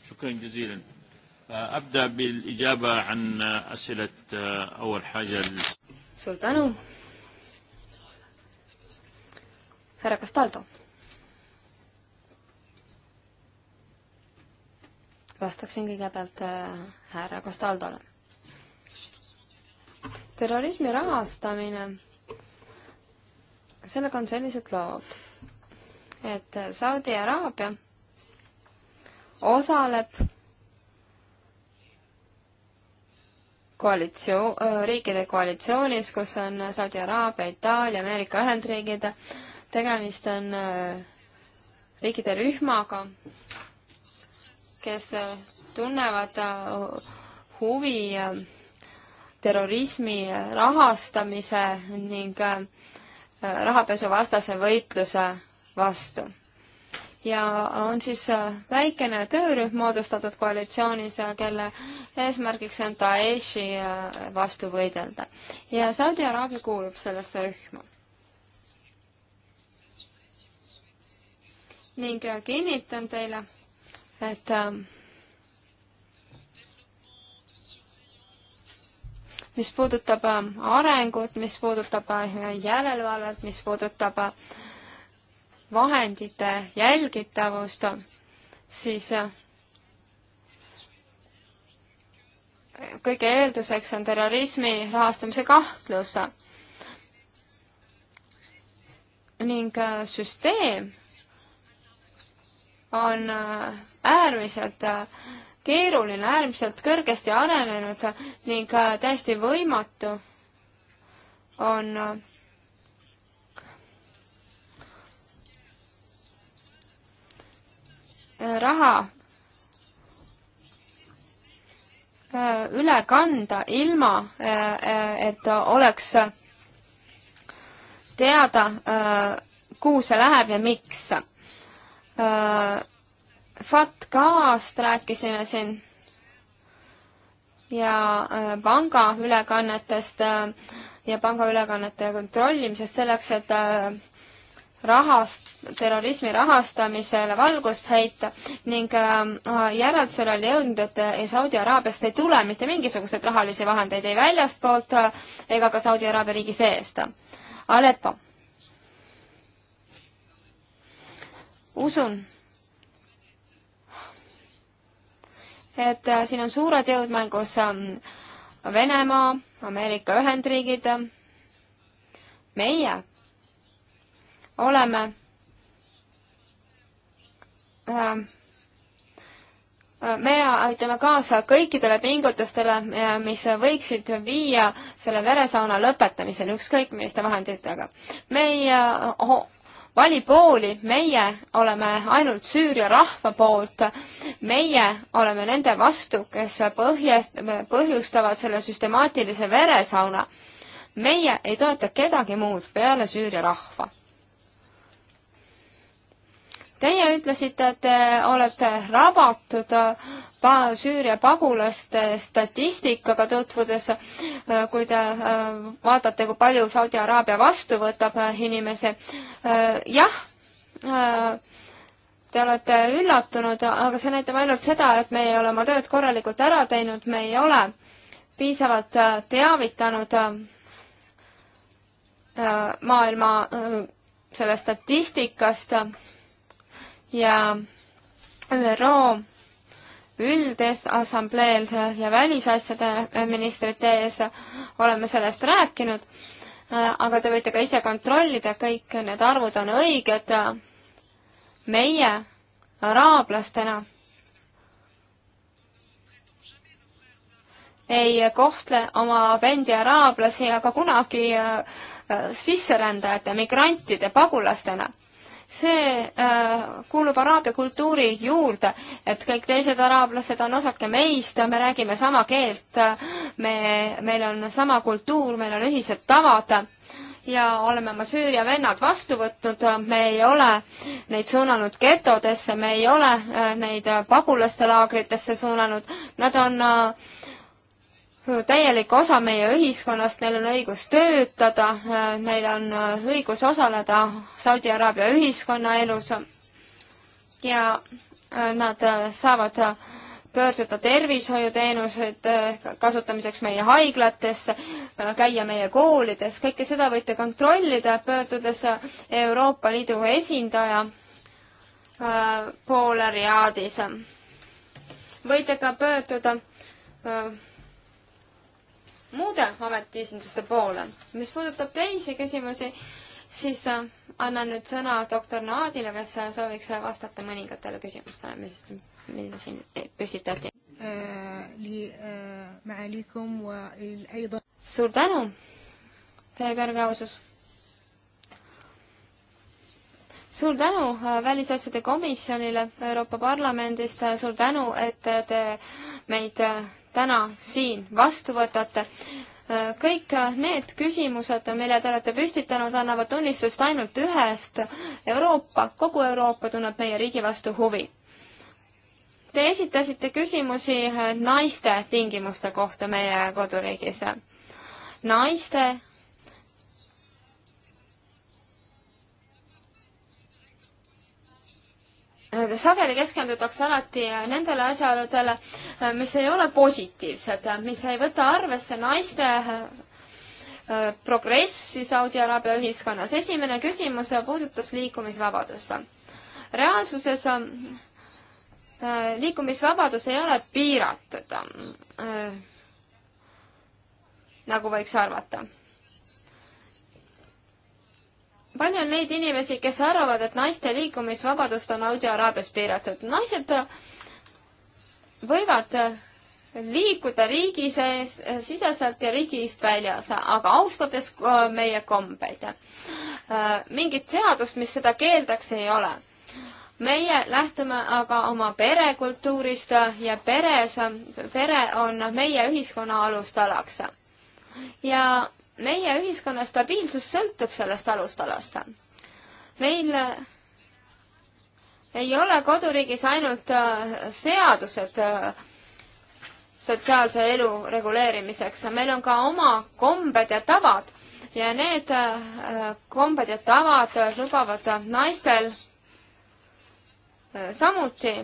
شكرا جزيلا أبدأ بالإجابة عن أسئلة أول حاجة سلطانو härra Castaldo vastaksin kõigepealt äh, härra Costaldole. terrorismi rahastamine, sellega on sellised lood, et Saudi Araabia osaleb koalitsioon, äh, riikide koalitsioonis, kus on Saudi Araabia, Itaalia, Ameerika Ühendriigid, tegemist on äh, riikide rühmaga, kes äh, tunnevad äh, huvi äh, terrorismi rahastamise ning rahapesuvastase võitluse vastu. ja on siis väikene töörühm moodustatud koalitsioonis, kelle eesmärgiks on Daeshi vastu võidelda. ja Saudi Araabia kuulub sellesse rühma. ning kinnitan teile, et ähm, mis puudutab ähm, arengut, mis puudutab äh, järelevalvet, mis puudutab äh, vahendite jälgitavust, siis äh, kõige eelduseks on terrorismi rahastamise kahtlus ning süsteem on äh, äärmiselt äh, keeruline, äärmiselt kõrgesti arenenud ning äh, täiesti võimatu on raha üle kanda ilma, et oleks teada, kuhu see läheb ja miks Äh, FATCA-st rääkisime siin ja äh, pangaülekannetest äh, ja pangaülekannete kontrollimisest selleks, et rahast, terrorismi rahastamisele valgust heita ning järeldusele oli jõudnud, et Saudi Araabiast ei tule mitte mingisuguseid rahalisi vahendeid ei väljastpoolt ega ka Saudi Araabia riigi seest. Aleppo usun, et äh, siin on suured jõud mängus ähm, Venemaa, Ameerika Ühendriigid, meie oleme ähm, me aitame kaasa kõikidele pingutustele, äh, mis võiksid viia selle veresauna lõpetamiseni, ükskõik milliste vahenditega. me ei äh, vali pooli, meie oleme ainult Süüria rahva poolt, meie oleme nende vastu, kes põhjast-, põhjustavad selle süstemaatilise veresauna. meie ei toeta kedagi muud peale Süüria rahva Teie ütlesite, et te olete rabatud pa-, Süüria pagulaste statistikaga tutvudes, kui te vaatate, kui palju Saudi Araabia vastu võtab äh, inimesi. Äh, jah, äh, te olete üllatunud, aga see näitab ainult seda, et me ei ole oma tööd korralikult ära teinud, me ei ole piisavalt teavitanud maailma sellest statistikast ja ÜRO üldassambleel ja välisasjade ministrite ees oleme sellest rääkinud, aga te võite ka ise kontrollida, kõik need arvud on õiged. meie araablastena ei kohtle oma vendi araablasi aga kunagi äh, sisserändajate, migrantide, pagulastena see äh, kuulub araabia kultuuri juurde, et kõik teised araablased on osake meist, me räägime sama keelt, me, meil on sama kultuur, meil on ühised tavad ja oleme oma Süüria vennad vastu võtnud, me ei ole neid suunanud getodesse, me ei ole äh, neid pagulaste laagritesse suunanud, nad on äh, täielik osa meie ühiskonnast, neil on õigus töötada, neil on äh, õigus osaleda Saudi Araabia ühiskonnaelus ja äh, nad äh, saavad pöörduda tervishoiuteenuseid kasutamiseks meie haiglatesse, käia meie koolides, kõike seda võite kontrollida, pöördudes Euroopa Liidu esindaja poole Riadis. võite ka pöörduda muude ametiesinduste poole. mis puudutab teisi küsimusi, siis äh, annan nüüd sõna doktor Naadile, kes äh, sooviks äh, vastata mõningatele küsimustele, mis, mida siin eh, püstitati. suur tänu, teie kõrge ausus suur tänu Välisasjade Komisjonile Euroopa Parlamendist, suur tänu, et te meid täna siin vastu võtate. kõik need küsimused, mille te olete püstitanud, annavad tunnistust ainult ühest. Euroopa, kogu Euroopa tunneb meie riigi vastu huvi. Te esitasite küsimusi naiste tingimuste kohta meie koduriigis. naiste sageli keskendutakse alati nendele asjaoludele, mis ei ole positiivsed, mis ei võta arvesse naiste äh, progressi Saudi Araabia ühiskonnas. esimene küsimus puudutas liikumisvabadust. reaalsuses äh, liikumisvabadus ei ole piiratud, äh, nagu võiks arvata palju on neid inimesi, kes arvavad, et naiste liikumisvabadust on Audi Araabias piiratud. naised äh, võivad äh, liikuda riigi sees, äh, siseselt ja riigist väljas, aga austades meie kombeid. mingit seadust, mis seda keeldaks, ei ole. meie lähtume aga oma perekultuurist ja peres, pere on meie ühiskonna alustalaks. ja meie ühiskonna stabiilsus sõltub sellest alustalast. meil ei ole koduriigis ainult äh, seadused äh, sotsiaalse elu reguleerimiseks, meil on ka oma kombed ja tavad ja need äh, kombed ja tavad lubavad naistel samuti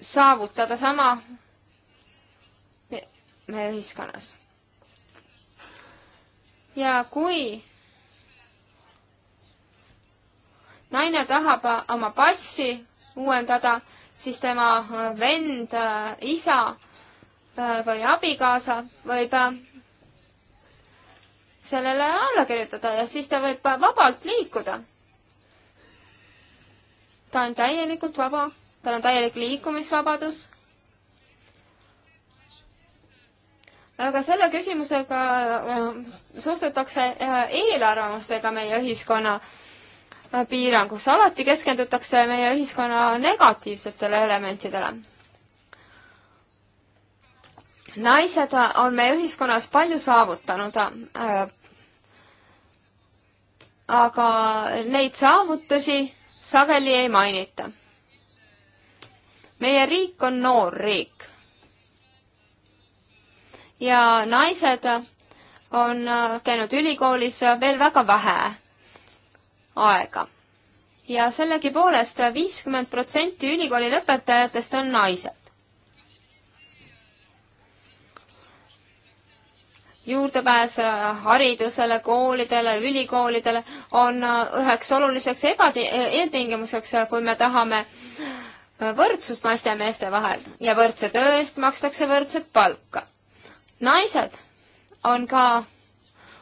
saavutada sama meie ühiskonnas. ja kui naine tahab oma passi uuendada, siis tema vend, isa äh, või abikaasa võib äh, sellele alla kirjutada ja siis ta võib vabalt liikuda. ta on täielikult vaba, tal on täielik liikumisvabadus aga selle küsimusega äh, suhtutakse äh, eelarvamustega meie ühiskonna äh, piirangus. alati keskendutakse meie ühiskonna negatiivsetele elementidele. naised on meie ühiskonnas palju saavutanud, aga neid saavutusi sageli ei mainita. meie riik on noor riik ja naised on äh, käinud ülikoolis veel väga vähe aega ja sellegipoolest viiskümmend protsenti ülikooli lõpetajatest on naised. juurdepääs äh, haridusele, koolidele, ülikoolidele on äh, üheks oluliseks ebati-, eeltingimuseks, kui me tahame võrdsust naiste ja meeste vahel ja võrdse töö eest makstakse võrdset palka naised on ka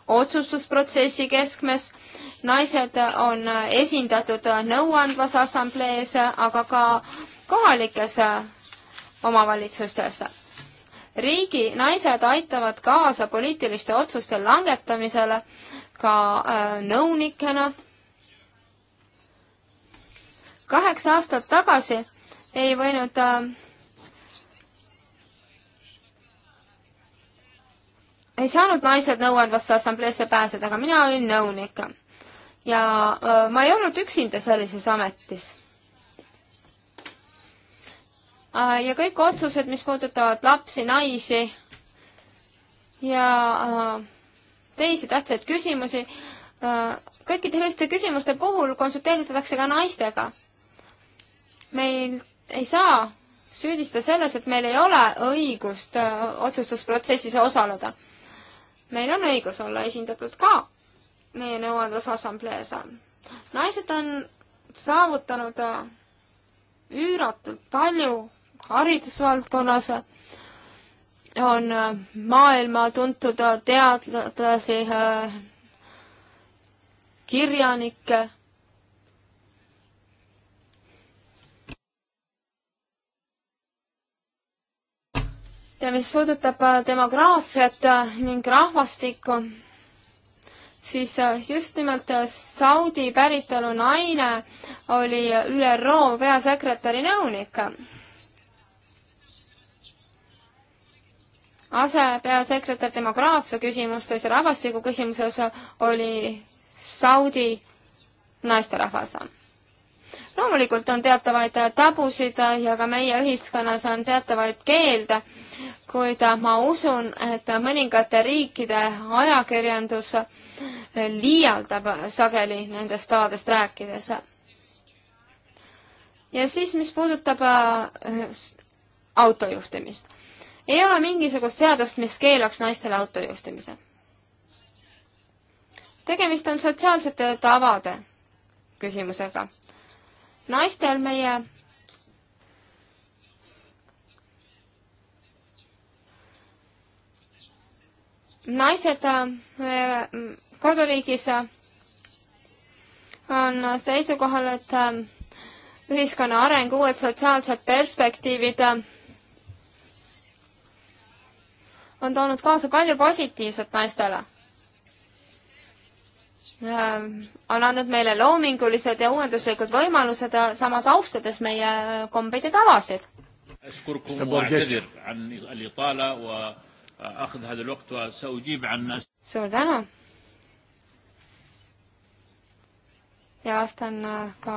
otsustusprotsessi keskmes, naised on esindatud nõuandvas assamblees, aga ka kohalikes omavalitsustes. riigi naised aitavad kaasa poliitiliste otsuste langetamisele ka äh, nõunikena. kaheksa aastat tagasi ei võinud äh, ei saanud naised nõuandvasse assambleesse pääseda, aga mina olin nõunik. ja öö, ma ei olnud üksinda sellises ametis ja kõik otsused, mis puudutavad lapsi, naisi ja teisi tähtsaid küsimusi, kõikide selliste küsimuste puhul konsulteeritakse ka naistega. meil ei saa süüdistada selles, et meil ei ole õigust otsustusprotsessis osaleda meil on õigus olla esindatud ka meie nõuandvas assamblees. naised on saavutanud äh, üüratult palju haridusvaldkonnas, on äh, maailma tuntud äh, teadlasi, kirjanikke ja mis puudutab äh, demograafiat äh, ning rahvastikku, siis äh, just nimelt Saudi päritolu naine oli ÜRO peasekretäri nõunik. asepeasekretär demograafia küsimustes ja rahvastiku küsimuses oli Saudi naisterahvas loomulikult on teatavaid äh, tabusid äh, ja ka meie ühiskonnas on teatavaid keelde, kuid äh, ma usun, et mõningate riikide ajakirjandus liialdab sageli nendest tavadest rääkides. ja siis, mis puudutab autojuhtimist. ei ole mingisugust seadust, mis keelaks naistele autojuhtimise. tegemist on sotsiaalsete tavade küsimusega naistel meie naised äh, koduriigis äh, on seisukohal, et äh, ühiskonna areng, uued sotsiaalsed perspektiivid on toonud kaasa palju positiivset naistele Ähm, on andnud meile loomingulised ja uuenduslikud võimalused, äh, samas austades meie äh, kombeid ja tavasid. Äh, suur tänu! ja vastan ka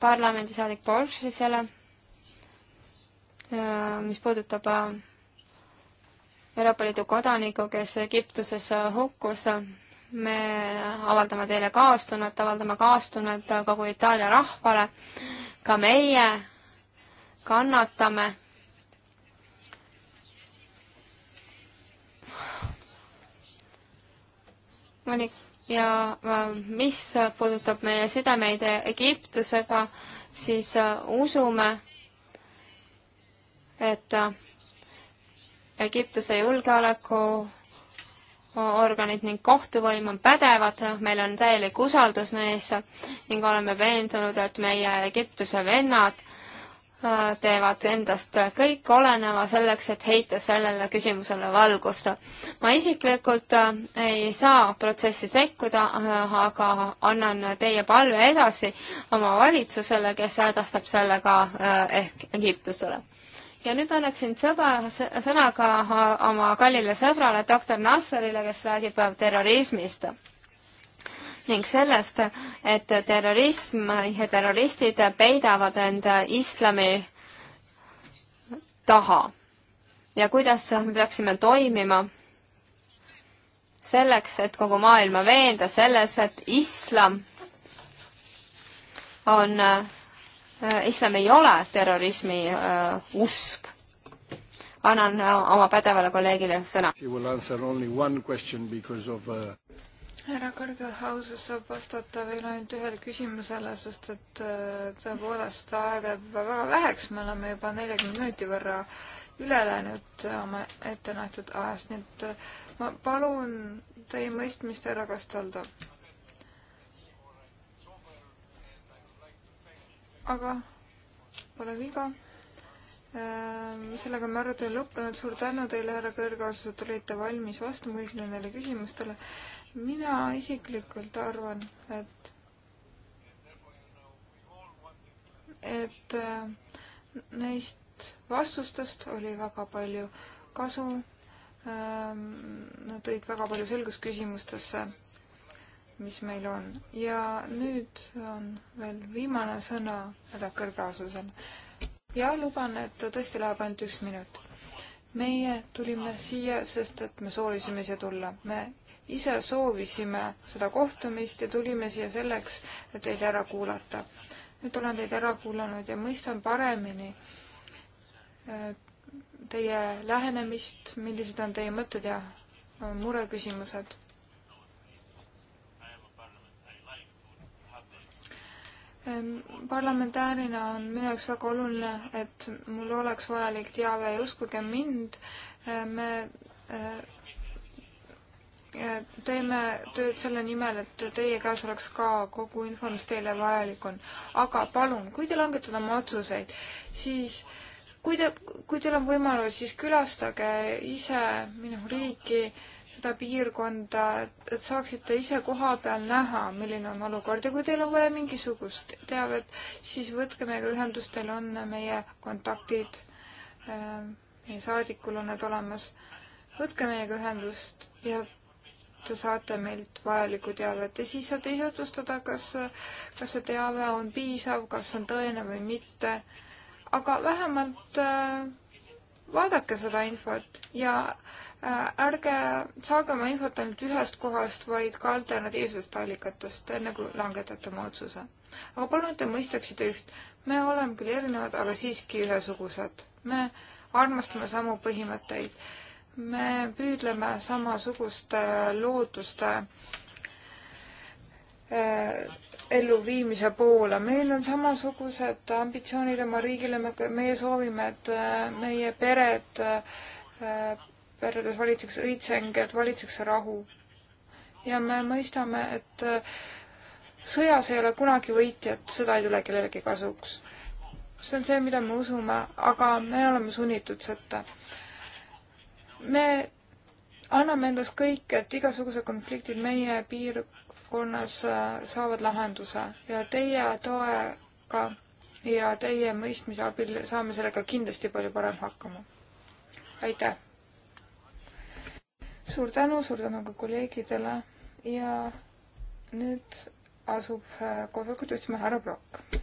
parlamendisaadik Borgesele, mis puudutab Euroopa Liidu kodaniku, kes Egiptuses hukkus. me avaldame teile kaastunnet, avaldame kaastunnet kogu Itaalia rahvale. ka meie kannatame. mõni ja äh, mis puudutab meie sidemeid Egiptusega, siis äh, usume, et äh, Egiptuse julgeolekuorganid ning kohtuvõim on pädevad, meil on täielik usaldus neis ning oleme veendunud, et meie Egiptuse vennad äh, teevad endast kõik oleneva selleks, et heita sellele küsimusele valgust. ma isiklikult äh, ei saa protsessi sekkuda, äh, aga annan teie palve edasi oma valitsusele, kes edastab selle ka ehk Egiptusele ja nüüd annaksin sõba, sõna ka oma kallile sõbrale, doktor Nasserile, kes räägib terrorismist ning sellest, et terrorism ja terroristid peidavad end islami taha ja kuidas me peaksime toimima selleks, et kogu maailma veenda selles, et islam on Äh, islam ei ole terrorismi äh, usk. annan äh, oma pädevale kolleegile sõna. Uh, härra Kõrgehauses saab vastata veel ainult ühele küsimusele, sest et tõepoolest aega jääb väga väheks, me oleme juba neljakümne minuti võrra üle läinud oma ettenähtud ajast, nii et ma palun teie mõistmist, härra Kastaldo aga pole viga. Ehm, sellega on arutelu lõppenud, suur tänu teile, härra Kõrgaus, et olite valmis vastama kõik nendele küsimustele. mina isiklikult arvan, et et äh, neist vastustest oli väga palju kasu. Ehm, nad tõid väga palju selgust küsimustesse mis meil on. ja nüüd on veel viimane sõna härra kõrgeasusel. ja luban, et tõesti läheb ainult üks minut. meie tulime siia, sest et me soovisime siia tulla. me ise soovisime seda kohtumist ja tulime siia selleks, et teid ära kuulata. nüüd olen teid ära kuulanud ja mõistan paremini äh, teie lähenemist, millised on teie mõtted ja äh, mureküsimused Ehm, parlamentäärina on minu jaoks väga oluline, et mul oleks vajalik teave ja uskuge mind, eh, me eh, eh, teeme tööd selle nimel, et teie käes oleks ka kogu info, mis teile vajalik on. aga palun, kui te langetate oma otsuseid, siis kui te, kui teil on võimalus, siis külastage ise minu riiki äh, seda piirkonda, et saaksite ise koha peal näha, milline on olukord ja kui teil on vaja mingisugust teavet, siis võtke meiega ühendust, teil on meie kontaktid, ähm, meie saadikul on need olemas. võtke meiega ühendust ja te saate meilt vajalikku teavet ja siis saate ise otsustada, kas, kas see teave on piisav, kas on tõene või mitte. aga vähemalt äh, vaadake seda infot ja äh, Äh, ärge saage oma infot ainult ühest kohast, vaid ka alternatiivsest allikatest, enne kui langetate oma otsuse. aga palun te mõistaksite üht, me oleme küll erinevad, aga siiski ühesugused. me armastame samu põhimõtteid. me püüdleme samasuguste looduste äh, elluviimise poole. meil on samasugused ambitsioonid oma riigile, me, meie soovime, et äh, meie pered perioodis valitseks õitseng, et valitseks rahu. ja me mõistame, et äh, sõjas ei ole kunagi võitjat, sõda ei tule kellelegi kasuks. see on see, mida me usume, aga me oleme sunnitud sõtta. me anname endast kõik, et igasugused konfliktid meie piirkonnas äh, saavad lahenduse ja teie toega ja teie mõistmise abil saame sellega kindlasti palju parem hakkama. aitäh! suur tänu, suur tänu ka kolleegidele ja nüüd asub äh, koosolekut juhtima härra Prokk.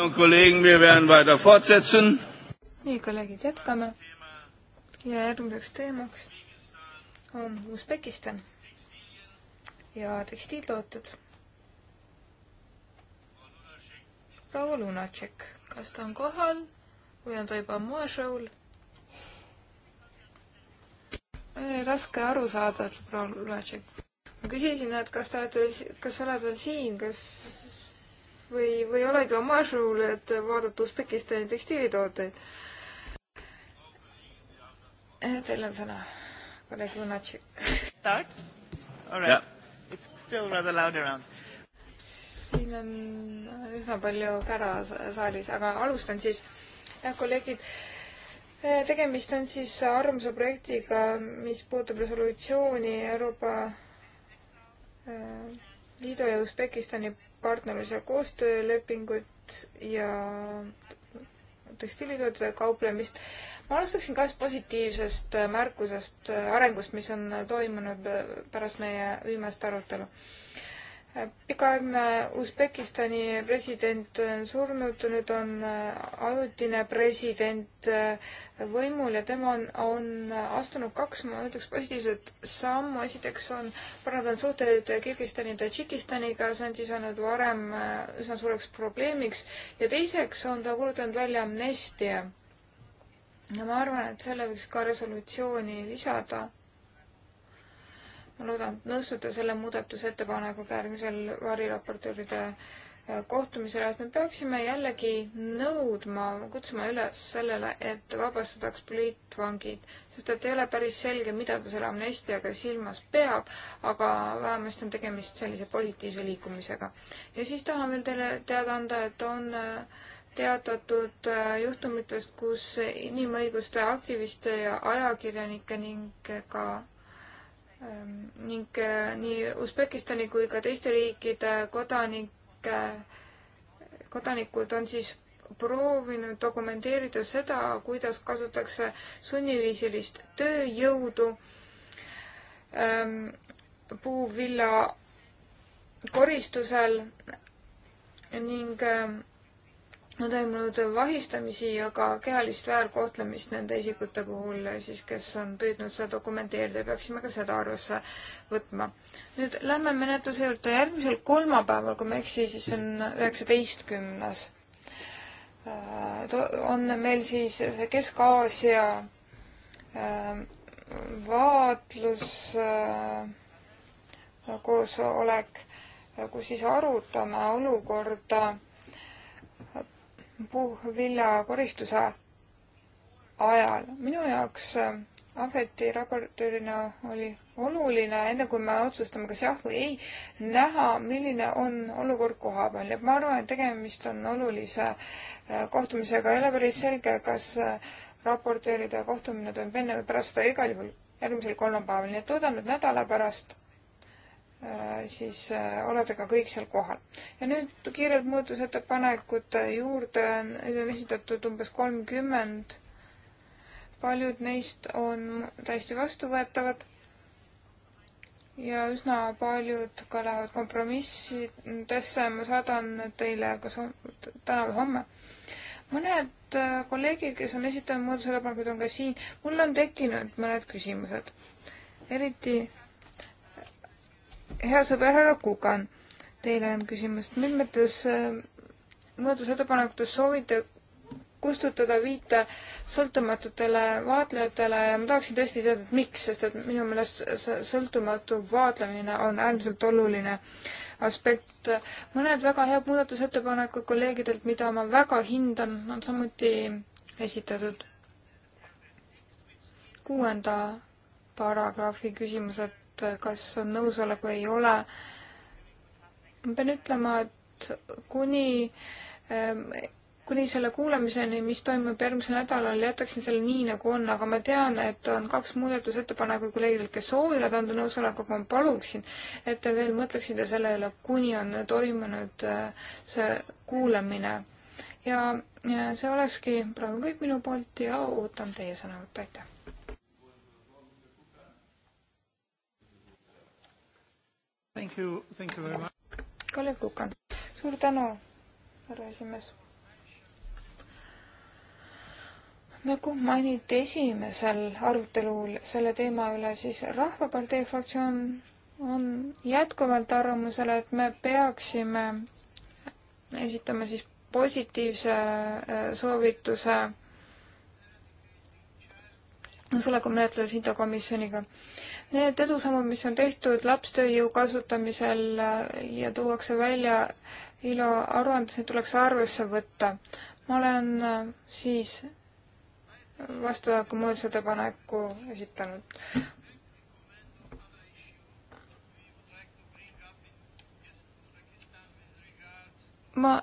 und Kollegen, wir werden weiter fortsetzen. nii, kolleegid, jätkame. ja järgmiseks teemaks on Usbekistan ja tekstiiltooted. proua Lunatšek, kas ta on kohal või on ta juba moeshow'l? raske aru saada, ütleb proua Lunatšek. ma küsisin, et kas te olete, kas sa oled veel siin, kas või, või olegi oma asjul, et vaadata Usbekistani tekstiilitooteid. Eh, teil on sõna, kolleeg Lunatšik. Start? All right yeah.. It's still rather loud around. siin on üsna palju kära saalis, aga alustan siis. jah, kolleegid eh, tegemist on siis armsa projektiga, mis puudutab resolutsiooni Euroopa eh, Liidu ja Usbekistani partnerluse koostöölepingut ja tekstiilitoodete kauplemist. ma alustaksin kas positiivsest märkusest, arengust, mis on toimunud pärast meie viimast arutelu pikaaegne Usbekistani president on surnud, nüüd on äh, ajutine president äh, võimul ja tema on, on astunud kaks, ma ütleks, positiivset sammu. esiteks on parandanud suhteid Kirgistani ja Tadžikistaniga, see on siis olnud varem äh, üsna suureks probleemiks ja teiseks on ta kuulutanud välja amnestia. ja ma arvan, et selle võiks ka resolutsiooni lisada ma loodan, et nõustute selle muudatusettepanekuga järgmisel variraportööride äh, kohtumisel, et me peaksime jällegi nõudma, kutsuma üles sellele, et vabastataks poliitvangid, sest et ei ole päris selge, mida ta selle amnestiaga silmas peab, aga vähemasti on tegemist sellise positiivse liikumisega. ja siis tahan veel teile teada anda, et on äh, teatatud äh, juhtumitest, kus inimõiguste aktiviste ja ajakirjanikke ning ka Ehm, ning äh, nii Usbekistani kui ka teiste riikide kodanike, kodanikud on siis proovinud dokumenteerida seda, kuidas kasutatakse sunniviisilist tööjõudu ähm, puuvilla koristusel ning ähm, on toimunud vahistamisi ja ka kehalist väärkohtlemist nende isikute puhul siis, kes on püüdnud seda dokumenteerida, peaksime ka seda arvesse võtma. nüüd lähme menetluse juurde järgmisel kolmapäeval, kui ma ei eksi, siis on üheksateistkümnes. Äh, on meil siis see Kesk-Aasia äh, vaatlus äh, koosolek, kus siis arutame olukorda puuviljakoristuse ajal. minu jaoks äh, Ahveti raportöörina oli oluline, enne kui me otsustame, kas jah või ei, näha, milline on olukord kohapeal ja ma arvan, et tegemist on olulise äh, kohtumisega. ei ole päris selge, kas äh, raportööride kohtumine toimub enne või pärast seda, igal juhul järgmisel kolmapäeval, nii et loodan, et nädala pärast Äh, siis äh, olete ka kõik seal kohal. ja nüüd kiirelt muudatusettepanekute äh, juurde, neid on esitatud umbes kolmkümmend. paljud neist on täiesti vastuvõetavad. ja üsna paljud ka lähevad kompromissidesse, ma saadan teile kas täna või homme. mõned kolleegid, kes on esitanud muudatusettepanekuid, on ka siin. mul on tekkinud mõned küsimused. eriti hea sõber härra Kukan, teile on küsimus, mitmetes äh, muudatusettepanekutes soovite kustutada viite sõltumatutele vaatlejatele ja ma tahaksin tõesti teada, et miks, sest et minu meelest sõltumatu vaatlemine on äärmiselt oluline aspekt. mõned väga head muudatusettepanekud kolleegidelt, mida ma väga hindan, on samuti esitatud. kuuenda paragrahvi küsimused et kas on nõusolek või ei ole. ma pean ütlema, et kuni ähm, kuni selle kuulamiseni, mis toimub järgmisel nädalal, jätaksin selle nii, nagu on, aga ma tean, et on kaks muudatusettepaneku kolleegidel, kes soovivad anda nõusoleku, aga ma paluksin, et te veel mõtleksite selle üle, kuni on toimunud äh, see kuulamine. ja, ja see olekski praegu kõik minu poolt ja ootan teie sõnavõttu, aitäh! Thank you, thank you very much. Kalle Kukan, suur tänu, härra esimees. nagu mainiti esimesel arutelul selle teema üle, siis Rahvapartei fraktsioon on jätkuvalt arvamusel, et me peaksime esitama siis positiivse äh, soovituse nõusoleku menetluses hindakomisjoniga. Need edusammud, mis on tehtud lapstööjõu kasutamisel äh, ja tuuakse välja ILO aruandes, need tuleks arvesse võtta. ma olen äh, siis vastava muudatusettepaneku esitanud. ma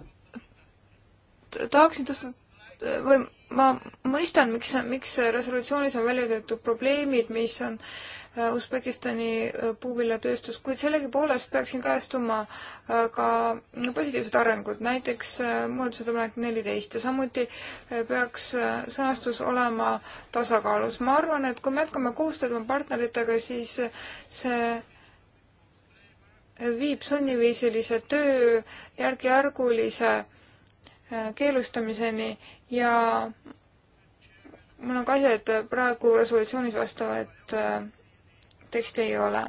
tahaksin tõsta või ma mõistan, miks, miks resolutsioonis on välja töötatud probleemid, mis on äh, Usbekistani äh, puuviljatööstus, kuid sellegipoolest peaksin kajastuma äh, ka positiivsed arengud, näiteks äh, muudatusettepanek neliteist ja samuti peaks sõnastus olema tasakaalus. ma arvan, et kui me jätkame koostööd oma partneritega, siis see viib sunniviisilise töö järk-järgulise keelustamiseni ja mul on kahju, et praegu resolutsioonis vastavad konteksti ei ole.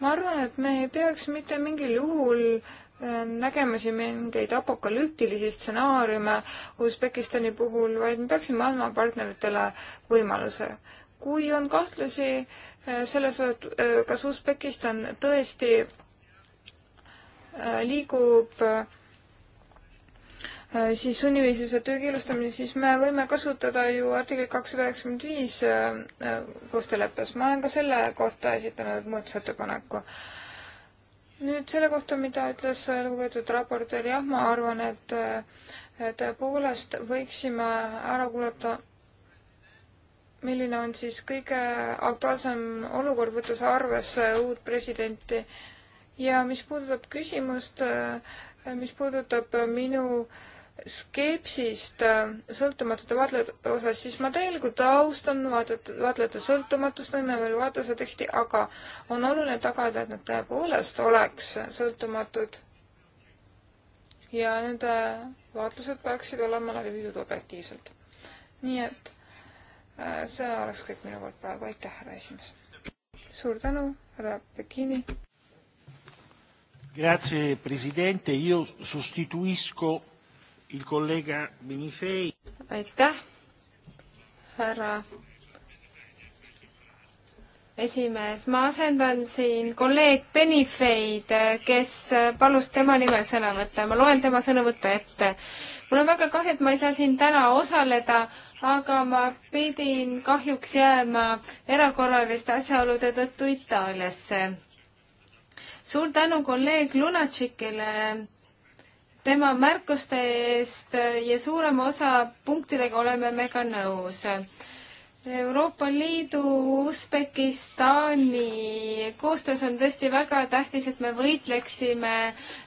ma arvan, et me ei peaks mitte mingil juhul äh, nägema siin mingeid apokalüptilisi stsenaariume Usbekistani puhul, vaid me peaksime andma partneritele võimaluse. kui on kahtlusi äh, selles osas, äh, kas Usbekistan tõesti liigub Äh, siis sunniviisilise töö keelustamine, siis me võime kasutada ju artiklit kakssada üheksakümmend viis äh, äh, koostööleppes. ma olen ka selle kohta esitanud muudatusettepaneku. nüüd selle kohta, mida ütles lugupeetud raportöör, jah, ma arvan, et tõepoolest võiksime ära kuulata, milline on siis kõige aktuaalsem olukord, võttes arvesse uut presidenti. ja mis puudutab küsimust, mis puudutab minu äh, skepsist äh, sõltumatute vaatlejate osas, siis ma täielikult austan vaatajate, vaatlejate sõltumatust, võime veel vaadata seda teksti, aga on oluline tagada, et nad tõepoolest oleks sõltumatud. ja nende vaatlused peaksid olema läbi viidud objektiivselt. nii et äh, see oleks kõik minu poolt praegu, aitäh, härra esimees. suur tänu, härra Pekini. Grazie Presidente, io sostituisco aitäh, härra esimees, ma asendan siin kolleeg Benifeid, kes palus tema nimel sõna võtta, ma loen tema sõnavõttu ette. mul on väga kahju, et ma ei saa siin täna osaleda, aga ma pidin kahjuks jääma erakorraliste asjaolude tõttu Itaaliasse. suur tänu kolleeg Lunatšikile tema märkuste eest ja suurema osa punktidega oleme me ka nõus. Euroopa Liidu, Usbekistani koostöös on tõesti väga tähtis, et me võitleksime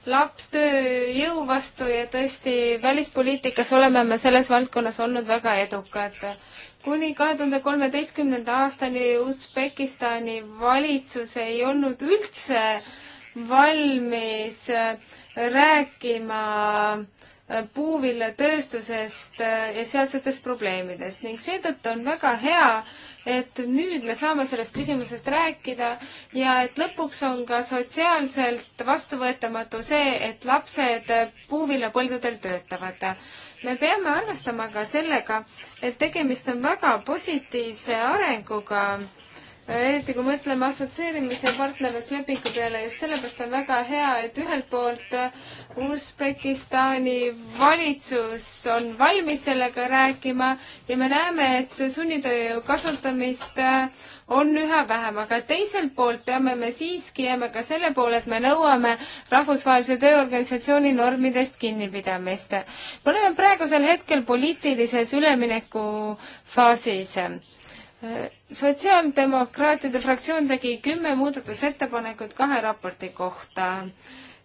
lapstööjõu vastu ja tõesti välispoliitikas oleme me selles valdkonnas olnud väga edukad kuni kahe tuhande kolmeteistkümnenda aastani Usbekistani valitsus ei olnud üldse valmis rääkima äh, puuviljatööstusest äh, ja sealsetest probleemidest ning seetõttu on väga hea, et nüüd me saame sellest küsimusest rääkida ja et lõpuks on ka sotsiaalselt vastuvõetamatu see, et lapsed puuviljapõldudel töötavad. me peame arvestama ka sellega, et tegemist on väga positiivse arenguga eriti kui mõtleme assotsieerimise ja partnerluslepingu peale, just sellepärast on väga hea, et ühelt poolt Usbekistani valitsus on valmis sellega rääkima ja me näeme, et see sunnitööjõu kasutamist äh, on üha vähem, aga teiselt poolt peame me siiski jääma ka selle poole, et me nõuame Rahvusvahelise Tööorganisatsiooni normidest kinnipidamist. me oleme praegusel hetkel poliitilises üleminekufaasis äh, sotsiaaldemokraatide fraktsioon tegi kümme muudatusettepanekut kahe raporti kohta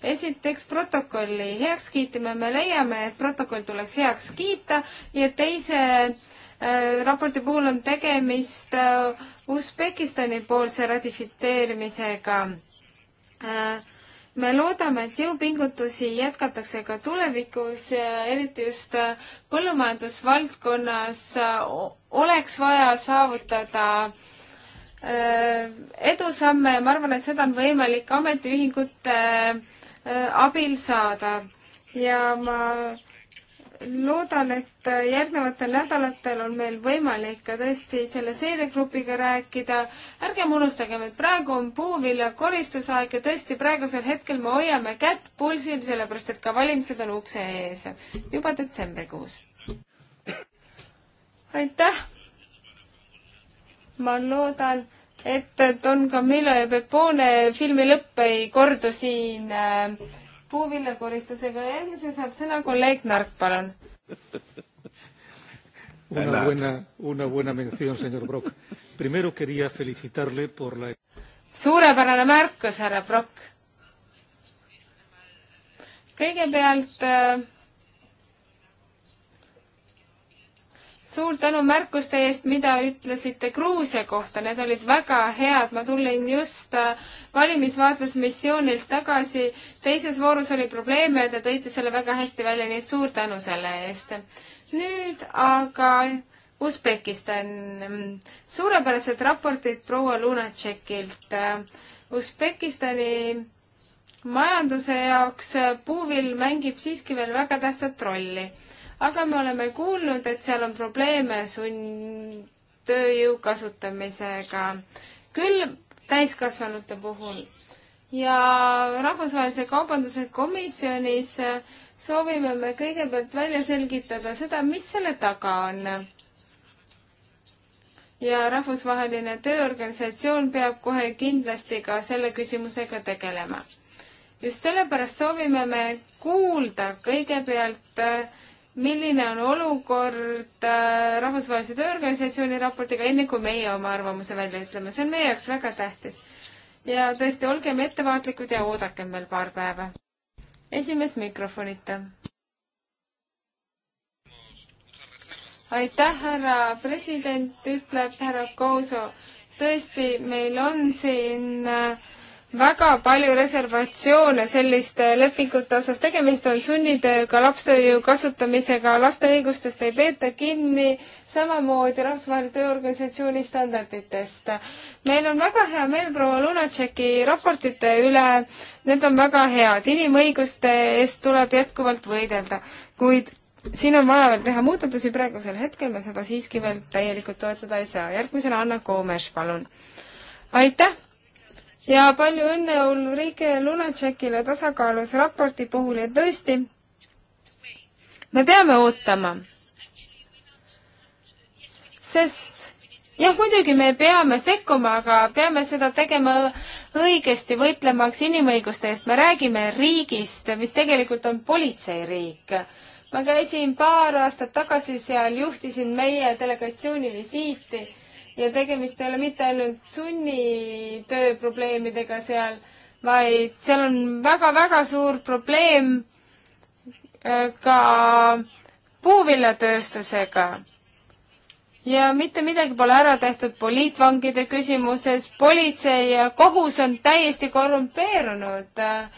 esiteks protokolli heaks kiitime, me leiame, et protokoll tuleks heaks kiita ja teise äh, raporti puhul on tegemist äh, Usbekistani poolse ratifitseerimisega äh,. me loodame, et jõupingutusi jätkatakse ka tulevikus, äh, eriti just äh, põllumajandusvaldkonnas äh, oleks vaja saavutada äh, edusamme ja ma arvan, et seda on võimalik ametiühingute äh, abil saada ja ma loodan, et järgnevatel nädalatel on meil võimalik ka tõesti selle seiregrupiga rääkida. ärgem unustagem, et praegu on puuvilja koristusaeg ja tõesti praegusel hetkel me hoiame kätt pulsil, sellepärast et ka valimised on ukse ees juba detsembrikuus aitäh! ma loodan, et Don Camillo ja Pepone filmi lõpp ei kordu siin äh, puuviljakoristusega. järgmisena saab sõna kolleeg Nart, palun *laughs* Una buena, una buena mención, señor Brock. Primero quería felicitarle por la... suurepärane märkus, härra Brock. kõigepealt äh, suur tänu märkuste eest, mida ütlesite Gruusia kohta, need olid väga head, ma tulin just äh, valimisvaatlusmissioonilt tagasi, teises voorus oli probleeme ja te tõite selle väga hästi välja, nii et suur tänu selle eest. nüüd aga Usbekistan, suurepärased raportid proua Lunatšekilt. Usbekistani majanduse jaoks puuvill mängib siiski veel väga tähtsat rolli aga me oleme kuulnud, et seal on probleeme sundtööjõu kasutamisega, küll täiskasvanute puhul. ja Rahvusvahelise Kaubanduse Komisjonis soovime me kõigepealt välja selgitada seda, mis selle taga on ja Rahvusvaheline Tööorganisatsioon peab kohe kindlasti ka selle küsimusega tegelema. just sellepärast soovime me kuulda kõigepealt milline on olukord äh, Rahvusvahelise Tööorganisatsiooni raportiga, enne kui meie oma arvamuse välja ütleme. see on meie jaoks väga tähtis. ja tõesti, olgem ettevaatlikud ja oodakem veel paar päeva. esimees mikrofonita. aitäh, härra president, ütleb härra Kouso. tõesti, meil on siin äh, väga palju reservatsioone selliste lepingute osas, tegemist on sunnitööga, lapstööjõu kasutamisega, laste õigustest ei peeta kinni, samamoodi Rahvusvahelise Tööorganisatsiooni standarditest. meil on väga hea meel proua Lunatšeki raportite üle, need on väga head, inimõiguste eest tuleb jätkuvalt võidelda, kuid siin on vaja veel teha muudatusi, praegusel hetkel me seda siiski veel täielikult toetada ei saa. järgmisena Anna Koomes, palun. aitäh ja palju õnne Ulrike Lunatšekile tasakaalus raporti puhul ja tõesti, me peame ootama. sest jah, muidugi me peame sekkuma, aga peame seda tegema õigesti, võitlemaks inimõiguste eest. me räägime riigist, mis tegelikult on politseiriik ma käisin paar aastat tagasi seal, juhtisin meie delegatsiooni visiiti ja tegemist ei ole mitte ainult sunnitöö probleemidega seal, vaid seal on väga-väga suur probleem äh, ka puuviljatööstusega. ja mitte midagi pole ära tehtud poliitvangide küsimuses, politsei ja kohus on täiesti korrumpeerunud äh,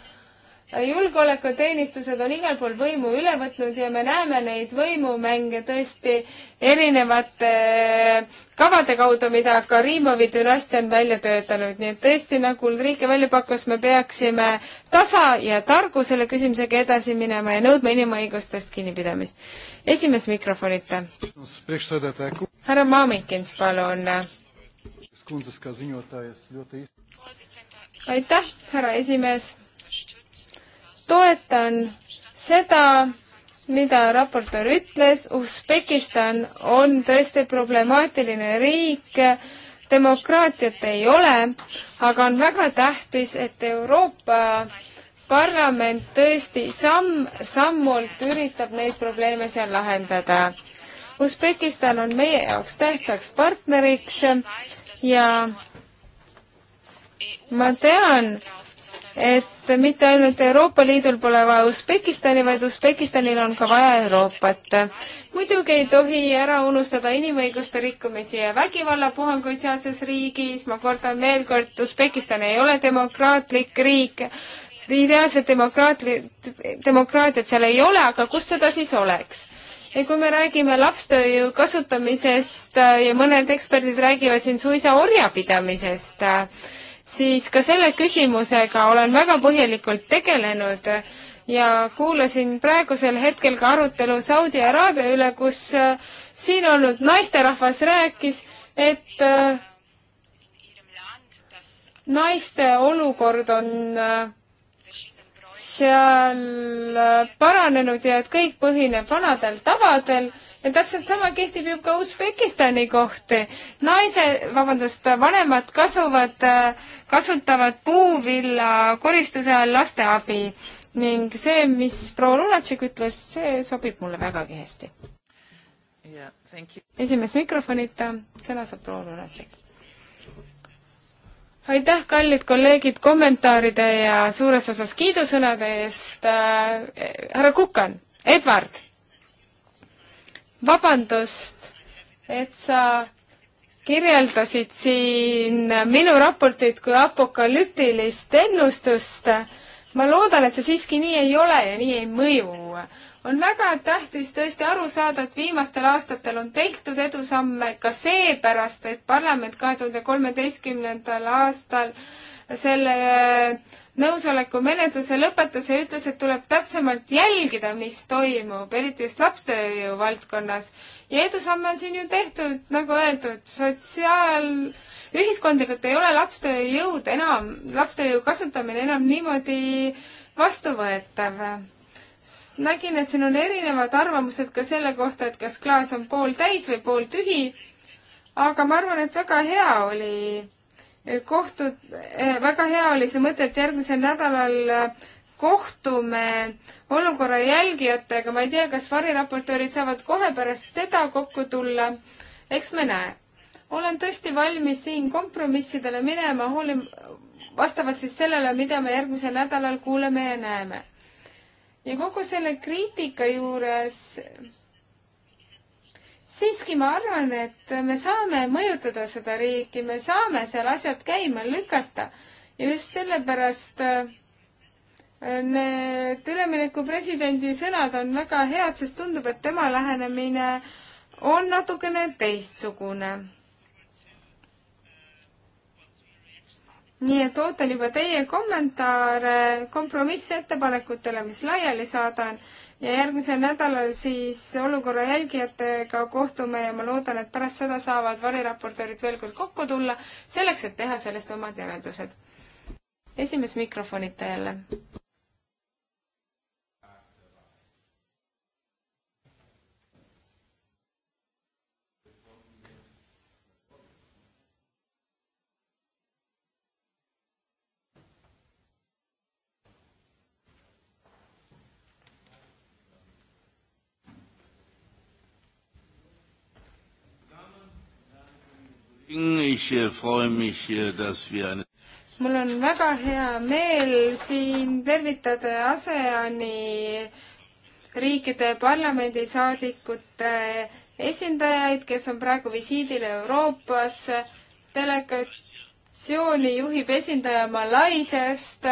julgeolekuteenistused on igal pool võimu üle võtnud ja me näeme neid võimumänge tõesti erinevate eh, kavade kaudu, mida Karimovi dünastia on välja töötanud, nii et tõesti, nagu Ulrike välja pakkus, me peaksime tasa ja targu selle küsimusega edasi minema ja nõudma inimõigustest kinnipidamist. esimees mikrofonita. härra Maamikins, palun. aitäh, härra esimees toetan seda, mida raportöör ütles, Usbekistan on tõesti problemaatiline riik, demokraatiat ei ole, aga on väga tähtis, et Euroopa parlament tõesti samm-sammult üritab neid probleeme seal lahendada. Usbekistan on meie jaoks tähtsaks partneriks ja ma tean, et mitte ainult Euroopa Liidul pole vaja Usbekistani, vaid Usbekistanil on ka vaja Euroopat. muidugi ei tohi ära unustada inimõiguste rikkumisi ja vägivallapuhanguid sealses riigis, ma kordan veel kord, Usbekistan ei ole demokraatlik riik, ideaalset demokraatli-, demokraatiat seal ei ole, aga kus seda siis oleks? ja kui me räägime lapstööjõu kasutamisest ja mõned eksperdid räägivad siin suisa orjapidamisest äh,, siis ka selle küsimusega olen väga põhjalikult tegelenud ja kuulasin praegusel hetkel ka arutelu Saudi Araabia üle, kus äh, siin olnud naisterahvas rääkis, et äh, naiste olukord on äh, seal paranenud ja et kõik põhineb vanadel tavadel ja täpselt sama kehtib ju ka Usbekistani kohta. naise, vabandust, vanemad kasuvad, kasutavad puuvilla koristuse all laste abi ning see, mis proua Lunatšik ütles, see sobib mulle vägagi hästi yeah,. esimees mikrofonita, sõna saab proua Lunatšik aitäh, kallid kolleegid, kommentaaride ja suures osas kiidusõnade eest äh,. härra Kukan, Edward vabandust, et sa kirjeldasid siin minu raportit kui apokalüptilist ennustust. ma loodan, et see siiski nii ei ole ja nii ei mõju. on väga tähtis tõesti aru saada, et viimastel aastatel on tehtud edusamme ka seepärast, et parlament kahe tuhande kolmeteistkümnendal aastal selle äh, nõusoleku menetluse lõpetas ja ütles, et tuleb täpsemalt jälgida, mis toimub, eriti just lapstööjõu valdkonnas. ja edusamme on siin ju tehtud, nagu öeldud, sotsiaal, ühiskondlikult ei ole lapstööjõud enam, lapstööjõu kasutamine enam niimoodi vastuvõetav. nägin, et siin on erinevad arvamused ka selle kohta, et kas klaas on pooltäis või pooltühi, aga ma arvan, et väga hea oli kohtud, eh, väga hea oli see mõte, et järgmisel nädalal eh, kohtume olukorra jälgijatega, ma ei tea, kas variraportöörid saavad kohe pärast seda kokku tulla, eks me näe. olen tõesti valmis siin kompromissidele minema, hoolim-, vastavalt siis sellele, mida me järgmisel nädalal kuuleme ja näeme. ja kogu selle kriitika juures siiski ma arvan, et me saame mõjutada seda riiki, me saame seal asjad käima lükata ja just sellepärast äh, need ülemineku presidendi sõnad on väga head, sest tundub, et tema lähenemine on natukene teistsugune. nii et ootan juba teie kommentaare kompromissettepanekutele, mis laiali saadan ja järgmisel nädalal siis olukorra jälgijatega kohtume ja ma loodan, et pärast seda saavad variraportöörid veel kord kokku tulla, selleks et teha sellest omad järeldused. esimees mikrofonita jälle. Äh, äh, mul on väga hea meel siin tervitada ASEAN-i riikide parlamendisaadikute esindajaid, kes on praegu visiidil Euroopas. delegatsiooni juhib esindaja Malaisiast.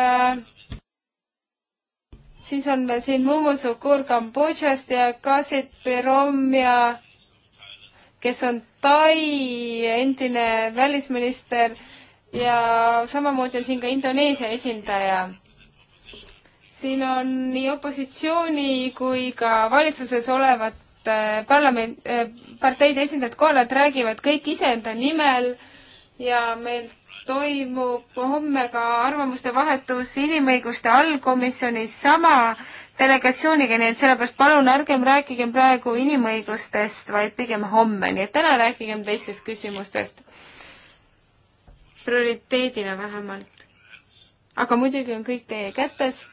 siis on meil siin Mumu Sukur Kambodžast ja Kasit Piromia, kes on Tai endine välisminister ja samamoodi on siin ka Indoneesia esindaja. siin on nii opositsiooni kui ka valitsuses olevat äh, parlament, äh, parteide esindajad kohal, nad räägivad kõik iseenda nimel ja meilt toimub homme ka arvamuste vahetus inimõiguste allkomisjonis sama delegatsiooniga, nii et sellepärast palun ärgem rääkigem praegu inimõigustest, vaid pigem homme, nii et täna rääkigem teistest küsimustest. prioriteedina vähemalt. aga muidugi on kõik teie kätes.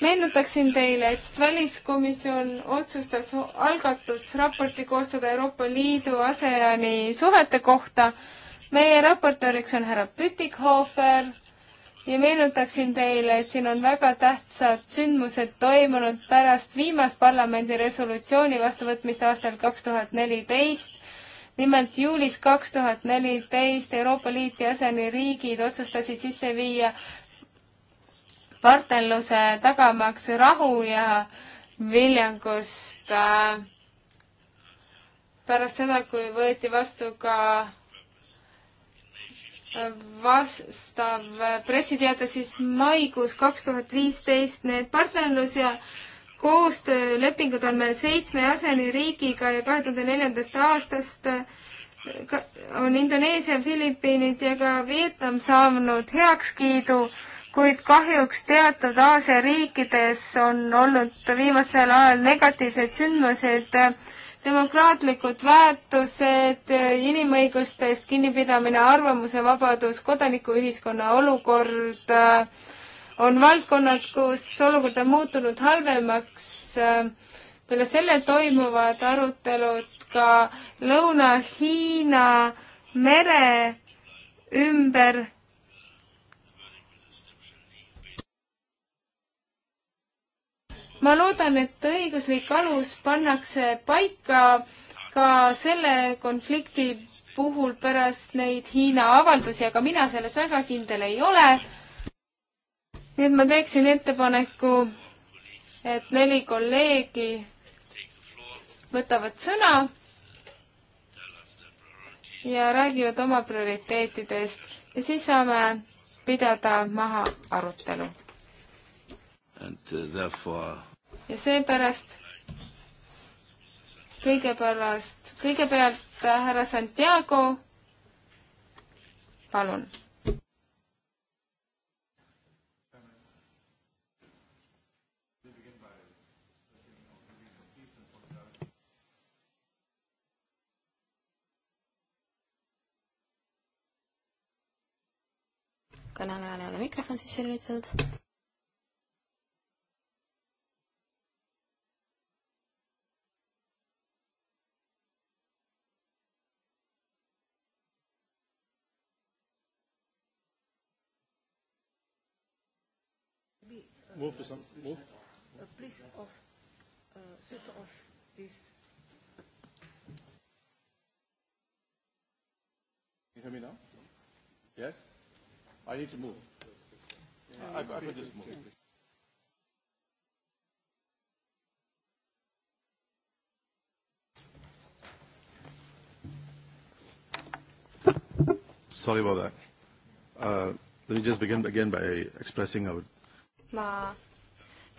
meenutaksin teile, et väliskomisjon otsustas algatusraporti koostada Euroopa Liidu ASEAN-i suhete kohta meie raportööriks on härra Pütikhofer ja meenutaksin teile, et siin on väga tähtsad sündmused toimunud pärast viimast parlamendi resolutsiooni vastuvõtmist aastal kaks tuhat neliteist. nimelt juulis kaks tuhat neliteist Euroopa Liit ja aseniriigid otsustasid sisse viia partnerluse tagamaks rahu ja viljangust äh, pärast seda, kui võeti vastu ka vastav pressiteade siis maikuus kaks tuhat viisteist, need partnerlus ja koostöölepingud on meil seitsme aseni riigiga ja kahe tuhande neljandast aastast on Indoneesia, Filipiinid ja ka Vietnam saanud heakskiidu, kuid kahjuks teatud Aasia riikides on olnud viimasel ajal negatiivseid sündmuseid äh, demokraatlikud väärtused, inimõigustest kinnipidamine, arvamusevabadus, kodanikuühiskonna olukord äh, on valdkonnad, kus olukord on muutunud halvemaks. Äh, peale selle toimuvad arutelud ka Lõuna-Hiina mere ümber ma loodan, et õiguslik alus pannakse paika ka selle konflikti puhul pärast neid Hiina avaldusi, aga mina selles väga kindel ei ole. nii et ma teeksin ettepaneku, et neli kolleegi võtavad sõna ja räägivad oma prioriteetidest ja siis saame pidada maha arutelu Uh, therefore... ja seepärast kõigepärast, kõigepealt äh, härra Santiago, palun. kõnelejal ei ole mikrofon sisse lülitatud. move to some move. Uh, please off, uh, switch off this. You hear me now? Yes. I need to move. Yeah, I, I, I just move. Yeah. Sorry about that. Uh, let me just begin again by expressing our ma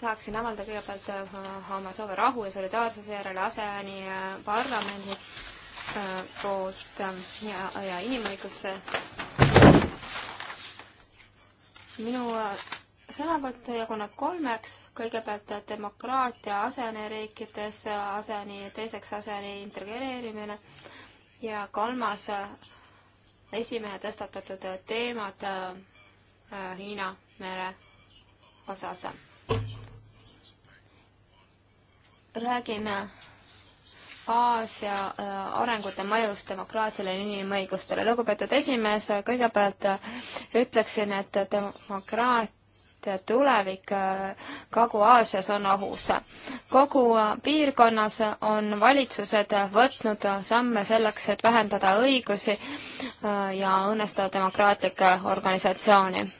tahaksin avaldada kõigepealt äh, oma soove rahu ja solidaarsuse järele ASEAN-i äh, parlamendi äh, poolt ja, ja inimõiguste. minu sõnavõtt jaguneb kolmeks, kõigepealt demokraatia ASEAN-i riikides, ASEAN-i, teiseks ASEAN-i integreerimine ja kolmas esimehe tõstatatud teemad Hiina mere osas. räägin Aasia äh, arengute mõjust demokraatiale ja inimõigustele. lugupeetud esimees, kõigepealt äh, ütleksin, et demokraatia tulevik äh, Kagu-Aasias on ohus. kogu piirkonnas on valitsused võtnud samme selleks, et vähendada õigusi ja õõnestada demokraatlikke organisatsioone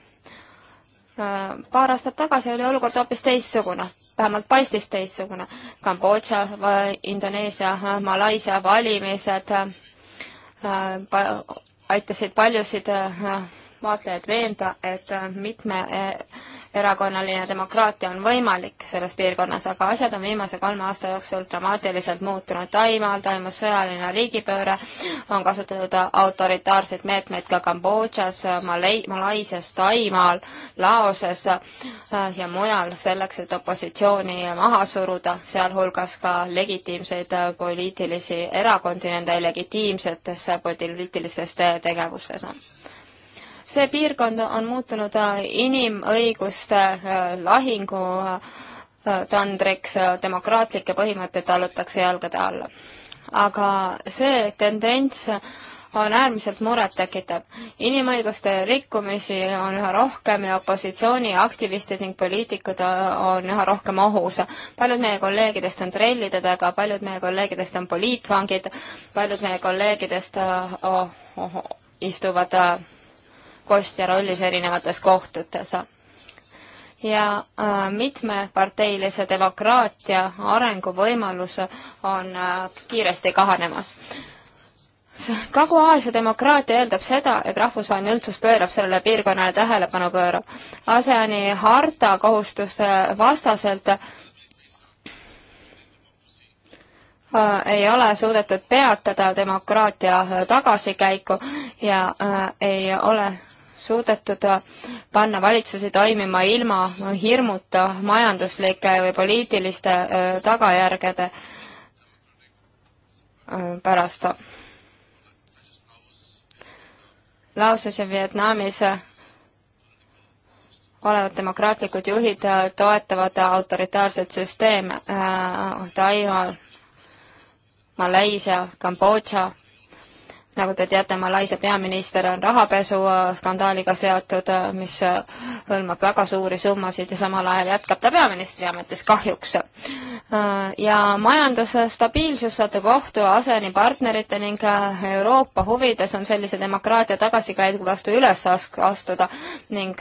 Äh, paar aastat tagasi oli olukord hoopis teistsugune, vähemalt paistis teistsugune. Kambodža, äh, Indoneesia, äh, Malaisia valimised pa aitasid paljusid vaatlejaid veenda, et mitme erakonnaline demokraatia on võimalik selles piirkonnas, aga asjad on viimase kolme aasta jooksul dramaatiliselt muutunud. Taimaal toimus sõjaline riigipööre, on kasutatud autoritaarseid meetmeid ka Kambodžas, Malai-, Malaisias, Taimaal, Laoses äh, ja mujal, selleks, et opositsiooni maha suruda, sealhulgas ka legitiimseid äh, poliitilisi erakondi nende legitiimsetesse äh, poliitilistesse tegevustesse see piirkond on muutunud äh, inimõiguste äh, lahingu äh, tandriks, demokraatlikke põhimõtteid allutakse jalgade alla. aga see tendents on äärmiselt murettekitav. inimõiguste rikkumisi on üha rohkem ja opositsiooni aktivistid ning poliitikud on üha rohkem ohus. paljud meie kolleegidest on trellide taga, paljud meie kolleegidest on poliitvangid, paljud meie kolleegidest oh, oh, oh, istuvad kostja rollis erinevates kohtutes. ja äh, mitmeparteilise demokraatia arenguvõimalus on äh, kiiresti kahanemas Kagu-Aasia demokraatia eeldab seda, et rahvusvaheline üldsus pöörab sellele piirkonnale tähelepanu pööra. ASEAN-i harta kohustuste vastaselt äh, ei ole suudetud peatada demokraatia tagasikäiku ja äh, ei ole suudetud äh, panna valitsusi toimima ilma hirmuta majanduslike või poliitiliste äh, tagajärgede äh, pärast. Laoses ja Vietnamis olevad demokraatlikud juhid toetavad autoritaarset süsteeme Taimaal, Malaisia, Kambodža nagu te teate, Malaisia peaminister on rahapesuskandaaliga seotud, mis hõlmab väga suuri summasid ja samal ajal jätkab ta peaministriametis kahjuks. ja majanduse stabiilsus satub ohtu ASEAN-i partnerite ning Euroopa huvides on sellise demokraatia tagasikäigu vastu üles astuda ning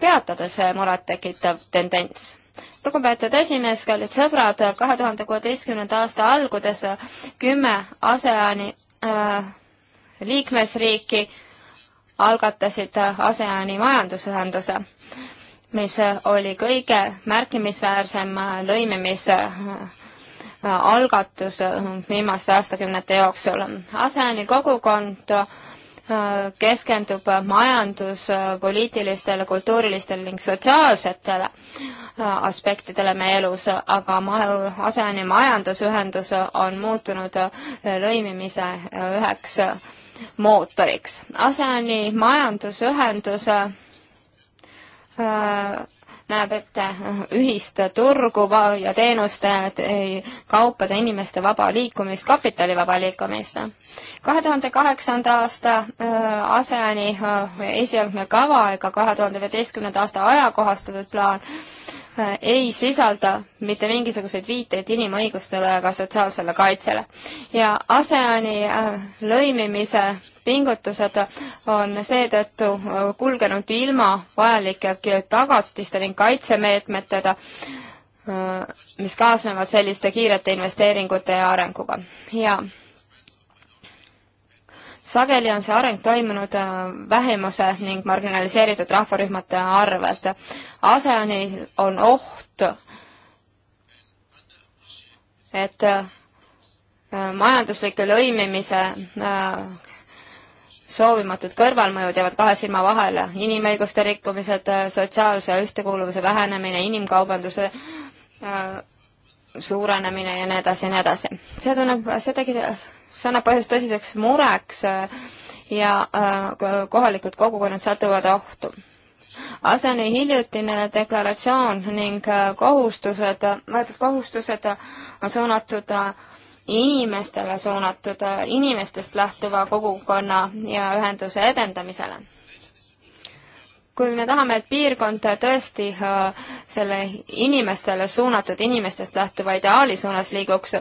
peatada see murettekitav tendents lugupeetud esimees, kallid sõbrad, kahe tuhande kuueteistkümnenda aasta algudes kümme ASEAN-i äh, liikmesriiki algatasid ASEAN-i majandusühenduse, mis oli kõige märkimisväärsem lõimimise äh, algatus äh, viimaste aastakümnete jooksul. ASEAN-i kogukond äh, keskendub majanduspoliitilistele, kultuurilistele ning sotsiaalsetele aspektidele meie elus, aga ASEAN-i majandusühendus on muutunud lõimimise üheks mootoriks. ASEAN-i majandusühendus äh, näeb ette äh, ühist turgu ja teenuste, äh, kaupade, inimeste vaba liikumist, kapitali vaba liikumist. kahe tuhande kaheksanda aasta ASEAN-i esialgne kava ega kahe tuhande üheteistkümnenda aasta ajakohastatud plaan ei sisalda mitte mingisuguseid viiteid inimõigustele ega sotsiaalsele kaitsele. ja ASEAN-i äh, lõimimise pingutused on seetõttu äh, kulgenud ilma vajalike tagatiste ning kaitsemeetmetega, äh, mis kaasnevad selliste kiirete investeeringute ja arenguga. ja sageli on see areng toimunud äh, vähemuse ning marginaliseeritud rahvarühmade arvelt. ASEANil on oht, et äh, majandusliku lõimimise äh, soovimatud kõrvalmõjud jäävad kahe silma vahele. inimõiguste rikkumised, sotsiaalse ühtekuuluvuse vähenemine, inimkaubanduse suurenemine ja nii edasi ja nii edasi. see tunneb, see tegi see annab põhjust tõsiseks mureks äh, ja äh, kohalikud kogukonnad satuvad ohtu. Aseni hiljutine deklaratsioon ning äh, kohustused, võetud kohustused on suunatud inimestele suunatud, inimestest lähtuva kogukonna ja ühenduse edendamisele kui me tahame, et piirkond tõesti selle inimestele suunatud, inimestest lähtuva ideaali suunas liiguks,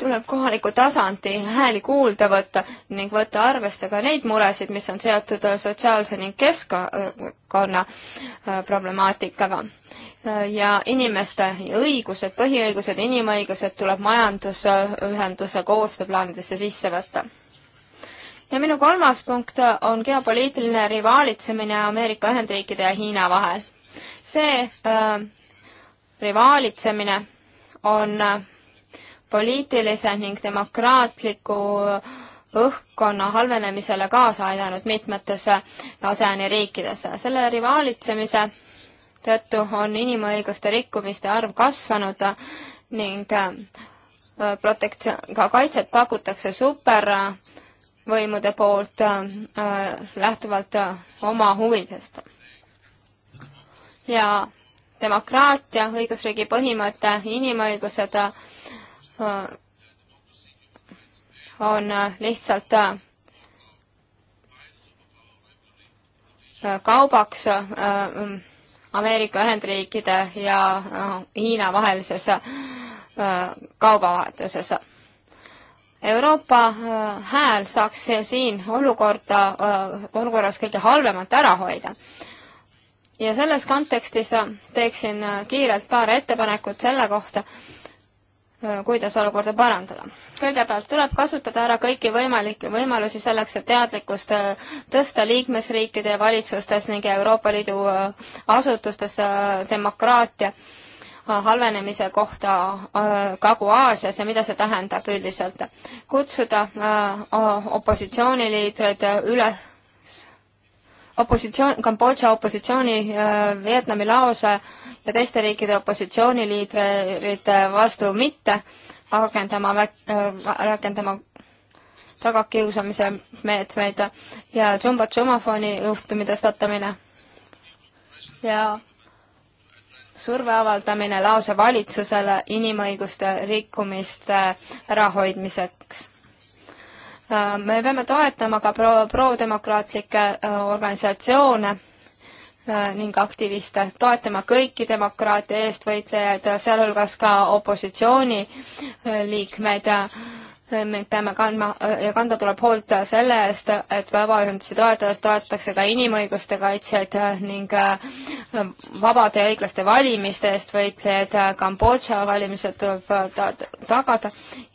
tuleb kohaliku tasandi hääli kuulda võtta ning võtta arvesse ka neid muresid, mis on seotud äh, sotsiaalse ning keskkonna äh, problemaatikaga. Äh, ja inimeste õigused, põhiõigused, inimõigused tuleb majandusühenduse koostööplaanidesse sisse võtta ja minu kolmas punkt on geopoliitiline rivaalitsemine Ameerika Ühendriikide ja Hiina vahel. see äh, rivaalitsemine on äh, poliitilise ning demokraatliku õhkkonna halvenemisele kaasa aidanud mitmetes ASEAN-i riikides. selle rivaalitsemise tõttu on inimõiguste rikkumiste arv kasvanud ning äh, protektsio-, ka kaitset pakutakse supervõimude poolt äh, lähtuvalt oma huvidest. ja demokraatia, õigusriigi põhimõte, inimõigused Äh, on äh, lihtsalt äh, kaubaks ähm, Ameerika Ühendriikide ja Hiina vahelises kaubavahetuses. Euroopa hääl saaks siin olukorda, olukorras kõige halvemat ära hoida. ja selles kontekstis teeksin kiirelt paar ettepanekut selle kohta, Äh, kuidas olukorda parandada. kõigepealt tuleb kasutada ära kõiki võimalikke võimalusi selleks, et teadlikkust äh, tõsta liikmesriikide valitsustes ning Euroopa Liidu äh, asutustes demokraatia halvenemise kohta Kagu-Aasias ja mida see tähendab üldiselt. kutsuda opositsiooniliidreid üle opositsioon, Kambodža opositsiooni, äh, Vietnami, Laose ja teiste riikide opositsiooniliidrite vastu mitte rakendama, äh, rakendama tagakiusamise meetmeid ja Jumba Jumafoni juhtumi tõstatamine ja surve avaldamine Laose valitsusele inimõiguste rikkumiste ärahoidmiseks Äh, me peame toetama ka pro-, prodemokraatlikke äh, organisatsioone äh, ning aktiviste, toetama kõiki demokraatia eestvõitlejaid, sealhulgas ka opositsiooniliikmeid me peame kandma ja kanda tuleb hoolt selle eest, et vabaühendusi toetades toetatakse ka inimõiguste kaitsjaid ning äh, vabade ja õiglaste valimiste eest võitlejaid. Kambodža valimised tuleb ta tagada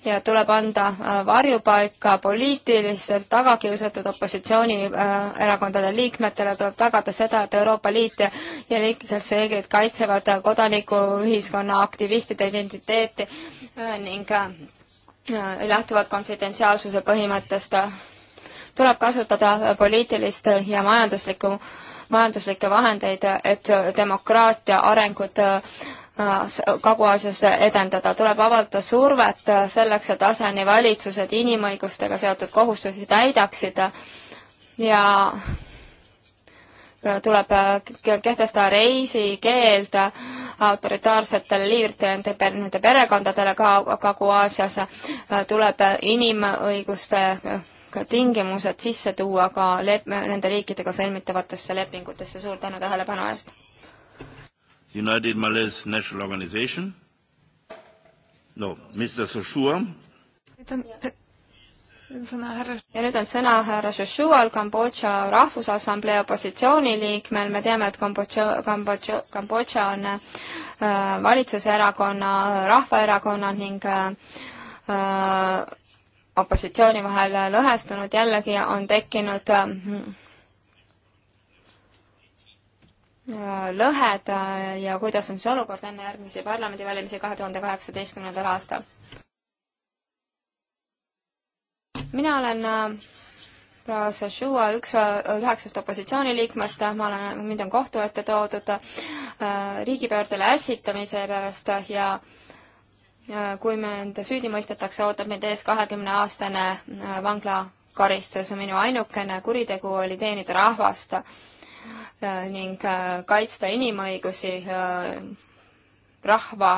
ja tuleb anda äh, varjupaika poliitiliselt tagakiusatud opositsioonierakondade äh, liikmetele, tuleb tagada seda, et Euroopa Liit ja, ja liikmesriigid kaitsevad kodanikuühiskonna aktivistide identiteeti ning Äh, lähtuvalt konfidentsiaalsuse põhimõttest äh, tuleb kasutada äh, poliitilist ja majanduslikku, majanduslikke vahendeid, et demokraatia arengut Kagu-Aasias edendada, tuleb avaldada survet selleks, et ASEAN-i valitsused inimõigustega seotud kohustusi täidaksid ja tuleb äh, kehtestada reisikeeld autoritaarsetele liidritele, nende per-, nende perekondadele ka Kagu-Aasias, äh, tuleb inimõiguste äh, tingimused sisse tuua ka lep-, nende riikidega sõlmitavatesse lepingutesse, suur tänu tähelepanu eest! United Malays National Organization, no, Mr Soshua. nüüd on sõna härra. ja nüüd on sõna härra Shushual, Kambodža Rahvusassamblee opositsiooniliikmel. me teame, et Kambodža, Kambodža, Kambodža on äh, valitsuserakonna, rahvaerakonna ning äh, opositsiooni vahel lõhestunud. jällegi on tekkinud äh, lõhed äh, ja kuidas on see olukord enne järgmisi parlamendivalimisi kahe tuhande kaheksateistkümnendal aastal? mina olen proua äh, Sašua üks äh, üheksast opositsiooniliikmest, ma olen, mind on kohtu ette toodud äh, riigipöördele ässitamise pärast ja kui mind süüdi mõistetakse, ootab mind ees kahekümne aastane vanglakaristus. minu ainukene kuritegu oli teenida rahvast ning kaitsta inimõigusi rahva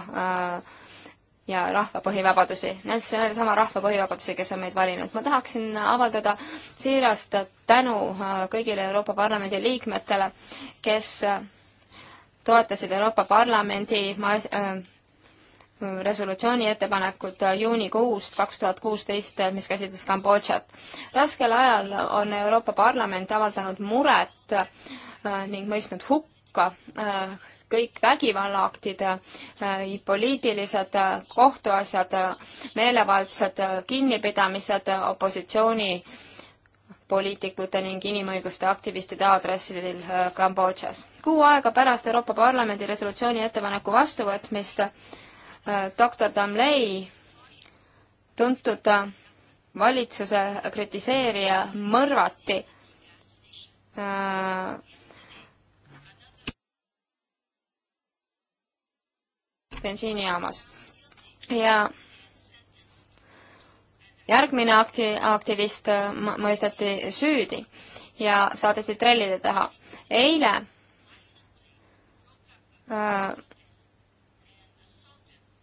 ja rahva põhivabadusi. see on sama rahva põhivabadusi, kes on meid valinud. ma tahaksin avaldada siirast tänu äh, kõigile Euroopa Parlamendi liikmetele, kes äh, toetasid Euroopa Parlamendi äh, resolutsiooni ettepanekut juunikuust kaks tuhat kuusteist, mis käsitles Kambodžat. raskel ajal on Euroopa Parlament avaldanud muret ning mõistnud hukka kõik vägivallaaktid, äh, poliitilised äh, kohtuasjad, äh, meelevaldsed kinnipidamised opositsiooni poliitikute ning inimõiguste aktivistide aadressidel Kambodžas. Kuu aega pärast Euroopa Parlamendi resolutsiooni ettepaneku vastuvõtmist doktor Tamlei, tuntud valitsuse kritiseerija, mõrvati bensiinijaamas. ja järgmine akti-, aktivist äh, mõisteti süüdi ja saadeti trellide taha. eile äh,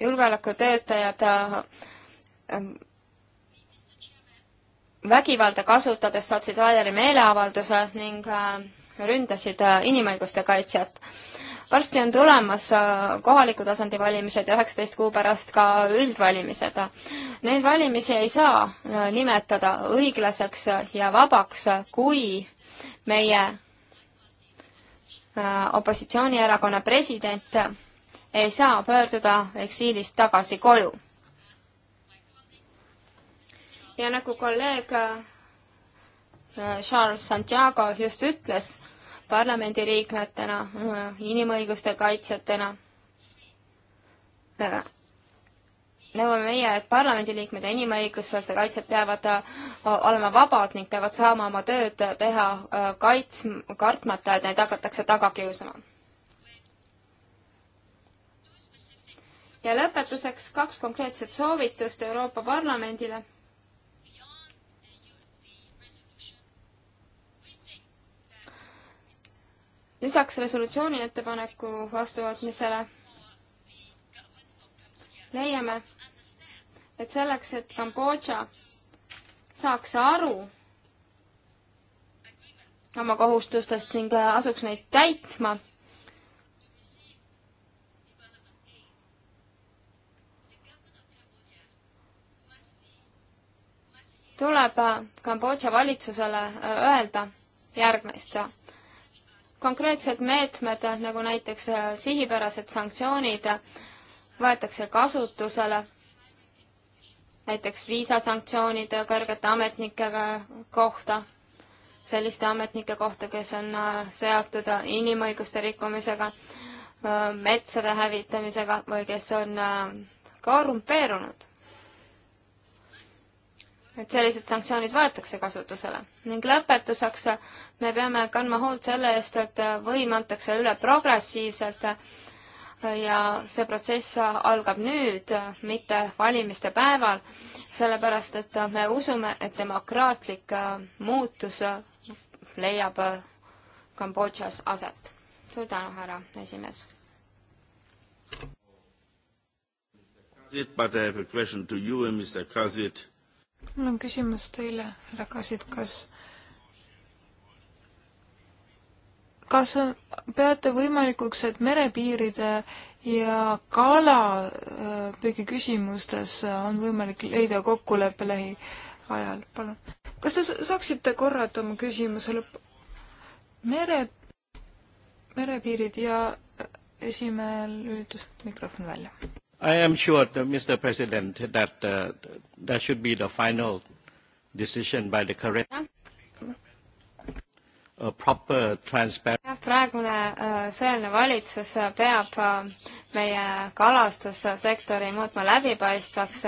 julgeolekutöötajad äh, äh vägivalda kasutades saatsid laiali meeleavalduse ning äh, ründasid äh, inimõiguste kaitsjat varsti on tulemas äh, kohaliku tasandi valimised ja üheksateist kuu pärast ka üldvalimised. Neid valimisi ei saa äh, nimetada õiglaseks ja vabaks, kui meie äh, opositsioonierakonna president ei saa pöörduda eksiilist tagasi koju. ja nagu kolleeg Charles Santiago just ütles, parlamendiliikmetena, inimõiguste kaitsjatena nõuame meie, et parlamendiliikmed ja inimõiguslaste kaitsjad peavad äh, olema vabad ning peavad saama oma tööd teha äh, kaits-, kartmata, et neid hakatakse taga kiusama. ja lõpetuseks kaks konkreetset soovitust Euroopa Parlamendile. lisaks resolutsiooni ettepaneku vastuvõtmisele leiame, et selleks, et Kambodža saaks aru oma kohustustest ning asuks neid täitma, tuleb Kambodža valitsusele öelda järgmist konkreetsed meetmed, nagu näiteks äh, sihipärased sanktsioonid, võetakse kasutusele, näiteks viisasanktsioonid kõrgete ametnike kohta, selliste ametnike kohta, kes on äh, seotud äh, inimõiguste rikkumisega, metsade hävitamisega või kes on korrumpeerunud et sellised sanktsioonid võetakse kasutusele. ning lõpetuseks me peame kandma hoolt selle eest, et võim antakse üle progressiivselt ja see protsess algab nüüd, mitte valimiste päeval, sellepärast et me usume, et demokraatlik muutus leiab Kambodžas aset. suur tänu, härra esimees. But I have a question to you and Mr Kazit mul on küsimus teile, härra Kasid, kas kas on, peate võimalikuks, et merepiiride ja kalapüügi äh, küsimustes äh, on võimalik leida kokkulepe lähiajal, palun? kas te saaksite korrata oma küsimuse lõppu? mere, merepiirid ja äh, esimehel lülitus mikrofon välja. I am sure, uh, Mr. President, that uh, that should be the final decision by the correct uh, proper transparent. praegune uh, sõjaline valitsus uh, peab meie kalastussektori muutma läbipaistvaks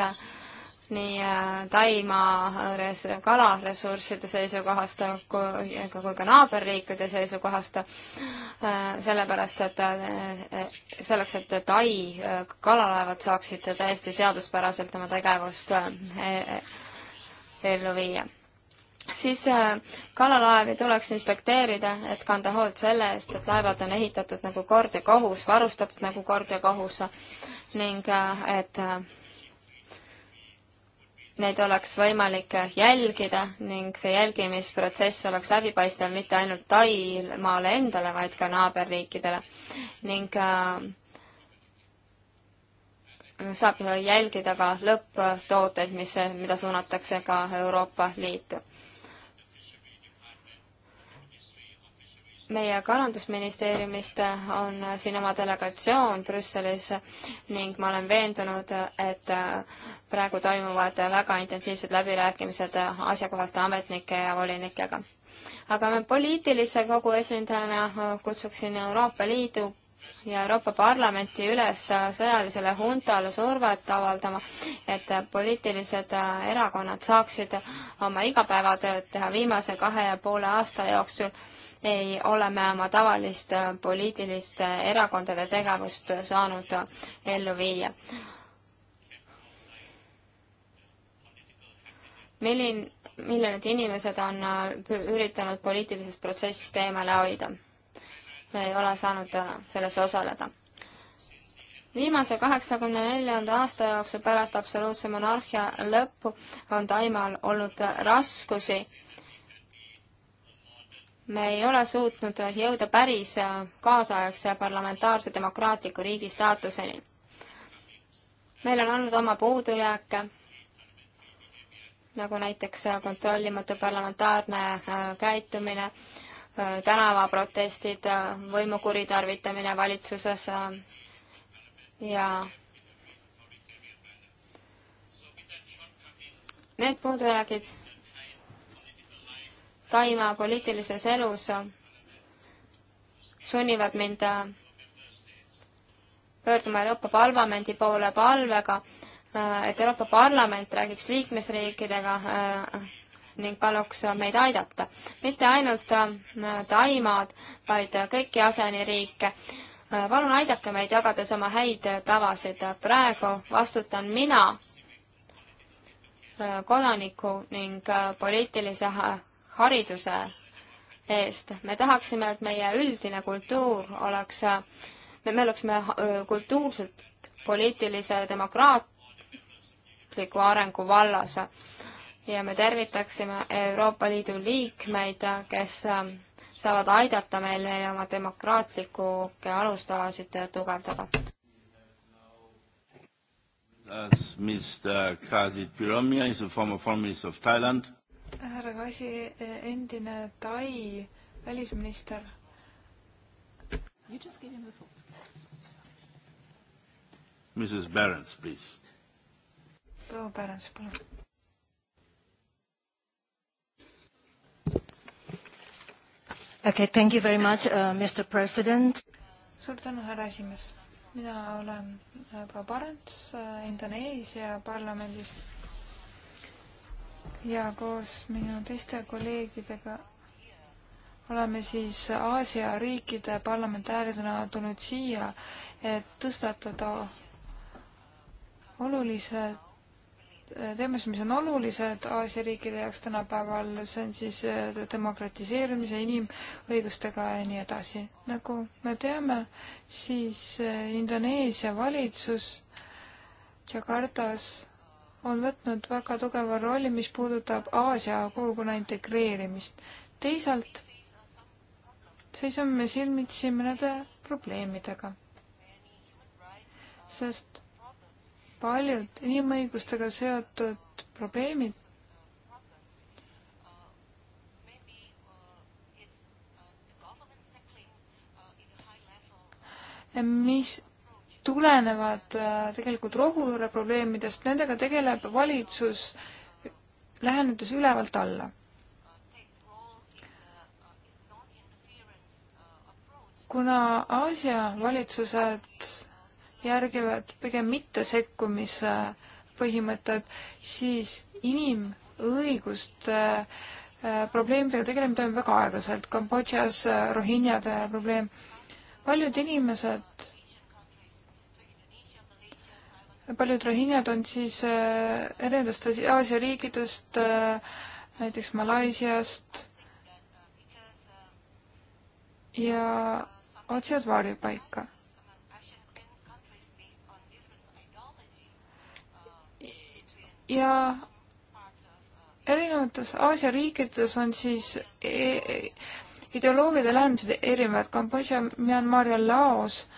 nii äh, taimares kalaressursside seisukohast kui, kui ka naaberriikide seisukohast, äh, sellepärast et äh, selleks, et Tai kalalaevad saaksid täiesti seaduspäraselt oma tegevust e, e, ellu viia siis kalalaevi tuleks inspekteerida, et kanda hoolt selle eest, et laevad on ehitatud nagu kord ja kohus, varustatud nagu kord ja kohus ning et neid oleks võimalik jälgida ning see jälgimisprotsess oleks läbipaistev mitte ainult Taimaale endale, vaid ka naaberriikidele. ning äh, saab jälgida ka lõpptooteid, mis, mida suunatakse ka Euroopa Liitu. meie ka Rahandusministeeriumist on siin oma delegatsioon Brüsselis ning ma olen veendunud, et praegu toimuvad väga intensiivsed läbirääkimised asjakohaste ametnike ja volinikega. aga ma poliitilise kogu esindajana kutsuksin Euroopa Liidu ja Euroopa Parlamenti üles sõjalisele huntale survet avaldama, et poliitilised erakonnad saaksid oma igapäevatööd teha viimase kahe ja poole aasta jooksul ei ole me oma tavalist äh, poliitilist äh, erakondade tegevust saanud ellu viia. milline, miljonid inimesed on äh, üritanud poliitilisest protsessist eemale hoida. ei ole saanud selles osaleda viimase kaheksakümne neljanda aasta jooksul pärast absoluutse monarhia lõppu on Taimaal olnud raskusi me ei ole suutnud jõuda päris kaasaegse parlamentaarse demokraatliku riigi staatuseni. meil on olnud oma puudujääke, nagu näiteks kontrollimatu parlamentaarne äh, käitumine, äh, tänavaprotestid, äh, võimu kuritarvitamine valitsuses ja need puudujäägid taima poliitilises elus sunnivad mind äh, pöörduma Euroopa Parlamendi poole palvega, äh, et Euroopa Parlament räägiks liikmesriikidega äh, ning paluks meid aidata. mitte ainult Taimaad, vaid kõiki ASEAN-i riike. palun aidake meid, jagades oma häid tavasid. praegu vastutan mina kodaniku ning poliitilise hariduse eest. me tahaksime, et meie üldine kultuur oleks, me oleksime äh, kultuurselt poliitilise demokraatliku arengu vallas ja me tervitaksime Euroopa Liidu liikmeid, kes äh, saavad aidata meil meie oma demokraatlikke alustalasid tugevdada. As Mr. Kazi Piromia is a former foreign minister of Thailand härra Kasi, endine Tai välisminister. Mrs Barents, please. proua Barents, palun. Okay, thank you very much uh,, Mr President. suur tänu, härra esimees. mina olen äh, proua Barents äh, Indoneesia parlamendist ja koos minu teiste kolleegidega oleme siis Aasia riikide parlamentääridena tulnud siia, et tõstatada olulised teemasid, mis on olulised Aasia riikide jaoks tänapäeval, see on siis äh, demokratiseerimise, inimõigustega ja nii edasi. nagu me teame, siis äh, Indoneesia valitsus Jakartas on võtnud väga tugeva rolli, mis puudutab Aasia kogukonna integreerimist. teisalt seisame silmitsi mõnede probleemidega, sest paljud inimõigustega seotud probleemid mis tulenevad äh, tegelikult rohujuure probleemidest, nendega tegeleb valitsus, lähenedes ülevalt alla. kuna Aasia valitsused järgivad pigem mittesekkumise põhimõtted, siis inimõiguste äh, probleemidega tegelemine toimub väga aeglaselt. Kambodžas äh, Rohinjade probleem. paljud inimesed paljud rohinjad on siis äh, erinevatest Aasia riikidest, äh, näiteks Malaisiast ja otsivad varjupaika. ja erinevates Aasia riikides on siis e, e ideoloogide lähenemised erinevad, Kambodža, Myanmar ja Laos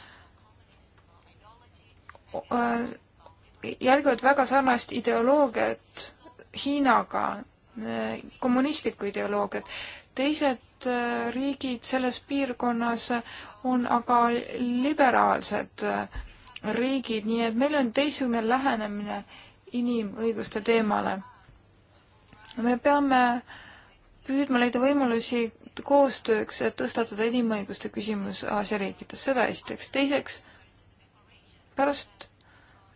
äh, järgivad väga sarnast ideoloogiat Hiinaga, kommunistlikku ideoloogiat. teised äh, riigid selles piirkonnas on aga liberaalsed äh, riigid, nii et meil on teistsugune lähenemine inimõiguste teemale. me peame püüdma leida võimalusi koostööks, et tõstatada inimõiguste küsimus Aasia riikides, seda esiteks. teiseks, pärast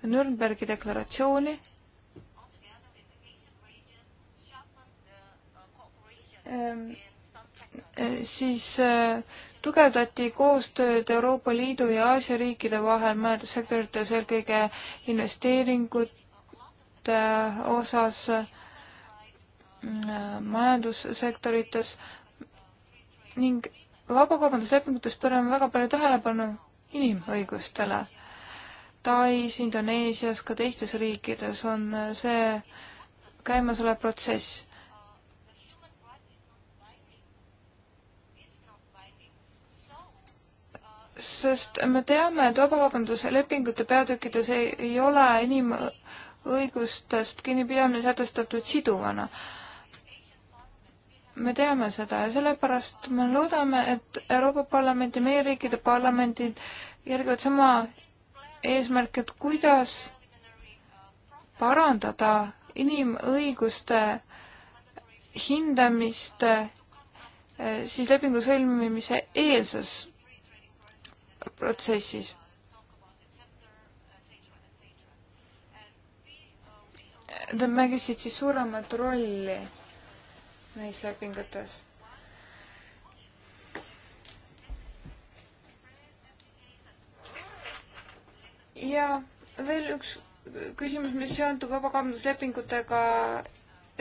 Nürnbergi deklaratsiooni ähm, äh, siis äh, tugevdati koostööd Euroopa Liidu ja Aasia riikide vahel majandussektorites, eelkõige investeeringute äh, osas majandussektorites ning vabakaubanduslepingutes pöörame väga palju tähelepanu inimõigustele Tais, Indoneesias, ka teistes riikides on äh, see käimasolev protsess. sest me teame, et vabakaubanduslepingute peatükkides ei, ei ole inimõigustest kinnipidamine sätestatud siduvana me teame seda ja sellepärast me loodame, et Euroopa Parlamendi, meie riikide parlamendid järgivad sama eesmärk, et kuidas parandada inimõiguste hindamist eh, siis lepingu sõlmimise eelses protsessis. Nad mängisid siis suuremat rolli neis lepingutes ja veel üks küsimus, mis seondub vabakaubanduslepingutega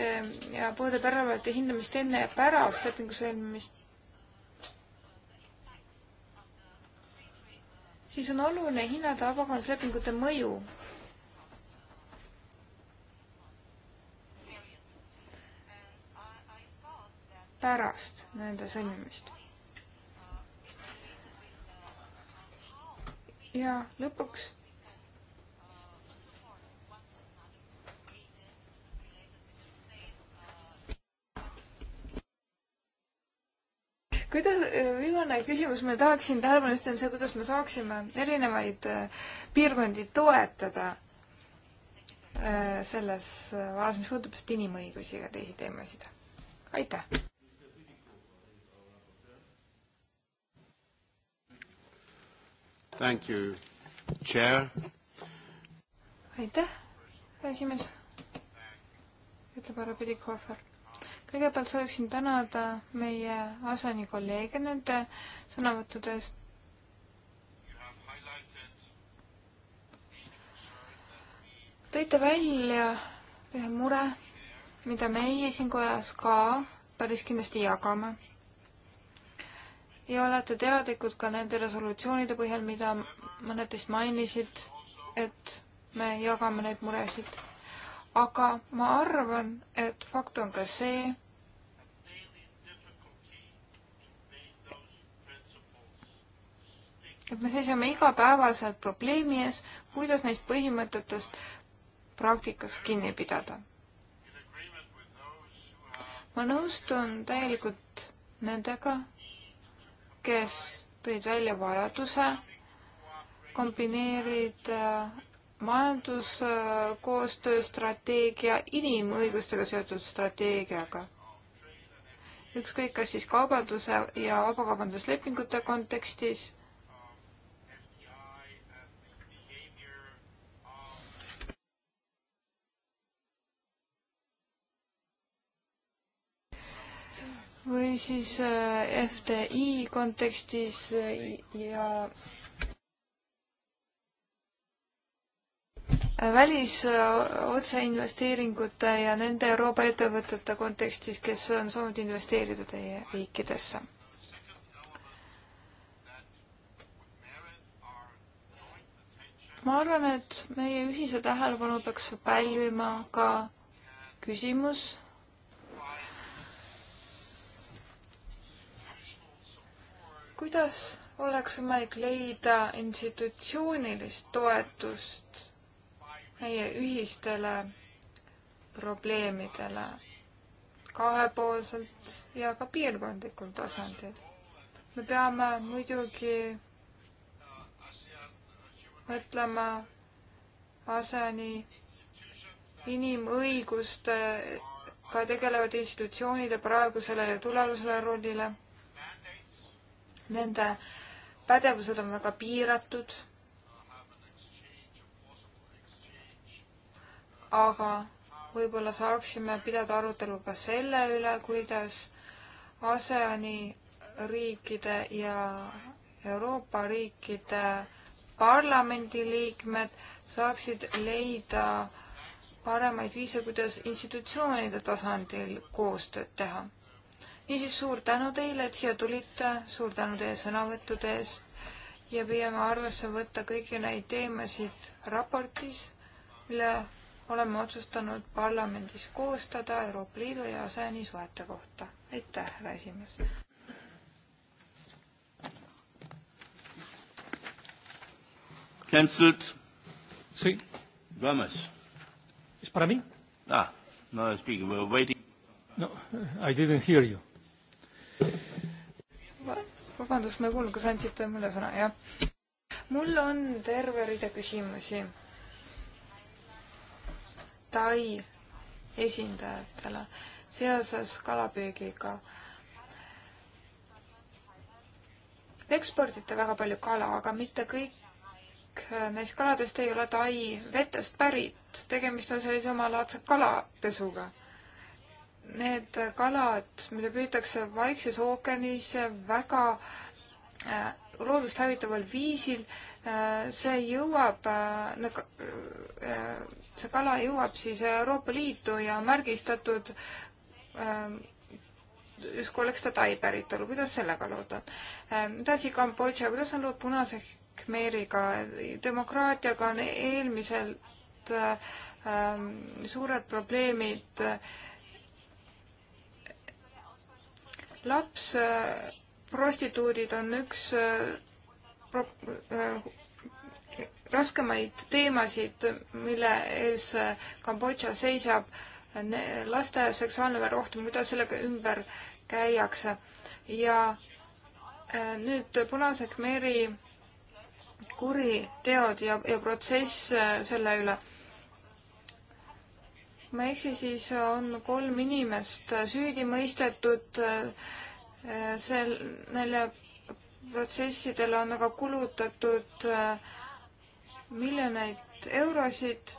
ehm, ja puudub järelevalvete hindamist enne ja pärast lepingu sõlmimist. siis on oluline hinnata vabakaubanduslepingute mõju. pärast nende sõlmimist. ja lõpuks kuidas, viimane küsimus, ma tahaksin tähelepanu juhtida, on see, kuidas me saaksime erinevaid äh, piirkondi toetada äh, selles vallas, mis puudutab just inimõigusi ja teisi teemasid. aitäh! Thank you, chair. aitäh, esimees, ütleb härra Pidikohver kõigepealt sooviksin tänada meie Asani kolleege nende sõnavõttudest. tõite välja ühe mure, mida meie siin kojas ka päris kindlasti jagame. ja olete teadlikud ka nende resolutsioonide põhjal, mida mõned teist mainisid, et me jagame neid muresid aga ma arvan, et fakt on ka see, et me seisame igapäevaselt probleemi ees, kuidas neist põhimõtetest praktikas kinni pidada. ma nõustun täielikult nendega, kes tõid välja vajaduse kombineerida majanduskoostöö strateegia inimõigustega seotud strateegiaga. ükskõik, kas siis kaubanduse ja vabakaubanduslepingute kontekstis või siis äh, FDI kontekstis äh, ja välisotseinvesteeringute ja nende Euroopa ettevõtete kontekstis, kes on soovinud investeerida teie riikidesse. ma arvan, et meie ühise tähelepanu peaks pälvima ka küsimus, kuidas oleks võimalik leida institutsioonilist toetust meie ühistele probleemidele kahepoolselt ja ka piirkondlikul tasandil. me peame muidugi mõtlema ASEAN-i inimõigustega tegelevate institutsioonide praegusele ja tulevasele rollile Nende pädevused on väga piiratud. aga võib-olla saaksime pidada arutelu ka selle üle, kuidas ASEAN-i riikide ja Euroopa riikide parlamendiliikmed saaksid leida paremaid viise, kuidas institutsioonide tasandil koostööd teha niisiis suur tänu teile, et siia tulite, suur tänu teie sõnavõttude eest ja püüame arvesse võtta kõiki neid teemasid raportis, mille oleme otsustanud parlamendis koostada Euroopa Liidu ja ASEAN-i suhete kohta. aitäh, härra esimees! Cancelled. Sí. Gomez. ¿Es para mí? Ah, no, speaking. We're waiting. No, I didn't hear you vabandust, ma ei kuulnud, kas andsite mulle sõna, jah? mul on terve rida küsimusi Tai esindajatele seoses kalapüügiga. Te ekspordite väga palju kala, aga mitte kõik neist kaladest ei ole Tai vetest pärit. tegemist on sellise omalaadse kalapesuga need kalad, mida püütakse Vaikses ookeanis väga äh, loodust hävitaval viisil, äh, see jõuab, äh, see kala jõuab siis Euroopa Liitu ja märgistatud justkui oleks ta Tai päritolu, kuidas sellega lood on? edasi Kambodža, kuidas on lood Punase Khmeriga, demokraatiaga on eelmiselt suured probleemid äh, laps, äh, prostituudid on üks äh, pro, äh, raskemaid teemasid, mille ees Kambodža seisab, laste seksuaalne väärkohtlemine, kuidas sellega ümber käiakse. ja nüüd Punase Khmeri kuriteod ja, ja protsess selle üle ma ei eksi, siis on kolm inimest süüdi mõistetud äh, sel, neile protsessidele on aga kulutatud äh, miljoneid eurosid.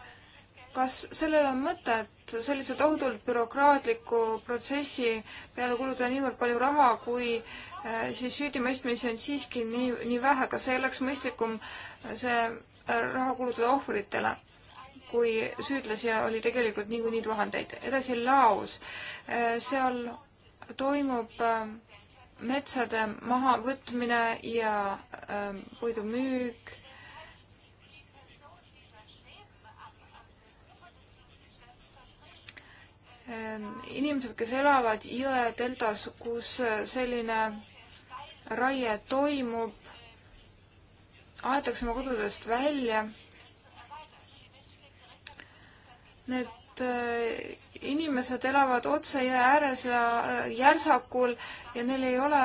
kas sellel on mõtet sellise tohutult bürokraatliku protsessi peale kulutada niivõrd palju raha, kui äh, siis süüdimõistmisi on siiski nii, nii vähe, kas ei oleks mõistlikum see raha kulutada ohvritele? kui süüdlasi oli tegelikult niikuinii tuhandeid. edasi Laos, äh, seal toimub äh, metsade mahavõtmine ja ähm, puidu müük. Ähm, inimesed, kes elavad jõe deltas, kus äh, selline raie toimub, aetakse oma kodudest välja Need äh, inimesed elavad otse jää ääres ja äh, järsakul ja neil ei ole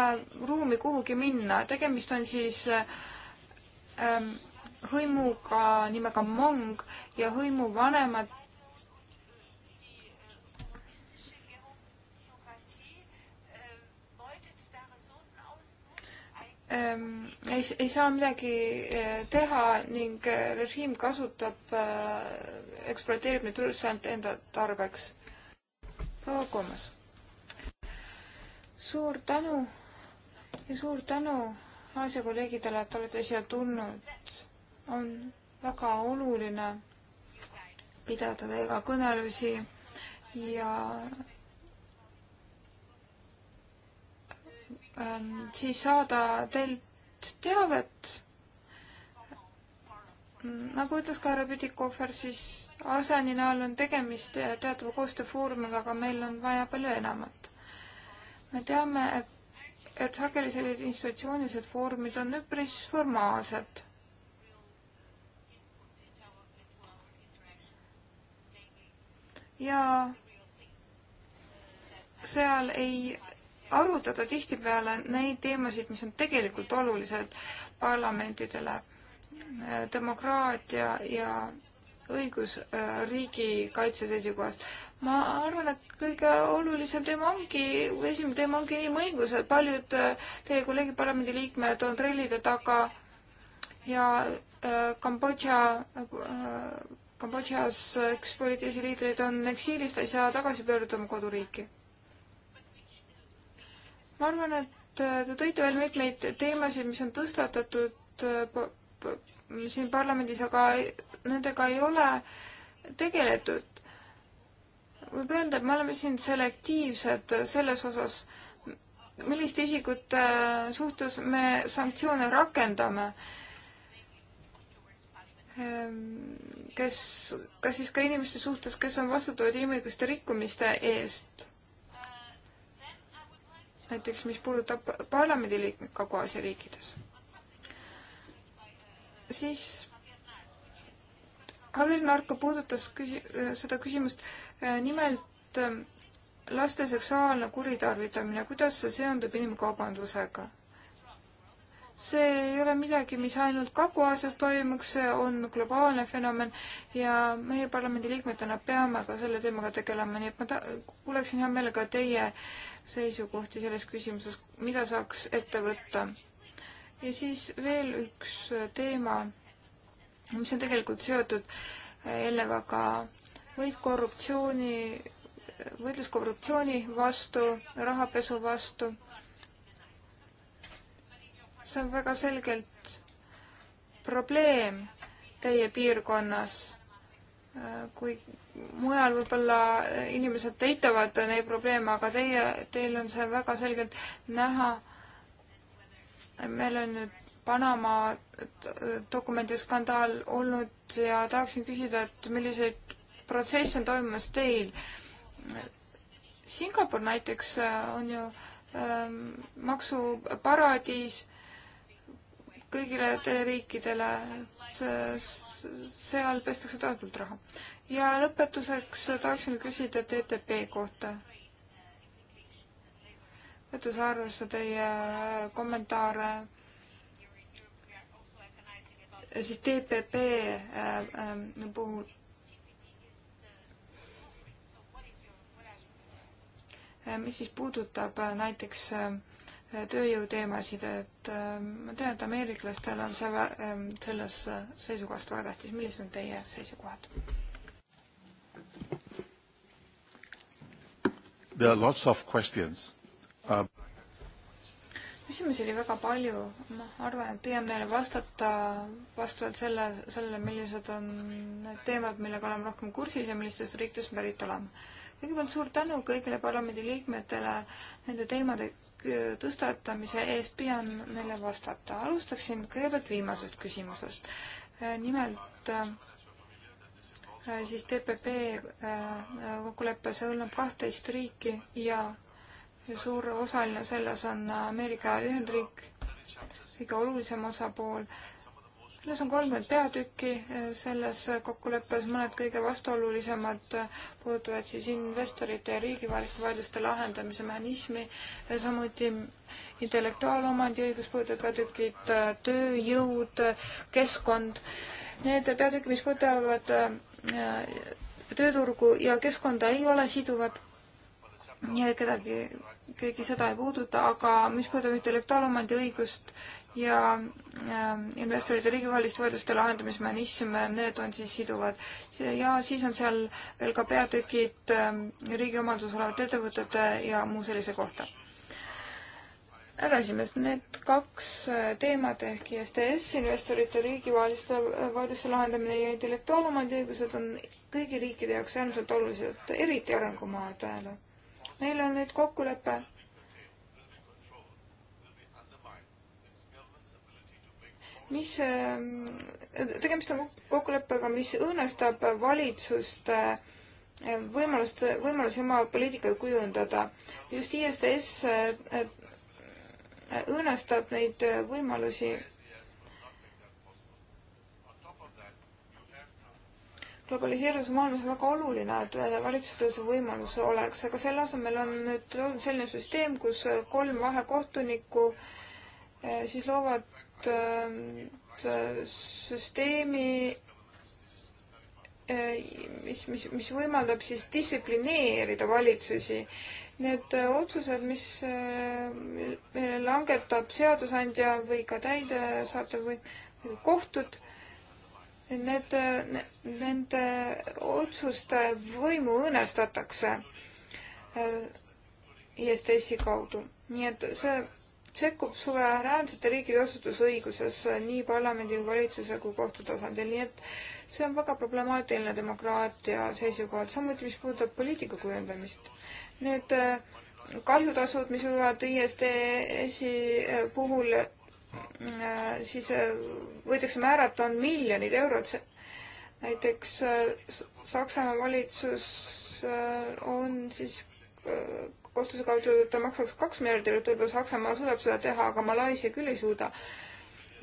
ruumi kuhugi minna. tegemist on siis äh, ähm, hõimuga nimega Mong ja hõimu vanemad ähm, ei, ei saa midagi eh, teha ning eh, režiim kasutab äh,, ekspluateerib neid ressursse ainult enda tarbeks. proua Koomas. suur tänu ja suur tänu Aasia kolleegidele, et olete siia tulnud. on väga oluline pidada teiega kõnelusi ja Ähm, siis saada teilt teavet. nagu ütles ka härra Püdikohver, siis ASEAN-i näol on tegemist teatava koostööfoorumiga, aga meil on vaja palju enamat. me teame, et et sageli sellised institutsioonilised foorumid on üpris formaalsed. ja seal ei arutada tihtipeale neid teemasid, mis on tegelikult olulised parlamentidele, demokraatia ja õigusriigi kaitse seisukohast. ma arvan, et kõige olulisem teema ongi, või esimene teema ongi inimõigused, paljud äh, teie kolleegid parlamendiliikmed on trellide taga ja äh, Kambodža äh, Kambodžas üks poliitilisi liidreid on eksiilis, ta ei saa tagasi pöörduda oma koduriiki ma arvan, et äh, te tõite veel mitmeid teemasid, mis on tõstatatud äh, siin parlamendis, aga nendega ei ole tegeletud. võib öelda, et me oleme siin selektiivsed selles osas, milliste isikute suhtes me sanktsioone rakendame, ehm, kes, kas siis ka inimeste suhtes, kes on vastutavad inimõiguste rikkumiste eest näiteks mis puudutab parlamendiliikmeid Kagu-Aasia riikides. siis Javier Narko puudutas küsi-, seda küsimust, eh, nimelt eh, laste seksuaalne kuritarvitamine, kuidas see seondub inimkaubandusega? see ei ole midagi, mis ainult Kagu-Aasias toimuks, see on globaalne fenomen ja meie parlamendiliikmetena peame ka selle teemaga tegelema, nii et ma ta-, kuuleksin hea meelega teie seisukohti selles küsimuses, mida saaks ette võtta. ja siis veel üks teema, mis on tegelikult seotud eelnevaga, võit korruptsiooni, võitlus korruptsiooni vastu, rahapesu vastu see on väga selgelt probleem teie piirkonnas, kui mujal võib-olla inimesed eitavad neid probleeme, aga teie, teil on see väga selgelt näha. meil on nüüd Panama dokumendiskandaal olnud ja tahaksin küsida, et milliseid protsesse on toimumas teil? Singapur näiteks äh, on ju ähm, maksuparadiis kõigile riikidele, seal pestakse tohutult raha. ja lõpetuseks tahaksin küsida TTP kohta. võttes arvesse teie kommentaare, siis TPP äh, äh, puhul äh, mis siis puudutab näiteks äh, tööjõuteemasid, et ähm, ma tean, et ameeriklastel on selle, ähm, selles äh, seisukohast väga tähtis. millised on teie seisukohad? There are lots of questions uh.... küsimusi oli väga palju. ma arvan, et pigem neile vastata vastavalt selle, sellele, millised on need teemad, millega oleme rohkem kursis ja millistest riikidest pärit oleme. kõigepealt suur tänu kõigile parlamendiliikmetele nende teemade tõstatamise eest, püüan neile vastata. alustaksin kõigepealt viimasest küsimusest. Äh, nimelt äh, siis TPP äh, kokkulepe sõlmib kahteteist riiki ja suur osaline selles on Ameerika Ühendriik, kõige olulisem osapool selles on kolmkümmend peatükki eh, selles kokkuleppes, mõned kõige vastuolulisemad puudutavad siis investorite ja riigivaheliste vaidluste lahendamise mehhanismi, eh, samuti intellektuaalomandi õigus puudutavad peatükid, eh, tööjõud, keskkond. Need peatükid, mis puudutavad tööturgu ja keskkonda, ei ole siduvad ja kedagi, keegi seda ei puuduta, aga mis puudutab intellektuaalomandi õigust, ja investorite riigivaheliste vaidluste lahendamismehhanism, need on siis siduvad. ja siis on seal veel ka peatükid ähm, riigi omanduses olevate ettevõtete ja muu sellise kohta. härra esimees, need kaks äh, teemat ehk ISTS, investorite riigivaheliste äh, vaidluste lahendamine ja intellektuaalomandi õigused on kõigi riikide jaoks äärmiselt olulised, eriti arengumaadele. meil on nüüd kokkulepe mis, ähm, tegemist on kokkuleppega, mis õõnestab valitsuste äh, võimalust, võimalusi oma poliitikaid kujundada. just ISDS äh, äh, õõnestab neid võimalusi globaliseerumise maailmas on väga oluline, et valitsustes võimalus oleks, aga selle asemel on nüüd selline süsteem, kus kolm vahekohtunikku siis loovad Äh, süsteemi, äh, mis, mis, mis võimaldab siis distsiplineerida valitsusi. Need äh, otsused, mis langetab seadusandja või ka täidesaatev või kohtud, need, nende otsuste võimu õõnestatakse ISTS-i kaudu. nii et see sekkub suveräänsete riikide otsustusõiguses nii parlamendi, valitsuse kui kohtu tasandil, nii et see on väga problemaatiline demokraatia seisukohalt, samuti mis puudutab poliitika kujundamist. Need äh, kahjutasud, mis võivad ISDS-i äh, puhul äh, siis võidakse määrata, on miljonid eurod. näiteks Saksamaa valitsus on siis kohtuse kaudu ta maksaks kaks miljardit eurot, võib-olla Saksamaa suudab seda teha, aga Malaisia küll ei suuda.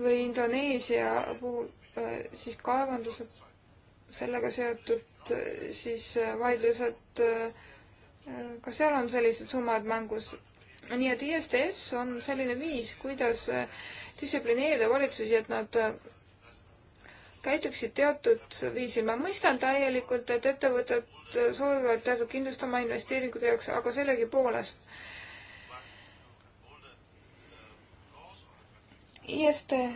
või Indoneesia puhul äh, siis kaevandused, sellega seotud äh, siis äh, vaidlused, ka seal on sellised summad mängus. nii et ISDS on selline viis, kuidas distsiplineerida valitsusi, et nad käituksid teatud viisil. ma mõistan täielikult, et ettevõtted soovivad teatud kindlust oma investeeringute jaoks, aga sellegipoolest. IST eh,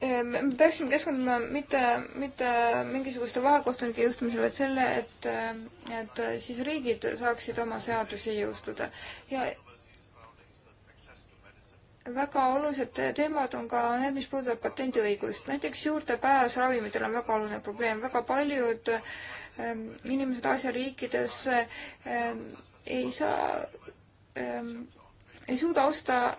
eh, me peaksime keskenduma mitte, mitte mingisuguste vahekohtunike jõustumisele, vaid selle, et, eh, et siis riigid saaksid oma seadusi jõustuda. ja väga olulised teemad on ka need, mis puudutavad patendiõigust. näiteks juurdepääs ravimitele on väga oluline probleem. väga paljud ähm, inimesed Aasia riikides ähm, ei saa ähm,, ei suuda osta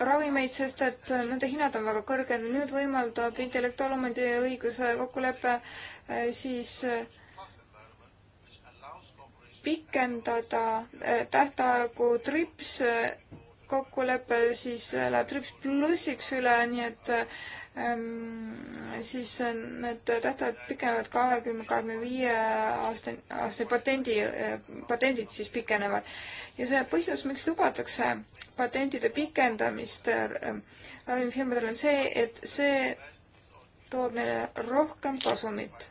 ravimeid, sest et nende hinnad on väga kõrged. nüüd võimaldab intellektuaalomandi õiguse kokkulepe äh, siis äh, pikendada äh, tähtaegu trips äh, kokkulepe siis läheb trips plussiks üle, nii et ähm, siis need tähtajad pikenevad kahekümne, kahekümne viie aasta, aasta patendi, patendid siis pikenevad. ja see põhjus, miks lubatakse patentide pikendamist ähm, ravimifirmadele, on see, et see toob neile rohkem kasumit.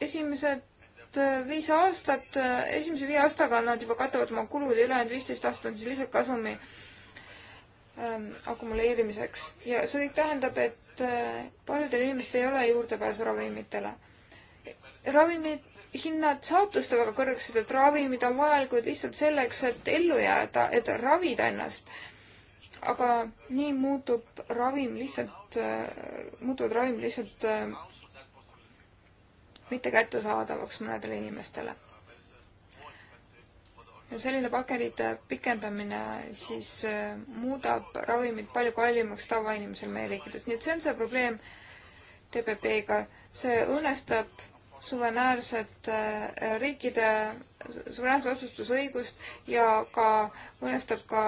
esimesed viimased äh, viis aastat, äh, esimese viie aastaga nad juba katavad oma kulud ja ülejäänud viisteist aastat on siis lihtsalt kasumi ähm, akumuleerimiseks. ja see kõik tähendab, et äh, paljudel inimestel ei ole juurdepääsu ravimitele. ravimid, hinnad saab tõsta väga kõrgeks, sest et ravimid on vajalikud lihtsalt selleks, et ellu jääda, et ravida ennast. aga nii muutub ravim lihtsalt äh,, muutuvad ravimid lihtsalt äh, mitte kättesaadavaks mõnedele inimestele. ja selline pakendite pikendamine siis äh, muudab ravimid palju kallimaks tavainimesel meie riikides, nii et see on see probleem TPP-ga, see õõnestab suveräänset äh, riikide suveräänset otsustusõigust ja ka õõnestab ka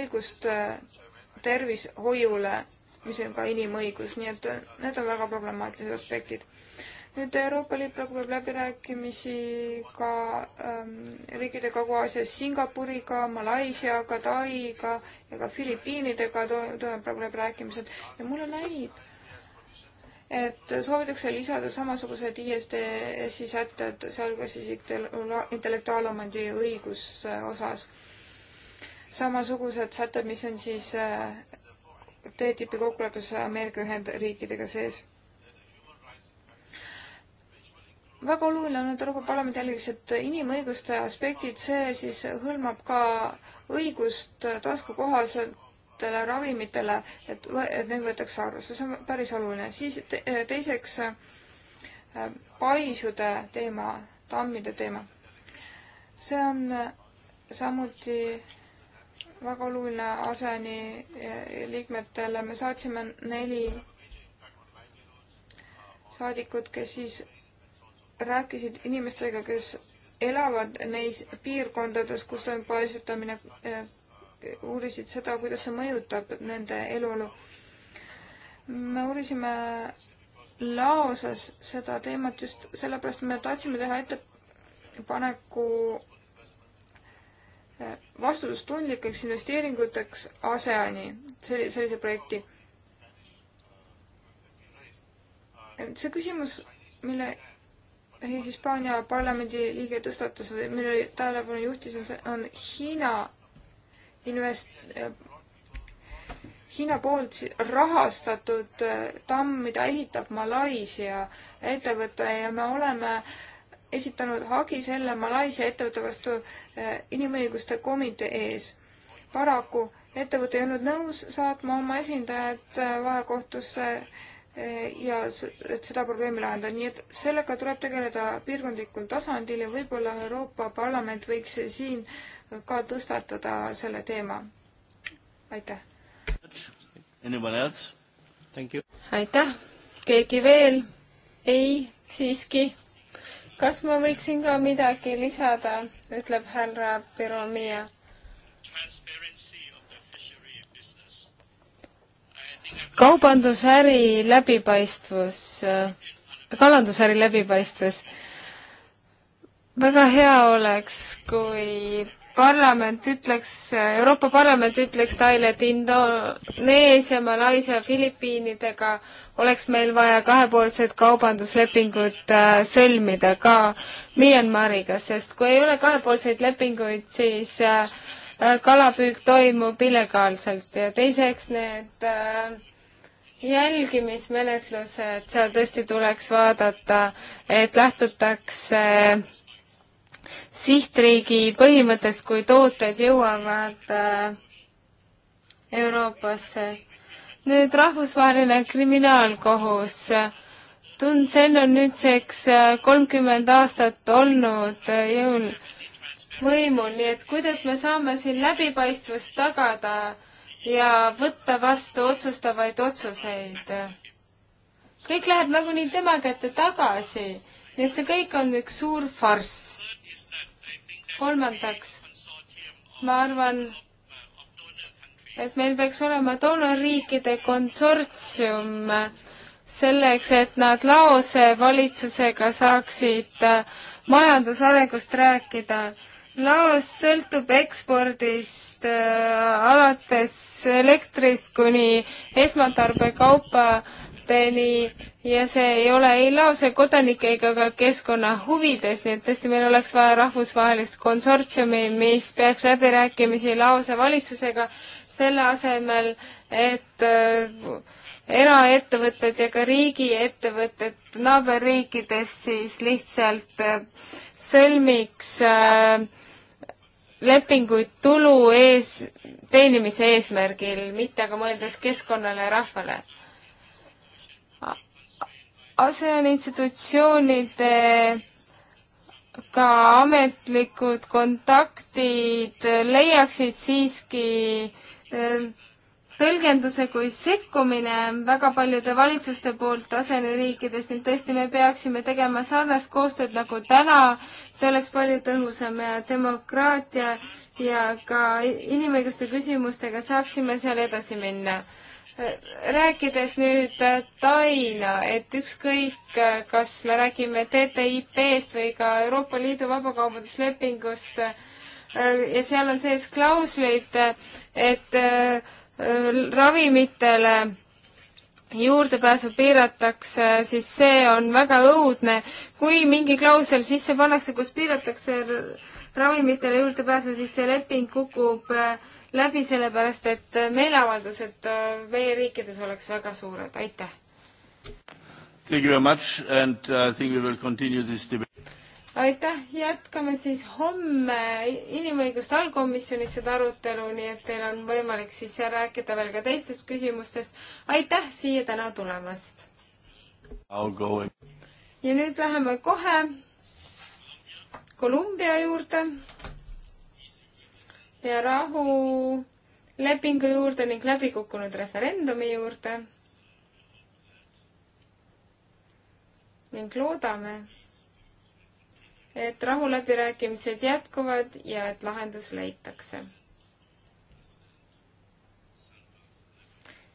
õigust äh, tervishoiule, mis on ka inimõigus, nii et need on väga problemaatilised aspektid nüüd Euroopa Liit praegu peab läbirääkimisi ka ähm, riikide Kagu-Aasias Singapuriga, Malaisiaga, Taiga ja ka Filipiinidega toimuvad praegu läbirääkimised ja mulle näib, et soovitakse lisada samasugused ISDS-i sätted, sealhulgas siis intellektuaalomandi õiguse äh, osas. samasugused sätted, mis on siis äh, TTIP-i kokkuleppes Ameerika Ühendriikidega sees väga oluline on, et Euroopa Parlament jälgiks, et inimõiguste aspektid, see siis hõlmab ka õigust taskukohasetele ravimitele, et, et neid võetakse arvesse, see on päris oluline. siis te, teiseks äh, paisude teema, tammide teema. see on äh, samuti väga oluline ASEAN-i äh, liikmetele, me saatsime neli saadikut, kes siis rääkisid inimestega, kes elavad neis piirkondades, kus toimub paisutamine, eh, uurisid seda, kuidas see mõjutab nende eluolu. me uurisime laoses seda teemat just sellepärast, et me tahtsime teha ettepaneku eh, vastutustundlikeks investeeringuteks ASEAN-i, sellise projekti. see küsimus, mille Hispaania parlamendi liige tõstatas või millele tähelepanu juhtis, on, on Hiina invest-, äh, Hiina poolt rahastatud äh, tamm, mida ehitab Malaisia ettevõte ja me oleme esitanud hagi selle Malaisia ettevõtte vastu äh, inimõiguste komitee ees. paraku ettevõte ei olnud nõus saatma oma esindajat vahekohtusse ja et seda probleemi lahendada, nii et sellega tuleb tegeleda piirkondlikul tasandil ja võib-olla Euroopa Parlament võiks siin ka tõstatada selle teema. aitäh. aitäh, keegi veel? ei, siiski. kas ma võiksin ka midagi lisada, ütleb härra Piromia kaubandusäri läbipaistvus, kalandusäri läbipaistvus. väga hea oleks, kui parlament ütleks, Euroopa Parlament ütleks talle, et Indoneesia, Malaisia, Filipiinidega oleks meil vaja kahepoolsed kaubanduslepingud äh, sõlmida ka Myanmariga, sest kui ei ole kahepoolseid lepinguid, siis äh, kalapüük toimub illegaalselt ja teiseks need äh, jälgimismenetlused, seal tõesti tuleks vaadata, et lähtutakse sihtriigi põhimõttest, kui tooted jõuavad äh, Euroopasse. nüüd rahvusvaheline kriminaalkohus. Tunsen on nüüdseks äh, kolmkümmend aastat olnud äh, jõul võimul, nii et kuidas me saame siin läbipaistvust tagada ja võtta vastu otsustavaid otsuseid. kõik läheb nagunii tema kätte tagasi, nii et see kõik on üks suur farss. kolmandaks, ma arvan, et meil peaks olema doonorriikide konsortsium selleks, et nad laose valitsusega saaksid majandusarengust rääkida Laos sõltub ekspordist äh, alates elektrist kuni esmatarbekaupadeni ja see ei ole ei Laose kodanike ega ka keskkonna huvides, nii et tõesti meil oleks vaja rahvusvahelist konsortsiumi, mis peaks läbirääkimisi Laose valitsusega selle asemel, et äh, eraettevõtted ja ka riigiettevõtted naaberriikides siis lihtsalt äh, sõlmiks äh, lepinguid tulu ees, teenimise eesmärgil, mitte aga mõeldes keskkonnale ja rahvale. ASEAN institutsioonide ka ametlikud kontaktid leiaksid siiski ehm, tõlgenduse kui sekkumine väga paljude valitsuste poolt aseneriikides, nii et tõesti me peaksime tegema sarnast koostööd nagu täna, see oleks palju tõhusam ja demokraatia ja ka inimõiguste küsimustega saaksime seal edasi minna. rääkides nüüd Taina, et ükskõik, kas me räägime TTIP-st või ka Euroopa Liidu vabakaubanduslepingust ja seal on sees klauslid, et Äh, ravimitele juurdepääsu piiratakse, siis see on väga õudne. kui mingi klausel sisse pannakse, kus piiratakse ravimitele juurdepääsu, siis see leping kukub äh, läbi, sellepärast et äh, meeleavaldused meie riikides oleks väga suured. aitäh! Thank you very much and uh, I think we will continue this debate aitäh, jätkame siis homme inimõiguste allkomisjonis seda arutelu, nii et teil on võimalik siis rääkida veel ka teistest küsimustest. aitäh siia täna tulemast! ja nüüd läheme kohe Kolumbia juurde ja rahulepingu juurde ning läbikukkunud referendumi juurde. ning loodame et rahuläbirääkimised jätkuvad ja et lahendus leitakse.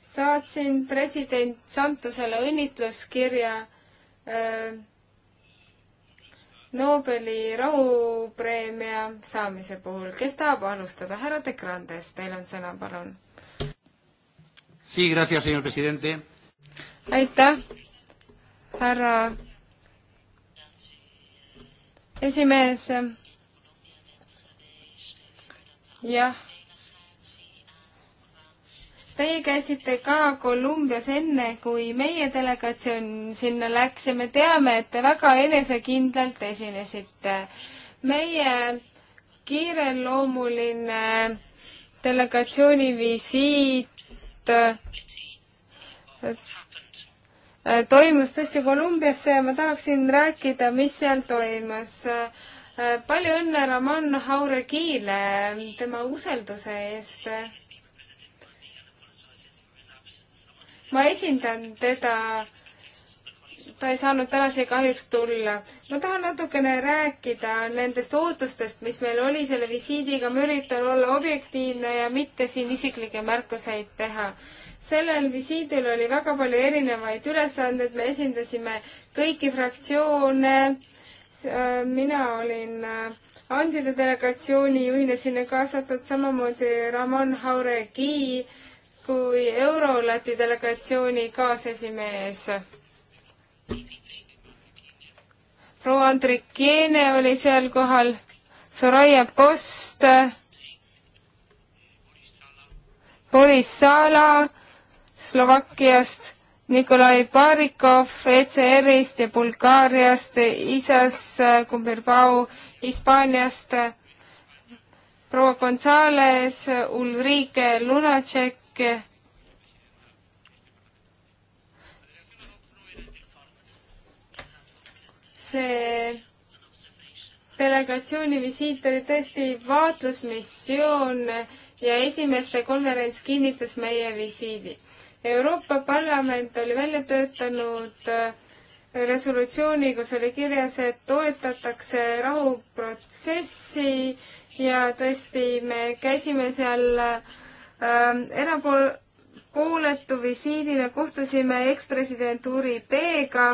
saatsin president Santusele õnnitluskirja öö, äh, Nobeli rahupreemia saamise puhul. kes tahab alustada? härra De Grandes, teil on sõna, palun. aitäh, härra esimees. jah. Teie käisite ka Kolumbias enne, kui meie delegatsioon sinna läks ja me teame, et te väga enesekindlalt esinesite. meie kiireloomuline delegatsiooni visiit Äh, toimus tõesti Kolumbiasse ja ma tahaksin rääkida, mis seal toimus. Äh, palju õnne Raman Jauregile tema usalduse eest. ma esindan teda. ta ei saanud täna siia kahjuks tulla. ma tahan natukene rääkida nendest ootustest, mis meil oli selle visiidiga. ma üritan olla objektiivne ja mitte siin isiklikke märkuseid teha sellel visiidil oli väga palju erinevaid ülesandeid, me esindasime kõiki fraktsioone, äh, mina olin äh, Andide delegatsiooni juhina sinna kaasatud, samamoodi Ramon Jauregi kui Eurolati delegatsiooni kaasesimees proua Andrikiene oli seal kohal, Soraya Post, Boris Sala, Slovakkiast, Nikolai Barikov ECR-ist ja Bulgaariast, isas äh, Kumberbau Hispaaniast, äh, proua Gonzales, Ulrike Lunacek, äh, see delegatsiooni visiit oli tõesti vaatlusmissioon ja esimeste konverents kinnitas meie visiidi Euroopa Parlament oli välja töötanud äh, resolutsiooni, kus oli kirjas, et toetatakse rahuprotsessi ja tõesti, me käisime seal äh, erapool-, pooletu visiidile kohtusime ekspresident Uri B-ga.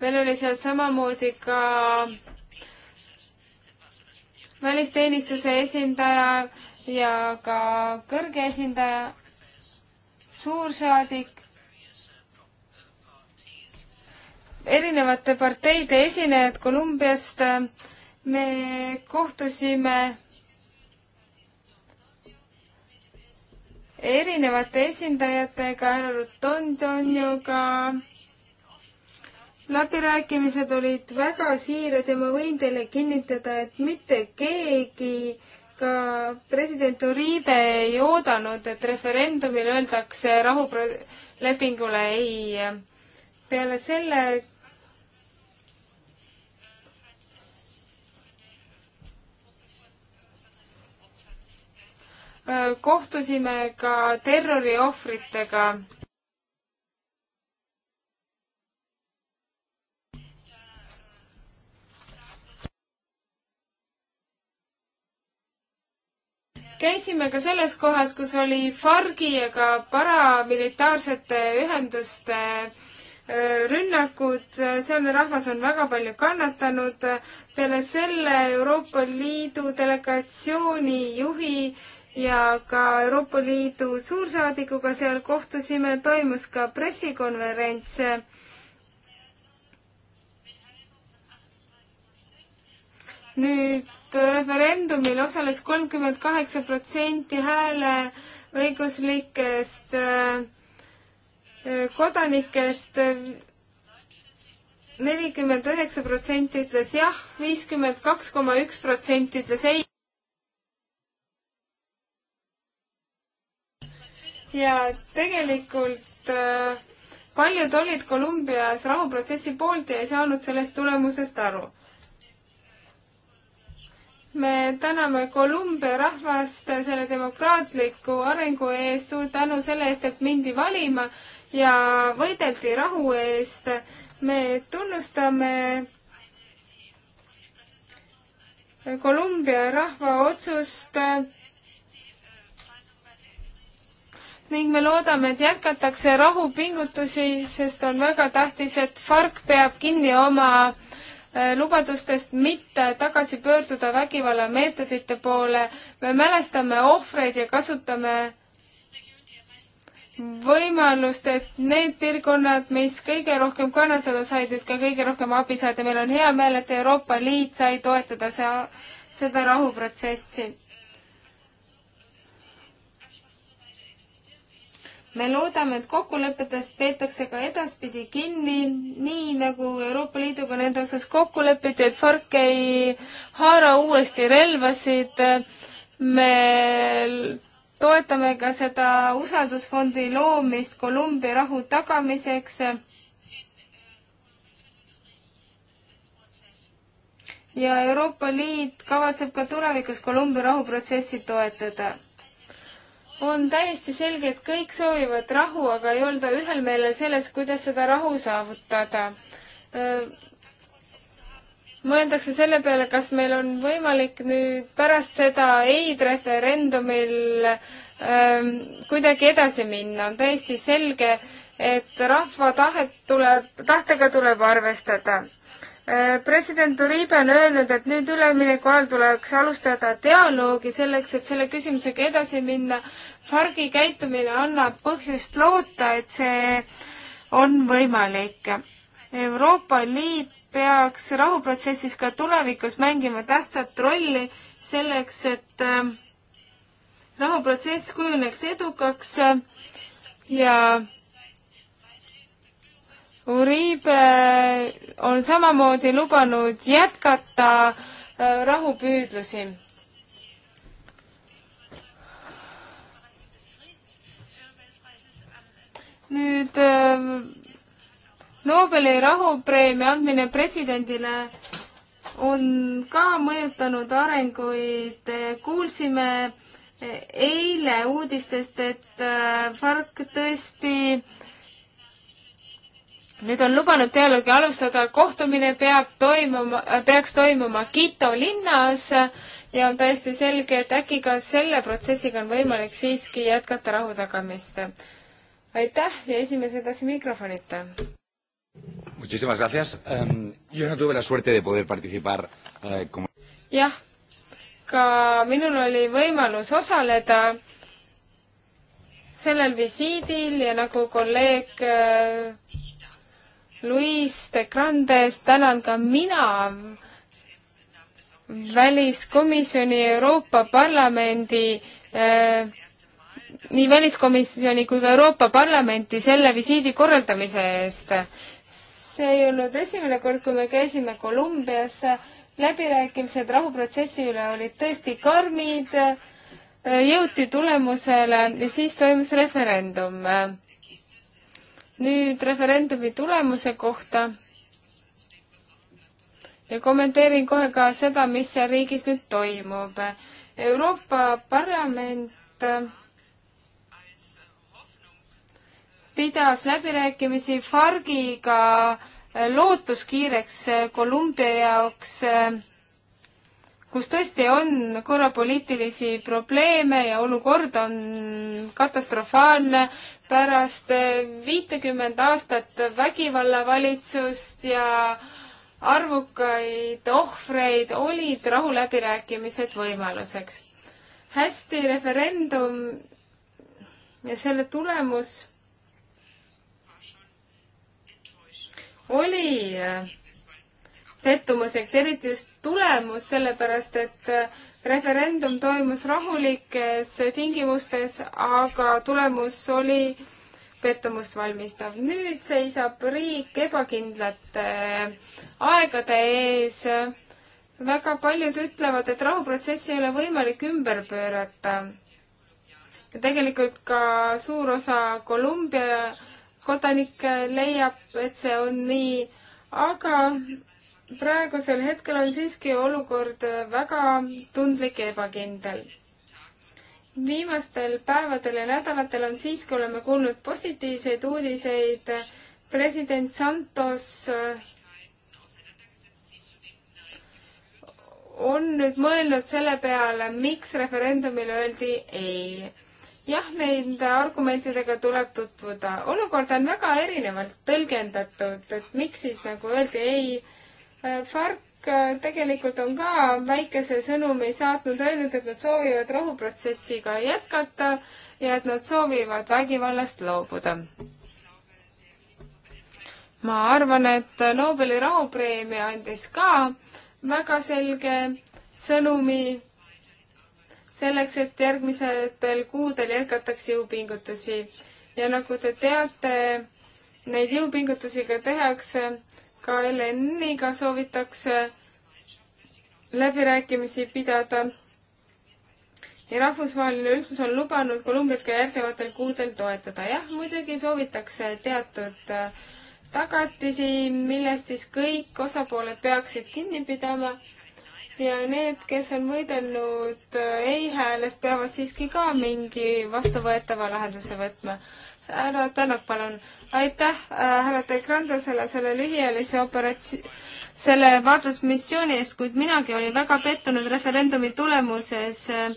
meil oli seal samamoodi ka välisteenistuse esindaja ja ka kõrge esindaja, suursaadik, erinevate parteide esinejad Kolumbiast. me kohtusime erinevate esindajatega, härra Rotonjonioga läbirääkimised olid väga siirad ja ma võin teile kinnitada, et mitte keegi ka president Uribe ei oodanud, et referendumil öeldakse rahulepingule ei. peale selle kohtusime ka terroriohvritega käisime ka selles kohas, kus oli Fargi ja ka paramilitaarsete ühenduste äh, rünnakud, sealne rahvas on väga palju kannatanud. peale selle Euroopa Liidu delegatsiooni juhi ja ka Euroopa Liidu suursaadikuga seal kohtusime, toimus ka pressikonverents. nüüd referendumil osales kolmkümmend kaheksa protsenti hääleõiguslikest äh, äh, kodanikest, nelikümmend üheksa protsenti ütles jah, viiskümmend kaks koma üks protsenti ütles ei. ja tegelikult äh, paljud olid Kolumbias rahuprotsessi poolt ja ei saanud sellest tulemusest aru me täname Kolumbia rahvast selle demokraatliku arengu eest, suur tänu selle eest, et mindi valima ja võideldi rahu eest. me tunnustame Kolumbia rahva otsust ning me loodame, et jätkatakse rahupingutusi, sest on väga tähtis, et FARC peab kinni oma Äh, lubadustest mitte tagasi pöörduda vägivallameetodite poole. me mälestame ohvreid ja kasutame võimalust, et need piirkonnad, mis kõige rohkem kannatada said, nüüd ka kõige rohkem abi said ja meil on hea meel, et Euroopa Liit sai toetada see, seda rahuprotsessi me loodame, et kokkulepetest peetakse ka edaspidi kinni, nii nagu Euroopa Liiduga nende osas kokku lepiti, et FARC ei haara uuesti relvasid. me toetame ka seda usaldusfondi loomist Kolumbia rahu tagamiseks. ja Euroopa Liit kavatseb ka tulevikus Kolumbia rahuprotsessi toetada on täiesti selge, et kõik soovivad rahu, aga ei olda ühel meelel selles, kuidas seda rahu saavutada. mõeldakse selle peale, kas meil on võimalik nüüd pärast seda ei-d referendumil kuidagi edasi minna, on täiesti selge, et rahva tahet tuleb, tahtega tuleb arvestada Äh, president Uribe on öelnud, et nüüd ülemineku ajal tuleks alustada dialoogi selleks, et selle küsimusega edasi minna. Fargi käitumine annab põhjust loota, et see on võimalik. Euroopa Liit peaks rahuprotsessis ka tulevikus mängima tähtsat rolli selleks, et äh, rahuprotsess kujuneks edukaks ja Uribe on samamoodi lubanud jätkata äh, rahupüüdlusi. nüüd äh, Nobeli rahupreemia andmine presidendile on ka mõjutanud arenguid. kuulsime äh, eile uudistest, et FARC tõesti äh, nüüd on lubanud dialoogi alustada, kohtumine peab toimuma, äh, peaks toimuma Quito linnas ja on täiesti selge, et äkki ka selle protsessiga on võimalik siiski jätkata rahu tagamist. aitäh ja esimese edasi mikrofonita. Muchísimas gracias um,. Yo no tuve la suerte de poder participar uh, como... jah, ka minul oli võimalus osaleda sellel visiidil ja nagu kolleeg uh, Luis de Grandes, tänan ka mina väliskomisjoni Euroopa Parlamendi äh, nii väliskomisjoni kui ka Euroopa Parlamenti selle visiidi korraldamise eest. see ei olnud esimene kord, kui me käisime Kolumbias. läbirääkimised rahuprotsessi üle olid tõesti karmid. jõuti tulemusele ja siis toimus referendum nüüd referendumi tulemuse kohta ja kommenteerin kohe ka seda, mis seal riigis nüüd toimub. Euroopa Parlament pidas läbirääkimisi Fargiga lootuskiireks Kolumbia jaoks, kus tõesti on korra poliitilisi probleeme ja olukord on katastrofaalne pärast äh, viitekümmend aastat vägivallavalitsust ja arvukaid ohvreid olid rahuläbirääkimised võimaluseks. hästi referendum ja selle tulemus oli äh, pettumuseks, eriti just tulemus, sellepärast et äh, referendum toimus rahulikes tingimustes, aga tulemus oli pettumust valmistav. nüüd seisab riik ebakindlate aegade ees. väga paljud ütlevad, et rahuprotsessi ei ole võimalik ümber pöörata. ja tegelikult ka suur osa Kolumbia kodanikke leiab, et see on nii, aga praegusel hetkel on siiski olukord väga tundlik ja ebakindel. viimastel päevadel ja nädalatel on siiski, oleme kuulnud positiivseid uudiseid. president Santos äh, on nüüd mõelnud selle peale, miks referendumil öeldi ei. jah, nende argumentidega tuleb tutvuda. olukord on väga erinevalt tõlgendatud, et miks siis nagu öeldi ei Äh, FARC äh, tegelikult on ka väikese sõnumi saatnud, öelnud, et nad soovivad rahuprotsessiga jätkata ja et nad soovivad vägivallast loobuda. ma arvan, et Nobeli rahupreemia andis ka väga selge sõnumi selleks, et järgmistel kuudel jätkatakse jõupingutusi ja nagu te teate, neid jõupingutusi ka tehakse ka LN-iga soovitakse läbirääkimisi pidada. ja rahvusvaheline üldsus on lubanud Kolumbiat ka järgnevatel kuudel toetada. jah, muidugi soovitakse teatud äh, tagatisi, millest siis kõik osapooled peaksid kinni pidama. ja need, kes on võidelnud äh, ei häälest, peavad siiski ka mingi vastuvõetava lahenduse võtma härra Tänak, palun. aitäh äh, härra De Grandasele selle lühiajalise operatsi-, selle vaatlusmissiooni eest, kuid minagi olin väga pettunud referendumi tulemuses äh,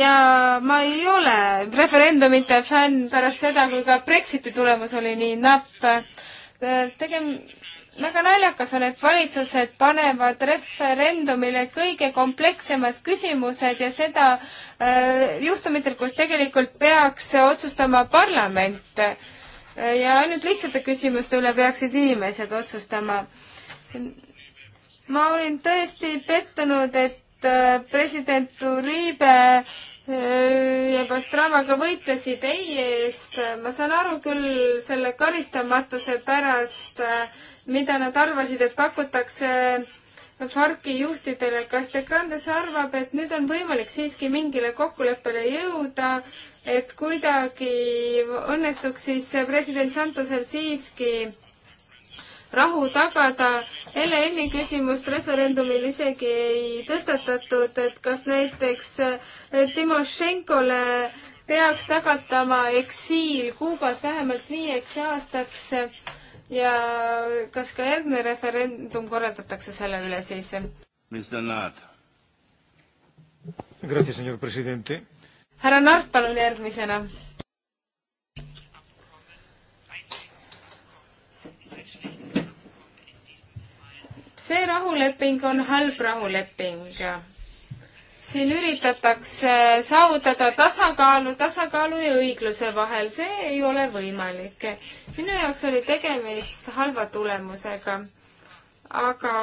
ja ma ei ole referendumite fänn pärast seda, kui ka Brexiti tulemus oli nii napp. Äh, tegem-, väga naljakas on, et valitsused panevad referendumile kõige komplekssemad küsimused ja seda äh, juhtumitel, kus tegelikult peaks otsustama parlament ja ainult lihtsate küsimuste üle peaksid inimesed otsustama. ma olin tõesti pettunud, et Venemaaga võitlesid ei eest, ma saan aru küll selle karistamatuse pärast, mida nad arvasid, et pakutakse FARC-i juhtidele, kas De Grandes arvab, et nüüd on võimalik siiski mingile kokkuleppele jõuda, et kuidagi õnnestuks siis president Santosel siiski rahu tagada. LN-i küsimust referendumil isegi ei tõstatatud, et kas näiteks Timošenkole peaks tagatama eksiil Kuubas vähemalt viieks aastaks ja kas ka järgmine referendum korraldatakse selle üle siis? härra Nart, palun järgmisena. see rahuleping on halb rahuleping siin üritatakse saavutada tasakaalu, tasakaalu ja õigluse vahel, see ei ole võimalik. minu jaoks oli tegemist halva tulemusega. aga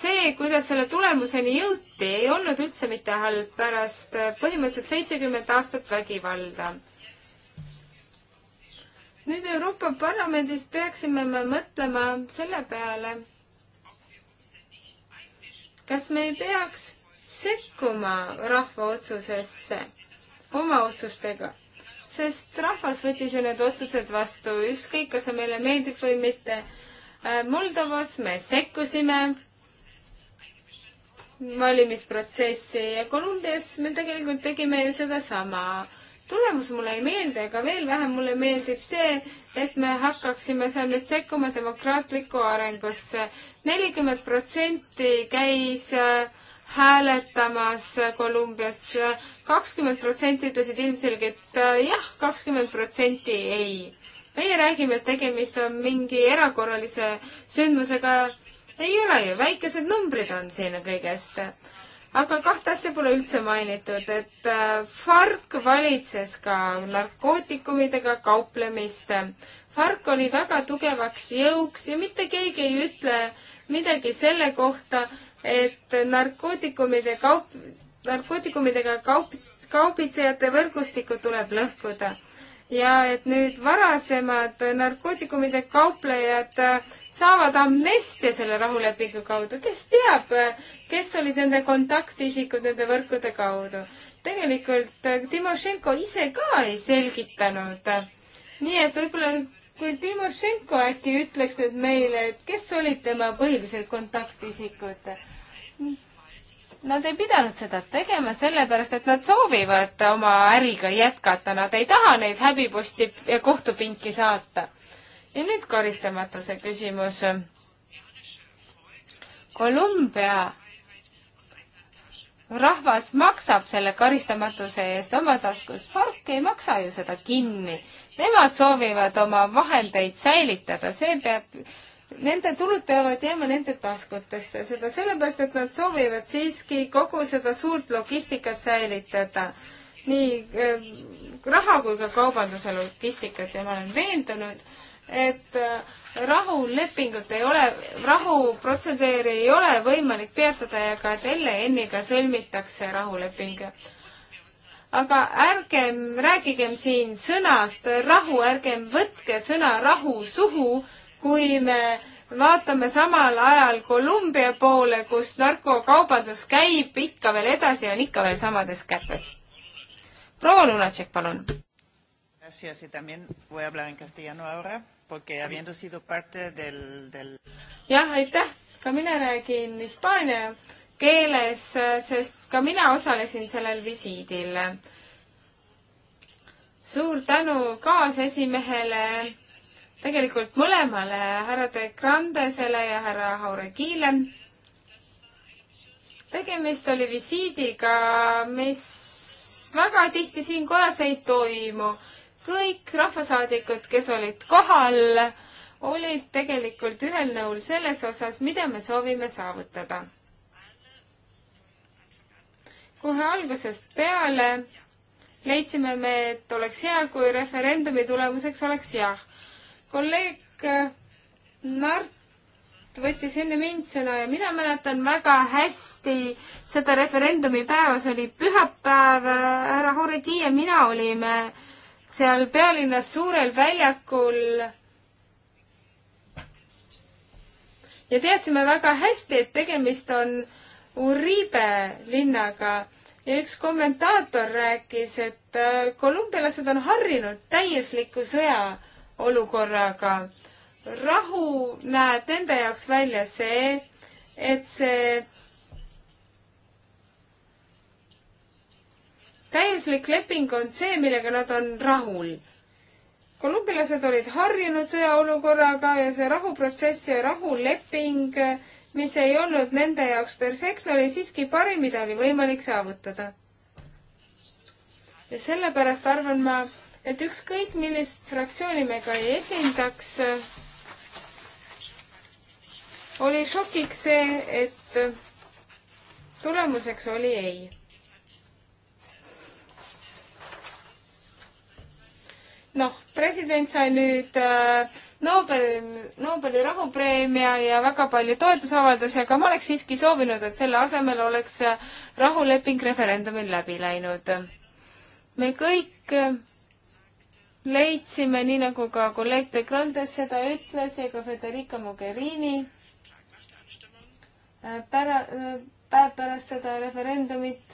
see, kuidas selle tulemuseni jõuti, ei olnud üldse mitte halb pärast põhimõtteliselt seitsekümmend aastat vägivalda. nüüd Euroopa Parlamendis peaksime me mõtlema selle peale, kas me ei peaks sekkuma rahva otsusesse oma otsustega, sest rahvas võttis ju need otsused vastu, ükskõik, kas see meile meeldib või mitte. Äh, Moldovas me sekkusime valimisprotsessi ja Kolumbias me tegelikult tegime ju sedasama. tulemus mulle ei meeldi, aga veel vähem mulle meeldib see, et me hakkaksime seal nüüd sekkuma demokraatlikku arengusse. nelikümmend protsenti käis äh, hääletamas Kolumbias. kakskümmend protsenti ütlesid ilmselgelt äh, jah, kakskümmend protsenti ei. meie räägime, et tegemist on mingi erakorralise sündmusega. ei ole ju, väikesed numbrid on siin kõigest aga kahte asja pole üldse mainitud, et äh, FARC valitses ka narkootikumidega kauplemist. FARC oli väga tugevaks jõuks ja mitte keegi ei ütle midagi selle kohta, et narkootikumide kaup, narkootikumidega kaup, kaubitsejate võrgustikku tuleb lõhkuda ja et nüüd varasemad narkootikumide kauplejad saavad amnestia selle rahulepingu kaudu. kes teab, kes olid nende kontaktisikud nende võrkude kaudu? tegelikult äh, Timošenko ise ka ei selgitanud. nii et võib-olla kui Timošenko äkki ütleks nüüd meile, et kes olid tema põhilised kontaktisikud Nad ei pidanud seda tegema sellepärast, et nad soovivad oma äriga jätkata, nad ei taha neid häbiposti ja kohtupinki saata. ja nüüd karistamatuse küsimus. Kolumbia rahvas maksab selle karistamatuse eest oma taskust, FARC ei maksa ju seda kinni. Nemad soovivad oma vahendeid säilitada, see peab nende tulud peavad jääma nende taskutesse, seda sellepärast, et nad soovivad siiski kogu seda suurt logistikat säilitada. nii eh, raha kui ka kaubanduse logistikat ja ma olen veendunud, et eh, rahulepingut ei ole, rahuprotseduuri ei ole võimalik peatada ja ka, et LN-iga sõlmitakse rahuleping aga ärgem rääkigem siin sõnast rahu, ärgem võtke sõna rahu suhu, kui me vaatame samal ajal Kolumbia poole, kus narkokaubandus käib ikka veel edasi ja on ikka veel samades kätes. proua Lunatšek, palun. jah, aitäh, ka mina räägin hispaania keeles, sest ka mina osalesin sellel visiidil. suur tänu kaasesimehele tegelikult mõlemale, härra De Grandesele ja härra Hauregile. tegemist oli visiidiga, mis väga tihti siin kojas ei toimu. kõik rahvasaadikud, kes olid kohal, olid tegelikult ühel nõul selles osas, mida me soovime saavutada. kohe algusest peale leidsime me, et oleks hea, kui referendumi tulemuseks oleks jah kolleeg äh, Mart võttis enne mind sõna ja mina mäletan väga hästi seda referendumi päeva, see oli pühapäev, äh, härra Horedi ja mina olime seal pealinnas suurel väljakul. ja teadsime väga hästi, et tegemist on Uribe linnaga ja üks kommentaator rääkis, et äh, kolumbialased on harjunud täiusliku sõja olukorraga. rahu näeb nende jaoks välja see, et see täiuslik leping on see, millega nad on rahul. kolumbialased olid harjunud sõjaolukorraga ja see rahuprotsess ja rahuleping, mis ei olnud nende jaoks perfektne, oli siiski parim, mida oli võimalik saavutada. ja sellepärast arvan ma, et ükskõik, millist fraktsiooni me ka ei esindaks, oli šokiks see, et tulemuseks oli ei. noh, president sai nüüd äh, Nobel, Nobeli rahupreemia ja väga palju toetusavaldusi, aga ma oleks siiski soovinud, et selle asemel oleks rahuleping referendumil läbi läinud. me kõik leidsime, nii nagu ka kolleeg De Grandes seda ütles ja ka Federica Mogherini äh, pära-, äh, päev pärast seda referendumit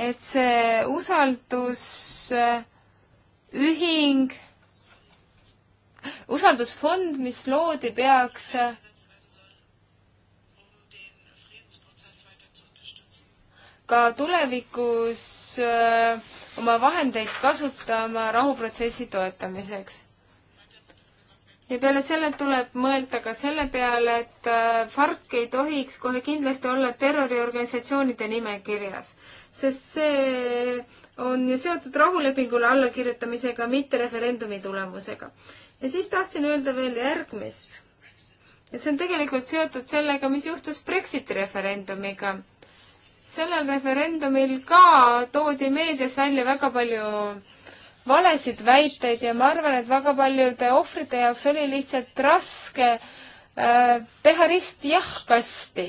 et see usaldusühing, usaldusfond, mis loodi, peaks ka tulevikus äh, oma vahendeid kasutama rahuprotsessi toetamiseks. ja peale selle tuleb mõelda ka selle peale, et äh, FARC ei tohiks kohe kindlasti olla terroriorganisatsioonide nimekirjas, sest see on ju seotud rahulepingule allakirjutamisega, mitte referendumi tulemusega. ja siis tahtsin öelda veel järgmist. ja see on tegelikult seotud sellega, mis juhtus Brexiti referendumiga sellel referendumil ka toodi meedias välja väga palju valesid väiteid ja ma arvan, et väga paljude ohvrite jaoks oli lihtsalt raske äh, teha rist jah-kasti.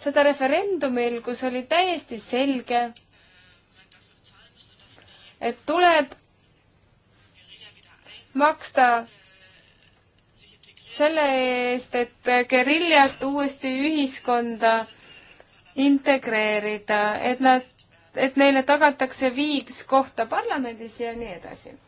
seda referendumil, kus oli täiesti selge, et tuleb maksta selle eest, et geriljat uuesti ühiskonda integreerida, et nad, et neile tagatakse viis kohta parlamendis ja nii edasi.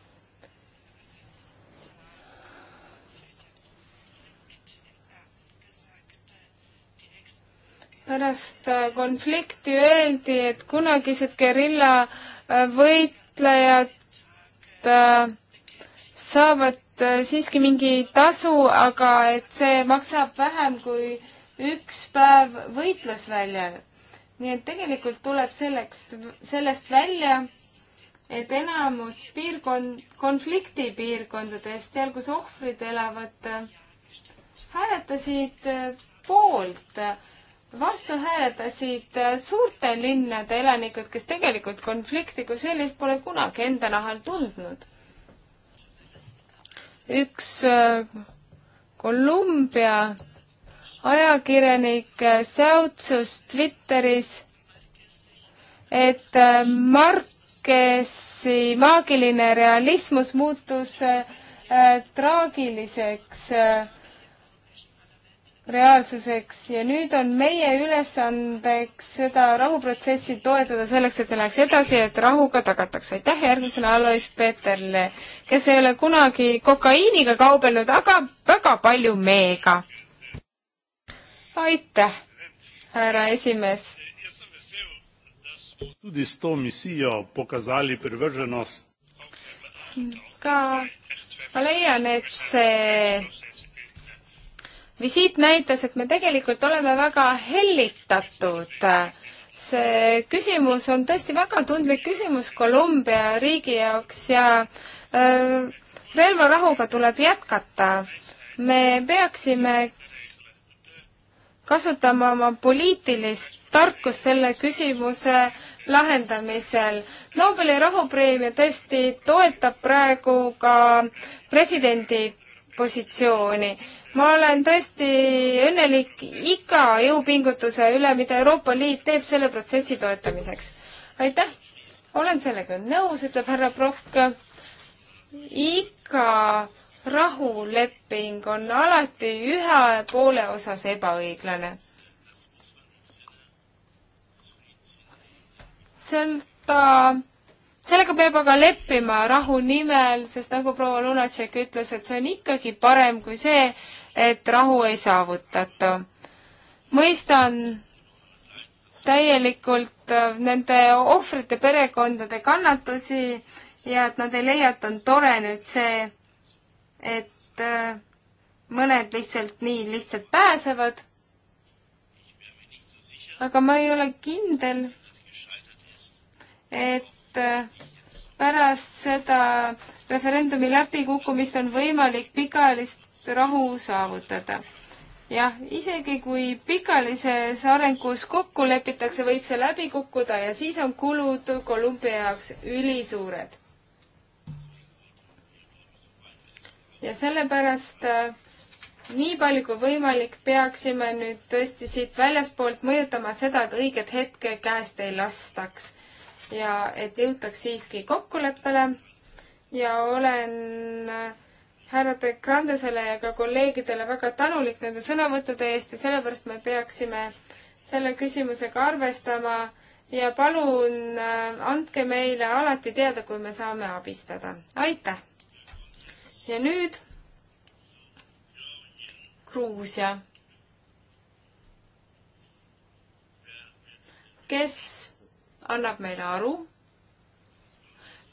pärast äh, konflikti öeldi, et kunagised gerilla äh, võitlejad äh, saavad Äh, siiski mingi tasu, aga et see maksab vähem kui üks päev võitlusväljal. nii et tegelikult tuleb selleks, sellest välja, et enamus piirkond, konfliktipiirkondadest, seal kus ohvrid elavad, hääletasid äh, poolt, vastu hääletasid äh, suurte linnade elanikud, kes tegelikult konflikti kui sellist pole kunagi enda nahal tundnud üks äh, Kolumbia ajakirjanik äh, säutsus Twitteris, et äh, Markesi maagiline realismus muutus traagiliseks äh, reaalsuseks ja nüüd on meie ülesandeks seda rahuprotsessi toetada selleks, et see läheks edasi, et rahuga tagatakse. aitäh järgmisele Alois Peeterle, kes ei ole kunagi kokaiiniga kaubelnud, aga väga palju meega. aitäh, härra esimees. tudi s to misijo pokazali privrženost. ka ma leian, et see visiit näitas, et me tegelikult oleme väga hellitatud. see küsimus on tõesti väga tundlik küsimus Kolumbia riigi jaoks ja öö, äh, relvarahuga tuleb jätkata. me peaksime kasutama oma poliitilist tarkust selle küsimuse lahendamisel. Nobeli rahupreemia tõesti toetab praegu ka presidendi positsiooni ma olen tõesti õnnelik iga jõupingutuse üle, mida Euroopa Liit teeb selle protsessi toetamiseks. aitäh, olen sellega nõus, ütleb härra Prokk. iga rahuleping on alati ühe poole osas ebaõiglane. seda sellega peab aga leppima rahu nimel, sest nagu proua Lunatšek ütles, et see on ikkagi parem kui see, et rahu ei saavutata. mõistan täielikult äh, nende ohvrite perekondade kannatusi ja et nad ei leia, et on tore nüüd see, et äh, mõned lihtsalt nii lihtsalt pääsevad. aga ma ei ole kindel, et äh, pärast seda referendumi läbikukkumist on võimalik pikaajalist rahu saavutada. jah, isegi kui pikalises arengus kokku lepitakse, võib see läbi kukkuda ja siis on kulud Kolumbia jaoks ülisuured. ja sellepärast äh, nii palju kui võimalik, peaksime nüüd tõesti siit väljaspoolt mõjutama seda, et õiget hetke käest ei lastaks ja et jõutaks siiski kokkuleppele ja olen äh, härra De Grandesele ja ka kolleegidele väga tänulik nende sõnavõttude eest ja sellepärast me peaksime selle küsimusega arvestama ja palun äh, andke meile alati teada, kui me saame abistada. aitäh! ja nüüd Gruusia, kes annab meile aru.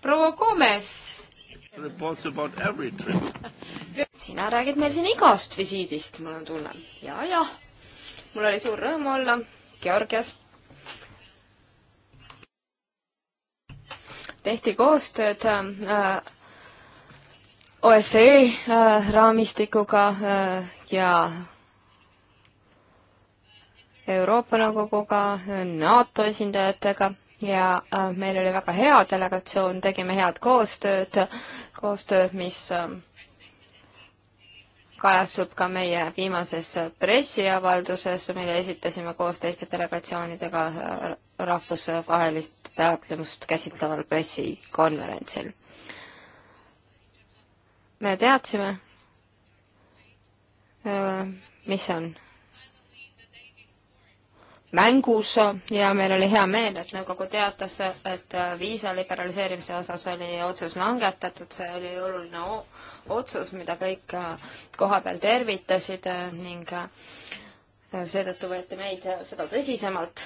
proua Gomes Reports about every trip. sina räägid meil siin igast visiidist, mul on tunne ja,. jajah, mul oli suur rõõm olla Georgias. tehti koostööd äh, OSCE äh, raamistikuga äh, ja Euroopa Nõukoguga, NATO esindajatega ja äh, meil oli väga hea delegatsioon, tegime head koostööd, koostööd, mis ähm, kajastub ka meie viimases pressiavalduses, mille esitasime koos teiste delegatsioonidega äh, rahvusvahelist peatlemust käsitleval pressikonverentsil. me teadsime, äh, mis on mängus ja meil oli hea meel, et nõukogu teatas, et viisa liberaliseerimise osas oli otsus langetatud, see oli oluline otsus, mida kõik kohapeal tervitasid ning seetõttu võeti meid seda tõsisemalt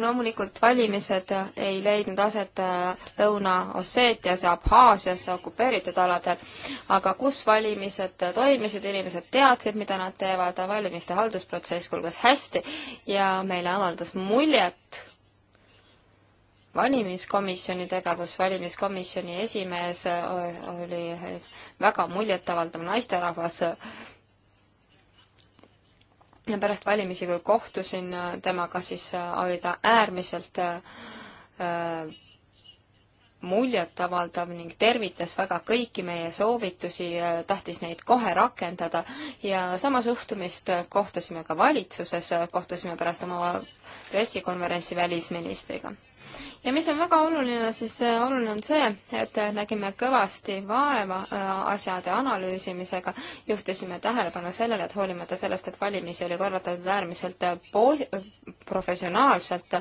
loomulikult valimised ei leidnud aset äh, Lõuna-Osseetias ja Abhaasias okupeeritud aladel, aga kus valimised äh, toimisid, inimesed teadsid, mida nad teevad, valimiste haldusprotsess kulges hästi ja meile avaldas muljet valimiskomisjoni tegevus, valimiskomisjoni esimees äh, oli väga muljetavaldav naisterahvas, ja pärast valimisi, kui kohtusin äh, temaga, siis äh, oli ta äärmiselt äh, muljetavaldav ning tervitas väga kõiki meie soovitusi, tahtis neid kohe rakendada ja sama suhtumist kohtusime ka valitsuses, kohtusime pärast oma pressikonverentsi välisministriga ja mis on väga oluline, siis äh, oluline on see, et nägime kõvasti vaeva äh, asjade analüüsimisega, juhtisime tähelepanu sellele, et hoolimata sellest, et valimisi oli korraldatud äärmiselt äh, po-, professionaalselt,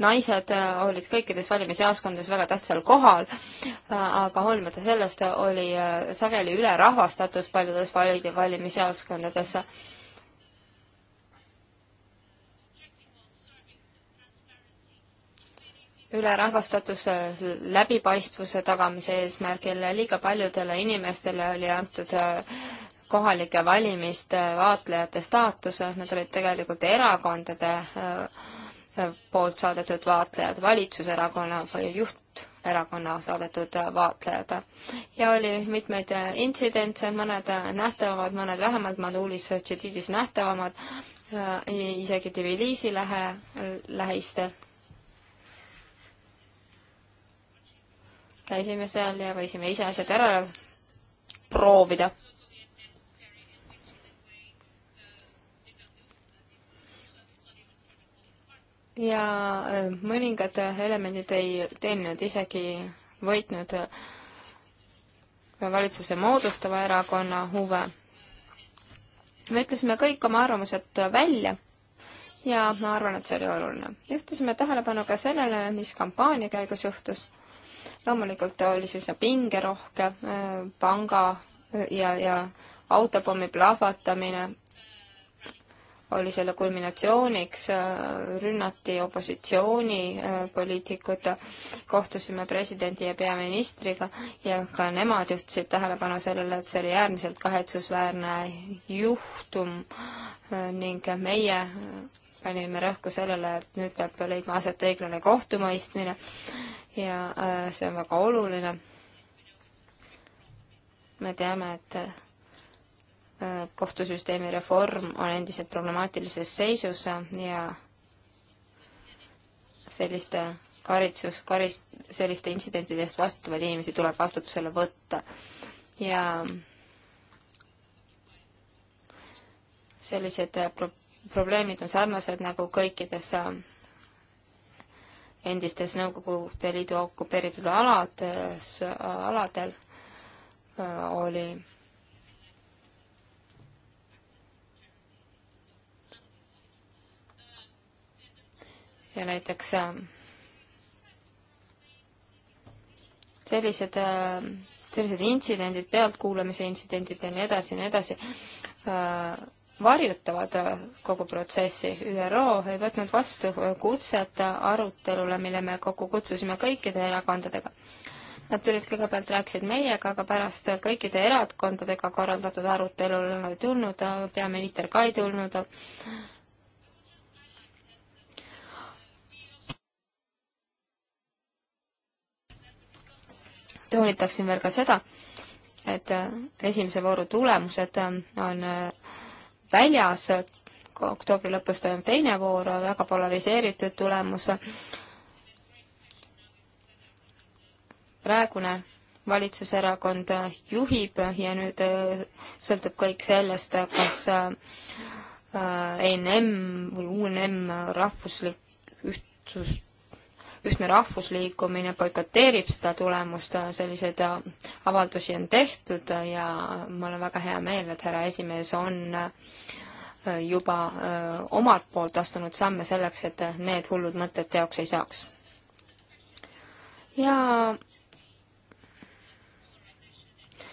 naised olid kõikides valimisjaoskondades väga tähtsal kohal, aga hoolimata sellest oli sageli ülerahvastatus paljudes valimisjaoskondades ülerahvastatuse läbipaistvuse tagamise eesmärgil liiga paljudele inimestele oli antud äh, kohalike valimiste vaatlejate staatus, nad olid tegelikult erakondade äh, poolt saadetud vaatlejad, valitsuserakonna või juhterakonna saadetud äh, vaatlejad. ja oli mitmeid intsidentse, mõned nähtavamad, mõned vähemalt, Madulis, Tšetidis nähtavamad, isegi Tbilisi lähe, lähistel käisime seal ja võisime ise asjad ära proovida. ja äh, mõningad elemendid ei teeninud isegi võitnud valitsuse moodustava erakonna huve. me ütlesime kõik oma arvamused välja ja ma arvan, et see oli oluline. juhtisime tähelepanu ka sellele, mis kampaania käigus juhtus loomulikult oli see üsna pingerohke, äh, panga äh, ja, ja autopommi plahvatamine oli selle kulminatsiooniks, äh, rünnati opositsioonipoliitikud, kohtusime presidendi ja peaministriga ja ka nemad juhtisid tähelepanu sellele, et see oli äärmiselt kahetsusväärne juhtum ning meie panime rõhku sellele, et nüüd peab leidma aset õiglane kohtumõistmine ja äh, see on väga oluline. me teame, et äh, kohtusüsteemi reform on endiselt problemaatilises seisus ja selliste karitsus, karist-, selliste intsidentide eest vastutavaid inimesi tuleb vastutusele võtta. ja sellised äh, pro-, probleemid on sarnased nagu kõikides endistes Nõukogude Liidu okupeeritud alades, aladel äh, oli ja näiteks äh, sellised, äh, sellised intsidendid, pealtkuulamise intsidendid ja nii edasi ja nii edasi varjutavad äh, kogu protsessi. ÜRO ei võtnud vastu äh, kutset arutelule, mille me kokku kutsusime kõikide erakondadega. Nad tulid kõigepealt, rääkisid meiega, aga pärast kõikide erakondadega korraldatud arutelul nad ei tulnud, äh, peaminister ka ei tulnud. toonitaksin veel ka seda, et esimese vooru tulemused on väljas, oktoobri lõpus toimub teine voor, väga polariseeritud tulemus. praegune valitsuserakond juhib ja nüüd äh, sõltub kõik sellest, kas ENM äh, äh, või UNM rahvuslik ühtsus ühtne rahvusliikumine boikoteerib seda tulemust, selliseid äh, avaldusi on tehtud ja mul on väga hea meel, et härra esimees on äh, juba äh, omalt poolt astunud samme selleks, et need hullud mõtted teoks ei saaks. ja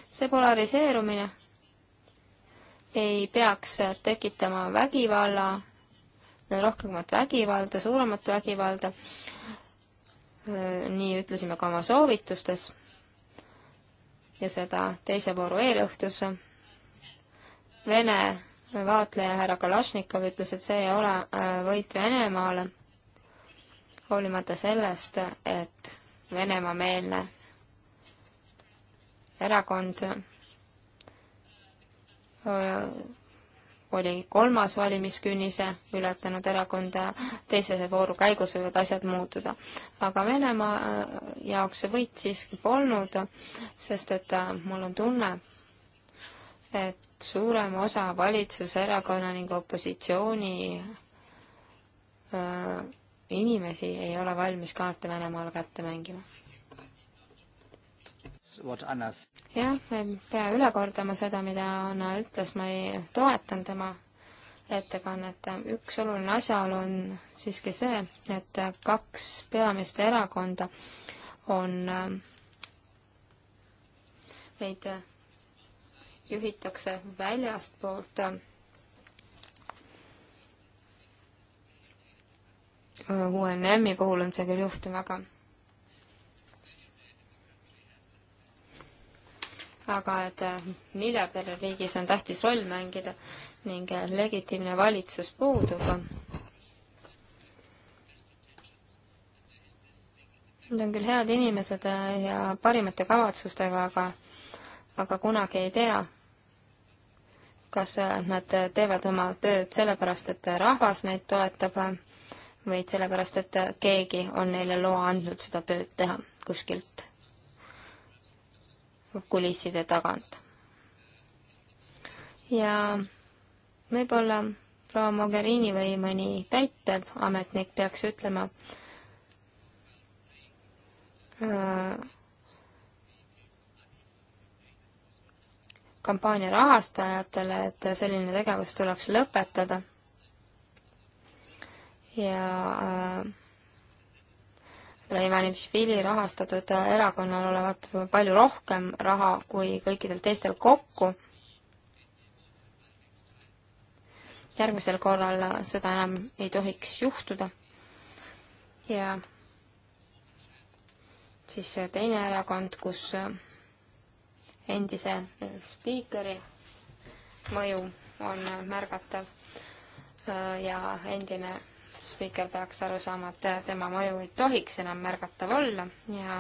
see polariseerumine ei peaks tekitama vägivalla, rohkemat vägivalda, suuremat vägivalda Äh, nii ütlesime ka oma soovitustes ja seda teise vooru eelõhtus. Vene vaatleja härra Kalašnikov ütles, et see ei ole äh, võit Venemaale, hoolimata sellest, et Venemaa-meelne erakond äh, oli kolmas valimiskünnise ületanud erakond, teise vooru käigus võivad asjad muutuda. aga Venemaa äh, jaoks see võit siiski polnud, sest et äh, mul on tunne, et suurem osa valitsuserakonna ning opositsiooni öö, äh, inimesi ei ole valmis kaarte Venemaale kätte mängima jah, ma ei pea üle kordama seda, mida Anna ütles, ma ei, toetan tema ettekannet. üks oluline asjaolu on siiski see, et kaks peamist erakonda on, neid äh, äh, juhitakse väljastpoolt äh, UNM-i puhul on see küll juhtum, aga aga et äh, miljardäril riigis on tähtis roll mängida ning äh, legitiimne valitsus puudub. Nad on küll head inimesed äh, ja parimate kavatsustega, aga, aga kunagi ei tea, kas nad teevad oma tööd sellepärast, et rahvas neid toetab või sellepärast, et keegi on neile loa andnud seda tööd teha kuskilt kulisside tagant. ja võib-olla proua Mogherini või mõni täitevametnik peaks ütlema äh, kampaania rahastajatele, et selline tegevus tuleks lõpetada ja äh, Reimanipšvili rahastatud erakonnal olevat palju rohkem raha kui kõikidel teistel kokku. järgmisel korral seda enam ei tohiks juhtuda. ja siis teine erakond, kus endise spiikeri mõju on märgatav äh, ja endine spiiker peaks aru saama, et tema mõju ei tohiks enam märgatav olla ja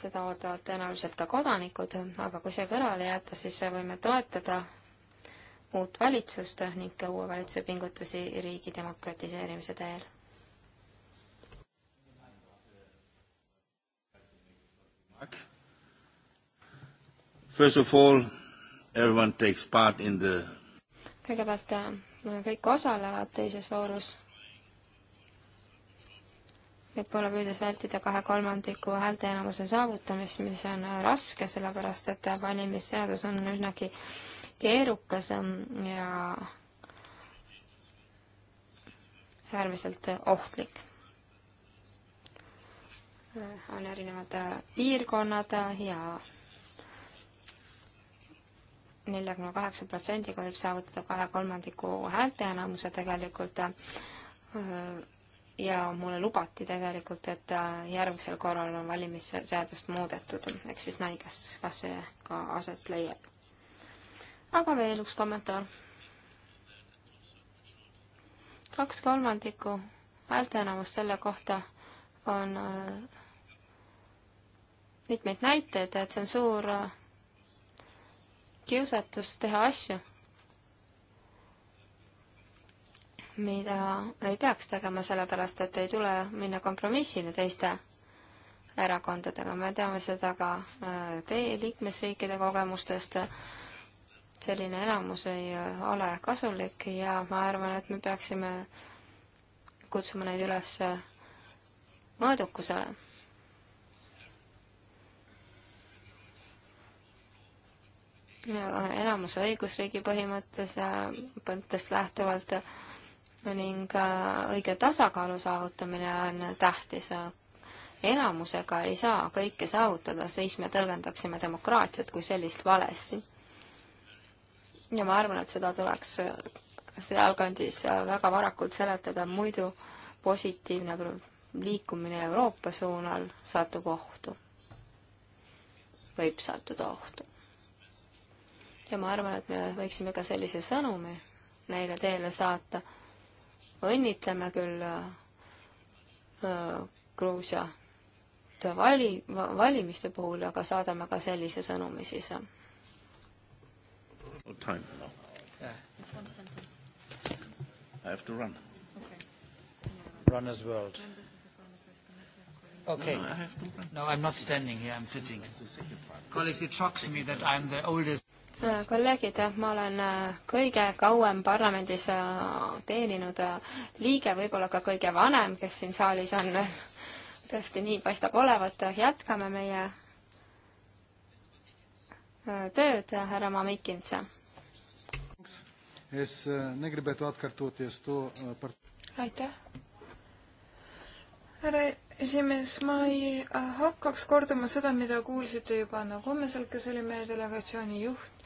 seda ootavad tõenäoliselt ka kodanikud, aga kui see kõrvale jätta, siis võime toetada uut valitsust ning ka uue valitsuse pingutusi riigi demokratiseerimise teel. First of all, everyone takes part in the kõigepealt äh, kõik osalevad teises voorus. võib-olla püüdes vältida kahe kolmandiku häälteenamuse saavutamist, mis on äh, raske, sellepärast et äh, valimisseadus on üsnagi keerukas ähm, ja äärmiselt ohtlik. on erinevad piirkonnad ja neljakümne kaheksa protsendiga võib saavutada kahe kolmandiku häälteenamuse tegelikult ja mulle lubati tegelikult, et järgmisel korral on valimisseadust muudetud, ehk siis näi, kas, kas see ka aset leiab. aga veel üks kommentaar. kaks kolmandikku häälteenamust selle kohta on äh, mitmeid näiteid, et see on suur äh, kiusatus teha asju, mida ei peaks tegema, sellepärast et ei tule minna kompromissile teiste erakondadega, me teame seda ka äh, teie liikmesriikide kogemustest, selline enamus ei äh, ole kasulik ja ma arvan, et me peaksime kutsuma neid üles äh, mõõdukusele enamuse õigusriigi põhimõttes, põhimõttest lähtuvalt ning äh, õige tasakaalu saavutamine on tähtis. enamusega ei saa kõike saavutada, siis me tõlgendaksime demokraatiat kui sellist valesti. ja ma arvan, et seda tuleks äh, sealkandis äh, väga varakult seletada, muidu positiivne liikumine Euroopa suunal satub ohtu, võib sattuda ohtu ja ma arvan, et me võiksime ka sellise sõnumi neile teele saata. õnnitleme küll äh, äh, Gruusia vali, valimiste puhul, aga saadame ka sellise sõnumi siis. I have to run. Okay. Runner's world. Okay. No, I have to run. no, I'm not standing here, I'm sitting. Colleagues, it shocks me that I'm the oldest kolleegid, ma olen äh, kõige kauem parlamendis äh, teeninud äh, liige, võib-olla ka kõige vanem, kes siin saalis on. *laughs* tõesti, nii paistab olevat, jätkame meie tööd, härra Mamikins. aitäh. härra esimees, ma ei hakkaks kordama seda, mida kuulsite juba Anna nagu Kommeselt, kes oli meie delegatsiooni juht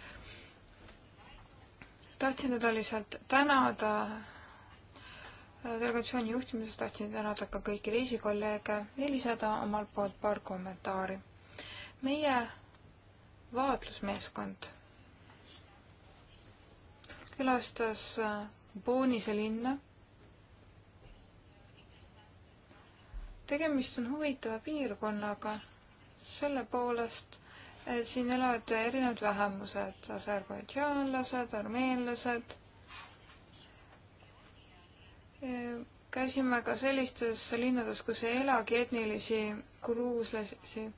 tahtsin teda lihtsalt tänada äh, delegatsiooni juhtimises, tahtsin tänada ka kõiki teisi kolleege ja lisada omalt poolt paar kommentaari. meie vaatlusmeeskond külastas äh, Boonise linna. tegemist on huvitava piirkonnaga selle poolest siin elavad erinevad vähemused, aserbaidžaanlased, armeenlased. käisime ka sellistes linnades, kus ei elagi etnilisi gruuslasi.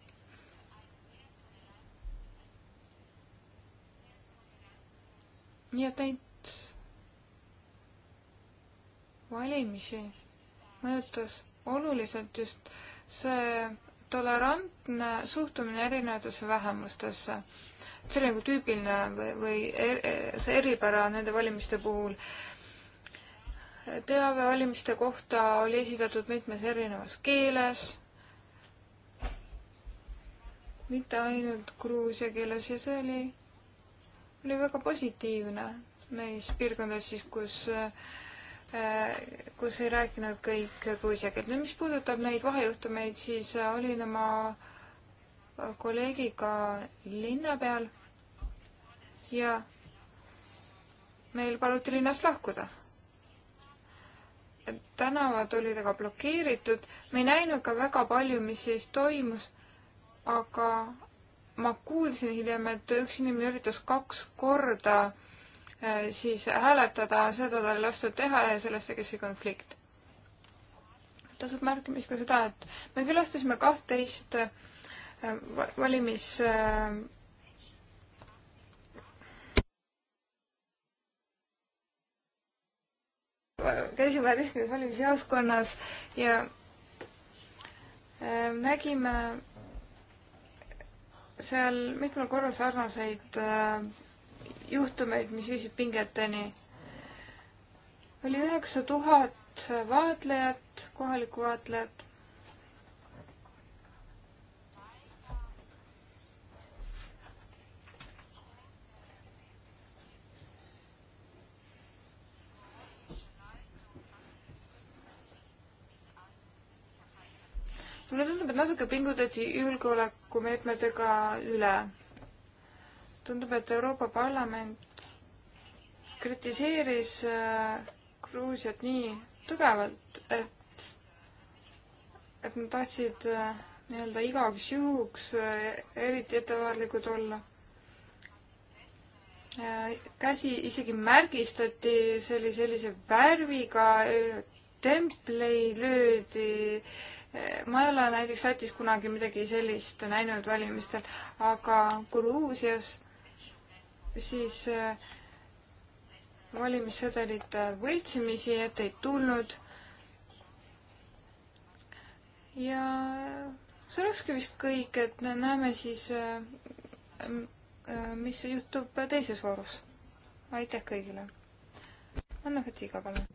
nii et neid valimisi mõjutas oluliselt just see tolerantne suhtumine erinevatesse vähemustesse. see oli nagu tüüpiline või, või er, see eripära nende valimiste puhul. teave valimiste kohta oli esitatud mitmes erinevas keeles, mitte ainult gruusia keeles ja see oli, oli väga positiivne neis piirkondades siis, kus äh, kus ei rääkinud kõik gruusia keelt. nüüd, mis puudutab neid vahejuhtumeid, siis äh, olin oma äh, kolleegiga linna peal ja meil paluti linnast lahkuda. tänavad olid aga blokeeritud, me ei näinud ka väga palju, mis siis toimus, aga ma kuulsin hiljem, et üks inimene üritas kaks korda äh, Äh, siis hääletada, seda tal ei lastud teha ja sellest tekkis see konflikt. tasub märkimist ka seda, et me külastasime kahtteist äh, valimis äh, käisime üheteistkümnes valimisjaoskonnas ja äh, nägime seal mitmel korral sarnaseid äh, juhtumeid, mis viisid pingeteni. oli üheksa tuhat vaatlejat, kohalikku vaatlejat. mulle tundub, et natuke pingutati julgeolekumeetmetega üle tundub, et Euroopa Parlament kritiseeris äh, Gruusiat nii tugevalt, et, et nad tahtsid äh, nii-öelda igaks juhuks äh, eriti ettevaatlikud olla. käsi isegi märgistati sellise, sellise värviga, templeid löödi. ma ei ole näiteks Lätis kunagi midagi sellist näinud valimistel, aga Gruusias siis äh, valimissedelite võltsimisi ette ei tulnud. ja see olekski vist kõik, et näeme siis, äh, äh, mis juhtub teises voorus. aitäh kõigile. Anna Fatiga, palun.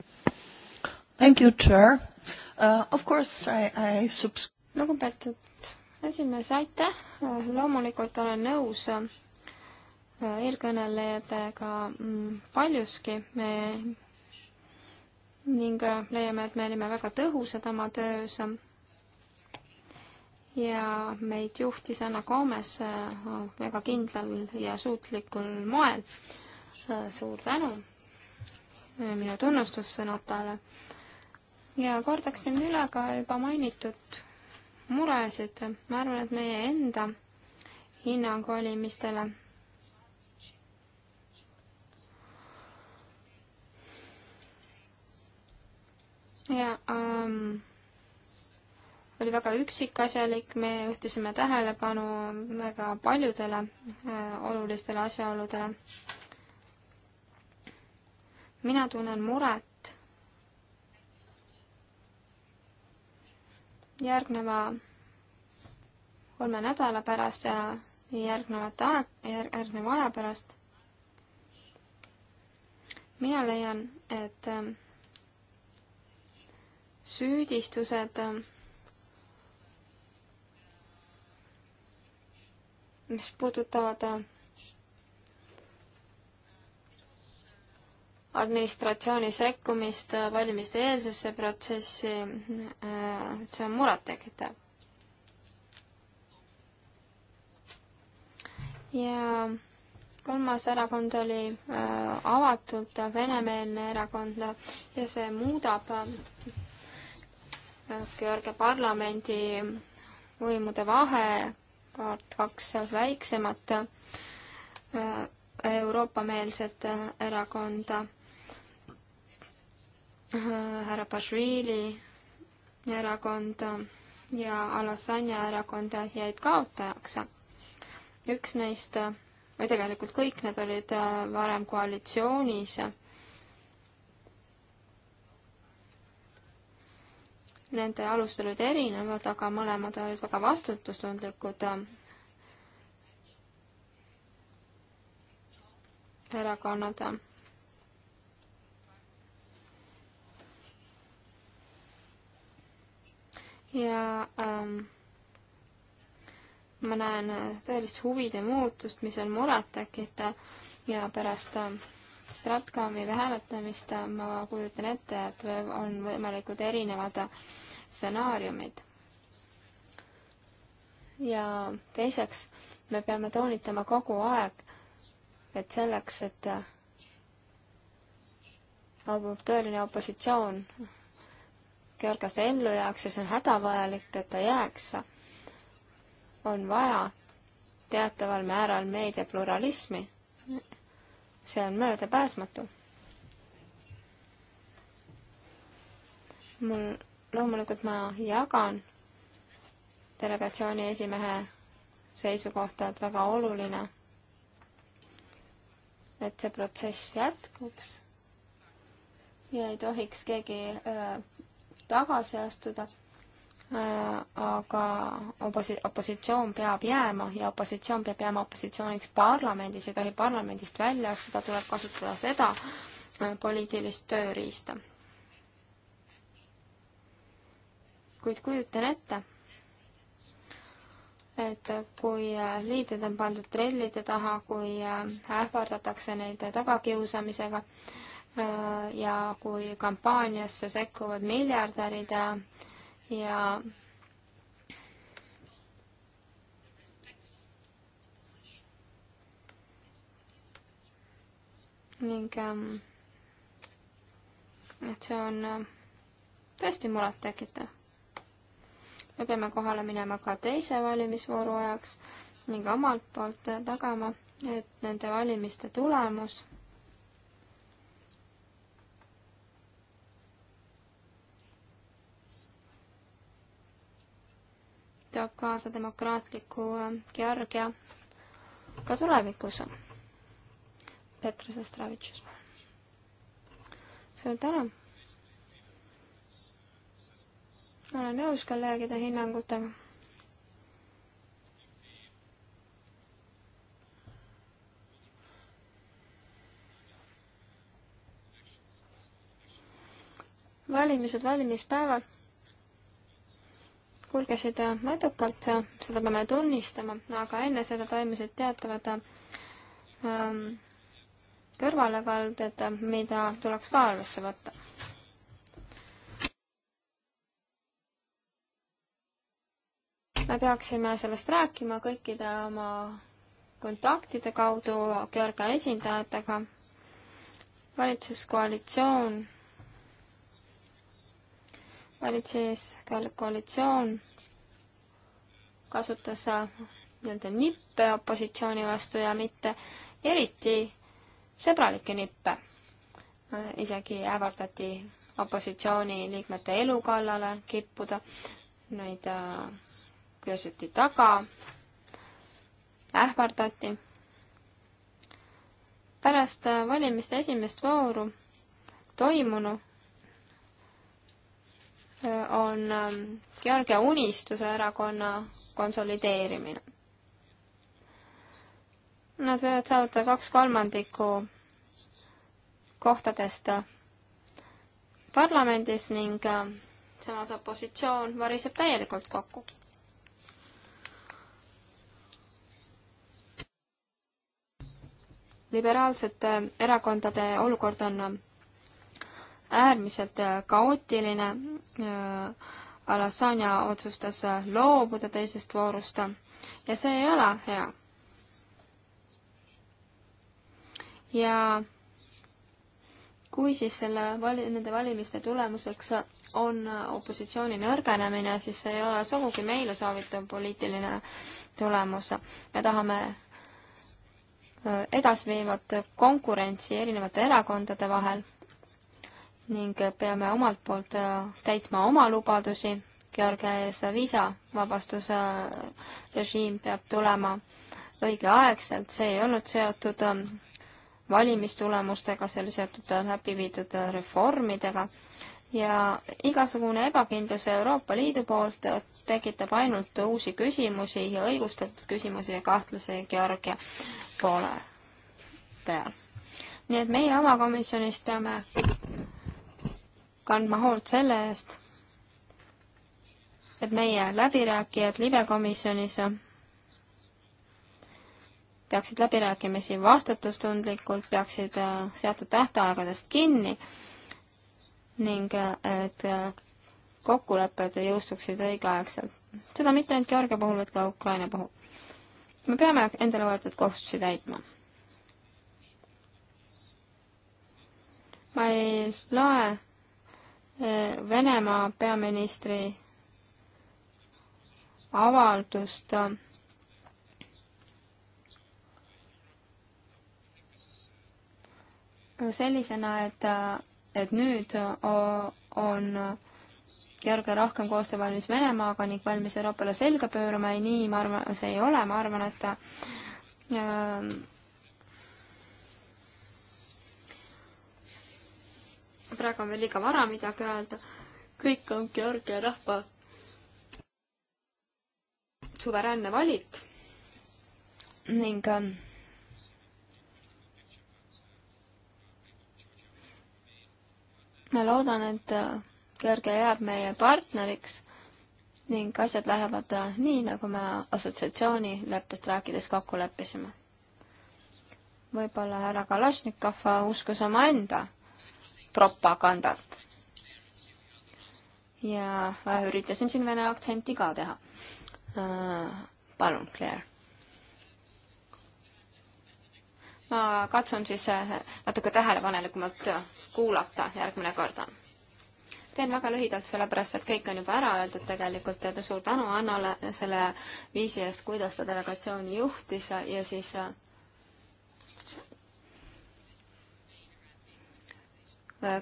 Thank you, chair uh,. Of course I, I subs-. lugupeetud esimees, aitäh. loomulikult olen nõus eelkõnelejatega mm, paljuski. me ning äh, leiame, et me olime väga tõhusad oma töös. ja meid juhtis Anna Koomes äh, väga kindlal ja suutlikul moel. Äh, suur tänu minu tunnustussõnad talle. ja kordaksin üle ka juba mainitud muresid. ma arvan, et meie enda hinnang valimistele ja ähm, oli väga üksikasjalik, me juhtisime tähelepanu väga paljudele äh, olulistele asjaoludele. mina tunnen muret järgneva kolme nädala pärast ja järgnevate aeg, järgneva aja pärast. mina leian, et äh, süüdistused, mis puudutavad administratsiooni sekkumist valimiste eelsesse protsessi, see on murettekitav. ja kolmas erakond oli äh, avatult venemeelne erakond ja see muudab äh, Georgia parlamendi võimude vahe, kaks väiksemat Euroopa-meelset erakonda, härra Bashvili erakond ja Alassania erakond jäid kaotajaks. üks neist, või tegelikult kõik need olid varem koalitsioonis Nende alused olid erinevad, aga mõlemad olid väga vastutustundlikud erakonnad. ja ähm, ma näen tõelist huvide muutust, mis on murettekitav ja pärast äh, Stratkomi hääletamist ma kujutan ette, et on võimalikud erinevad stsenaariumid. ja teiseks, me peame toonitama kogu aeg, et selleks, et tõeline opositsioon Georgiasse ellu jääks ja see on hädavajalik, et ta jääks, on vaja teataval määral meediapluralismi see on möödapääsmatu. mul, loomulikult ma jagan delegatsiooni esimehe seisukohta, et väga oluline, et see protsess jätkuks ja ei tohiks keegi öö, äh, tagasi astuda Äh, aga oposi-, opositsioon peab jääma ja opositsioon peab jääma opositsiooniks parlamendis, ei tohi parlamendist välja astuda, tuleb kasutada seda äh, poliitilist tööriista. kuid kujutan ette, et kui äh, liidrid on pandud trellide taha, kui ähvardatakse neid tagakiusamisega ja kui kampaaniasse sekkuvad miljardärid ja ning ähm, et see on ähm, tõesti murettekitav. me peame kohale minema ka teise valimisvooru ajaks ning omalt poolt tagama, et nende valimiste tulemus toob kaasa demokraatliku äh, Georgia ka tulevikus. Petrus Estravitšus. suur tänu! olen nõus kolleegide hinnangutega. valimised valimispäeval kulgesid mõõdukalt, seda peame tunnistama, aga enne seda toimusid teatavad ähm, kõrvalekalded, mida tuleks ka arvesse võtta. me peaksime sellest rääkima kõikide oma kontaktide kaudu Georgia esindajatega. valitsuskoalitsioon olid siis koalitsioon, kasutas äh, nii-öelda nippe opositsiooni vastu ja mitte eriti sõbralikke nippe. Äh, isegi ähvardati opositsiooniliikmete elu kallale kippuda, neid kiusati äh, taga, ähvardati. pärast valimiste esimest vooru toimunu on ähm, Georgia Unistuse erakonna konsolideerimine. Nad võivad saavutada kaks kolmandikku kohtadest äh, parlamendis ning äh, samas opositsioon variseb täielikult kokku. liberaalsete erakondade olukord on äh, äärmiselt äh, kaootiline. Äh, Alassania otsustas äh, loobuda teisest voorust ja see ei ole hea. ja kui siis selle vali-, nende valimiste tulemuseks on opositsiooni nõrgenemine, siis see ei ole sugugi meile soovitav poliitiline tulemus. me tahame edasiviivat konkurentsi erinevate erakondade vahel ning peame omalt poolt äh, täitma oma lubadusi. Georgia ees viisavabastuse äh, režiim peab tulema õigeaegselt, see ei olnud seotud ähm, valimistulemustega, see oli seotud äh, läbi viidud reformidega ja igasugune ebakindlus Euroopa Liidu poolt tekitab ainult uusi küsimusi ja õigustatud küsimusi ja kahtlasi Georgia poole peal. nii et meie oma komisjonist peame kandma hoolt selle eest, et meie läbirääkijad libekomisjonis peaksid läbirääkimisi vastutustundlikult, peaksid äh, seatud tähtaegadest kinni ning äh, et äh, kokkulepped jõustuksid õigeaegselt. seda mitte ainult Georgia puhul, vaid ka Ukraina puhul. me peame endale võetud kohustusi täitma. ma ei loe Venemaa peaministri avaldust sellisena, et, et nüüd on Georgia rohkem koostöövalmis Venemaaga ning valmis Euroopale selga pöörama ja nii ma arvan, see ei ole, ma arvan, et praegu on veel liiga vara midagi öelda. kõik on Georgia rahva suveräänne valik ning ähm, ma loodan, et äh, Georgia jääb meie partneriks ning asjad lähevad äh, nii, nagu me assotsiatsiooni leppest rääkides kokku leppisime. võib-olla härra Kalašnikov äh, uskus omaenda propagandat. ja äh, üritasin siin vene aktsenti ka teha äh,. palun, Claire. ma katsun siis äh, natuke tähelepanelikumalt äh, kuulata järgmine kord teen väga lühidalt, sellepärast et kõik on juba ära öeldud tegelikult ja suur tänu Annale selle viisi eest, kuidas ta delegatsiooni juhtis ja siis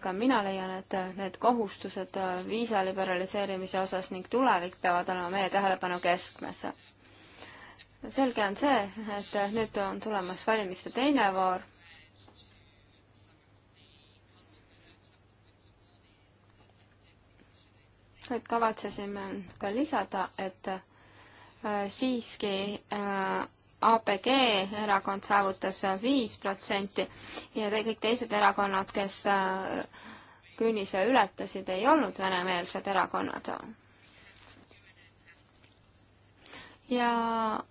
ka mina leian, et need kohustused viisa liberaliseerimise osas ning tulevik peavad olema meie tähelepanu keskmes. selge on see, et nüüd on tulemas valimiste teine voor. et kavatsesime ka lisada, et äh, siiski äh, APG erakond saavutas viis protsenti ja te kõik teised erakonnad, kes äh, künnise ületasid, ei olnud venemeelsed erakonnad. ja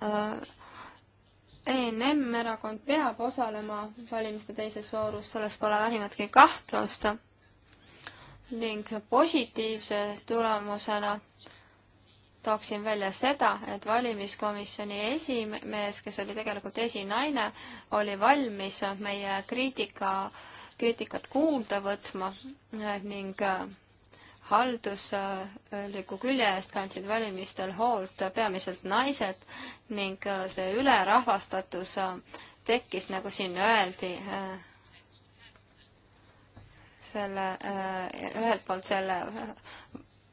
äh, ENM erakond peab osalema valimiste teises voorus, selles pole vähimatki kahtlust ning positiivse tulemusena tooksin välja seda, et valimiskomisjoni esimees, kes oli tegelikult esinaine, oli valmis meie kriitika, kriitikat kuulda võtma ning äh, haldusliku külje eest kandsid valimistel hoolt peamiselt naised ning äh, see ülerahvastatus äh, tekkis, nagu siin öeldi, selle, ühelt poolt selle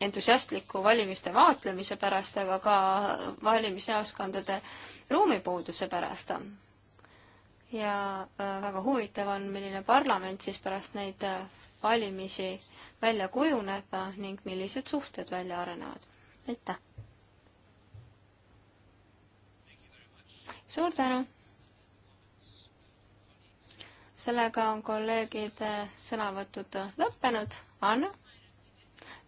entusiastliku valimiste vaatlemise pärast, aga ka valimisjaoskondade ruumipuuduse pärast. ja äh, väga huvitav on, milline parlament siis pärast neid äh, valimisi välja kujuneb äh, ning millised suhted välja arenevad. aitäh! suur tänu! sellega on kolleegide sõnavõtud lõppenud. Anna?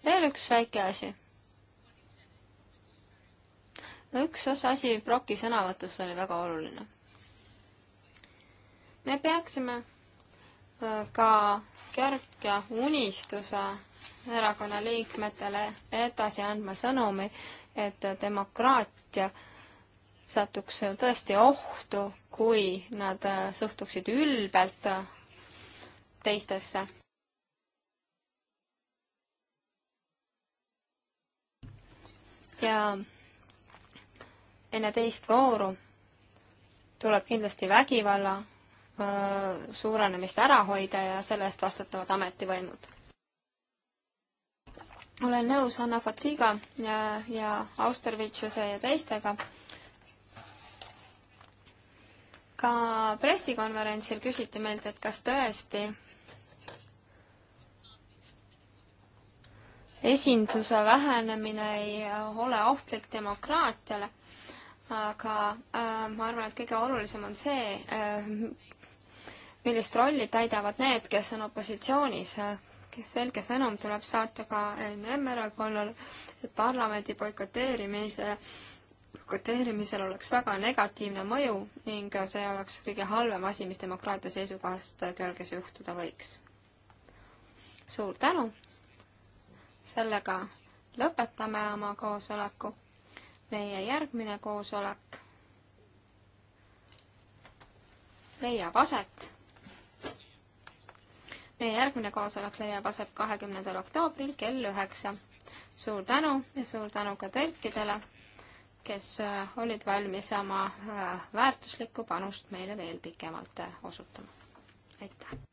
veel üks väike asi. üks osa asi Broki sõnavõtust oli väga oluline. me peaksime äh, ka Kärk ja Unistuse erakonna liikmetele edasi andma sõnumi, et demokraatia satuks tõesti ohtu, kui nad äh, suhtuksid ülbelt teistesse ja enne teist vooru tuleb kindlasti vägivalla äh, suurenemist ära hoida ja selle eest vastutavad ametivõimud. olen nõus Anna Fatiga ja, ja Austervitsuse ja teistega. ka pressikonverentsil küsiti meilt, et kas tõesti esinduse vähenemine ei äh, ole ohtlik demokraatiale, aga äh, ma arvan, et kõige olulisem on see äh,, millist rolli täidavad need, kes on opositsioonis. selge sõnum tuleb saata ka ENM erakonnale, et parlamendi boikoteerimise boikoteerimisel oleks väga negatiivne mõju ning see oleks kõige halvem asi, mis demokraatia seisukohast äh, Georgias juhtuda võiks. suur tänu, sellega lõpetame oma koosoleku. meie järgmine koosolek leiab aset. meie järgmine koosolek leiab aset kahekümnendal oktoobril kell üheksa. suur tänu ja suur tänu ka tõlkidele, kes äh, olid valmis oma äh, väärtuslikku panust meile veel pikemalt äh, osutama. aitäh!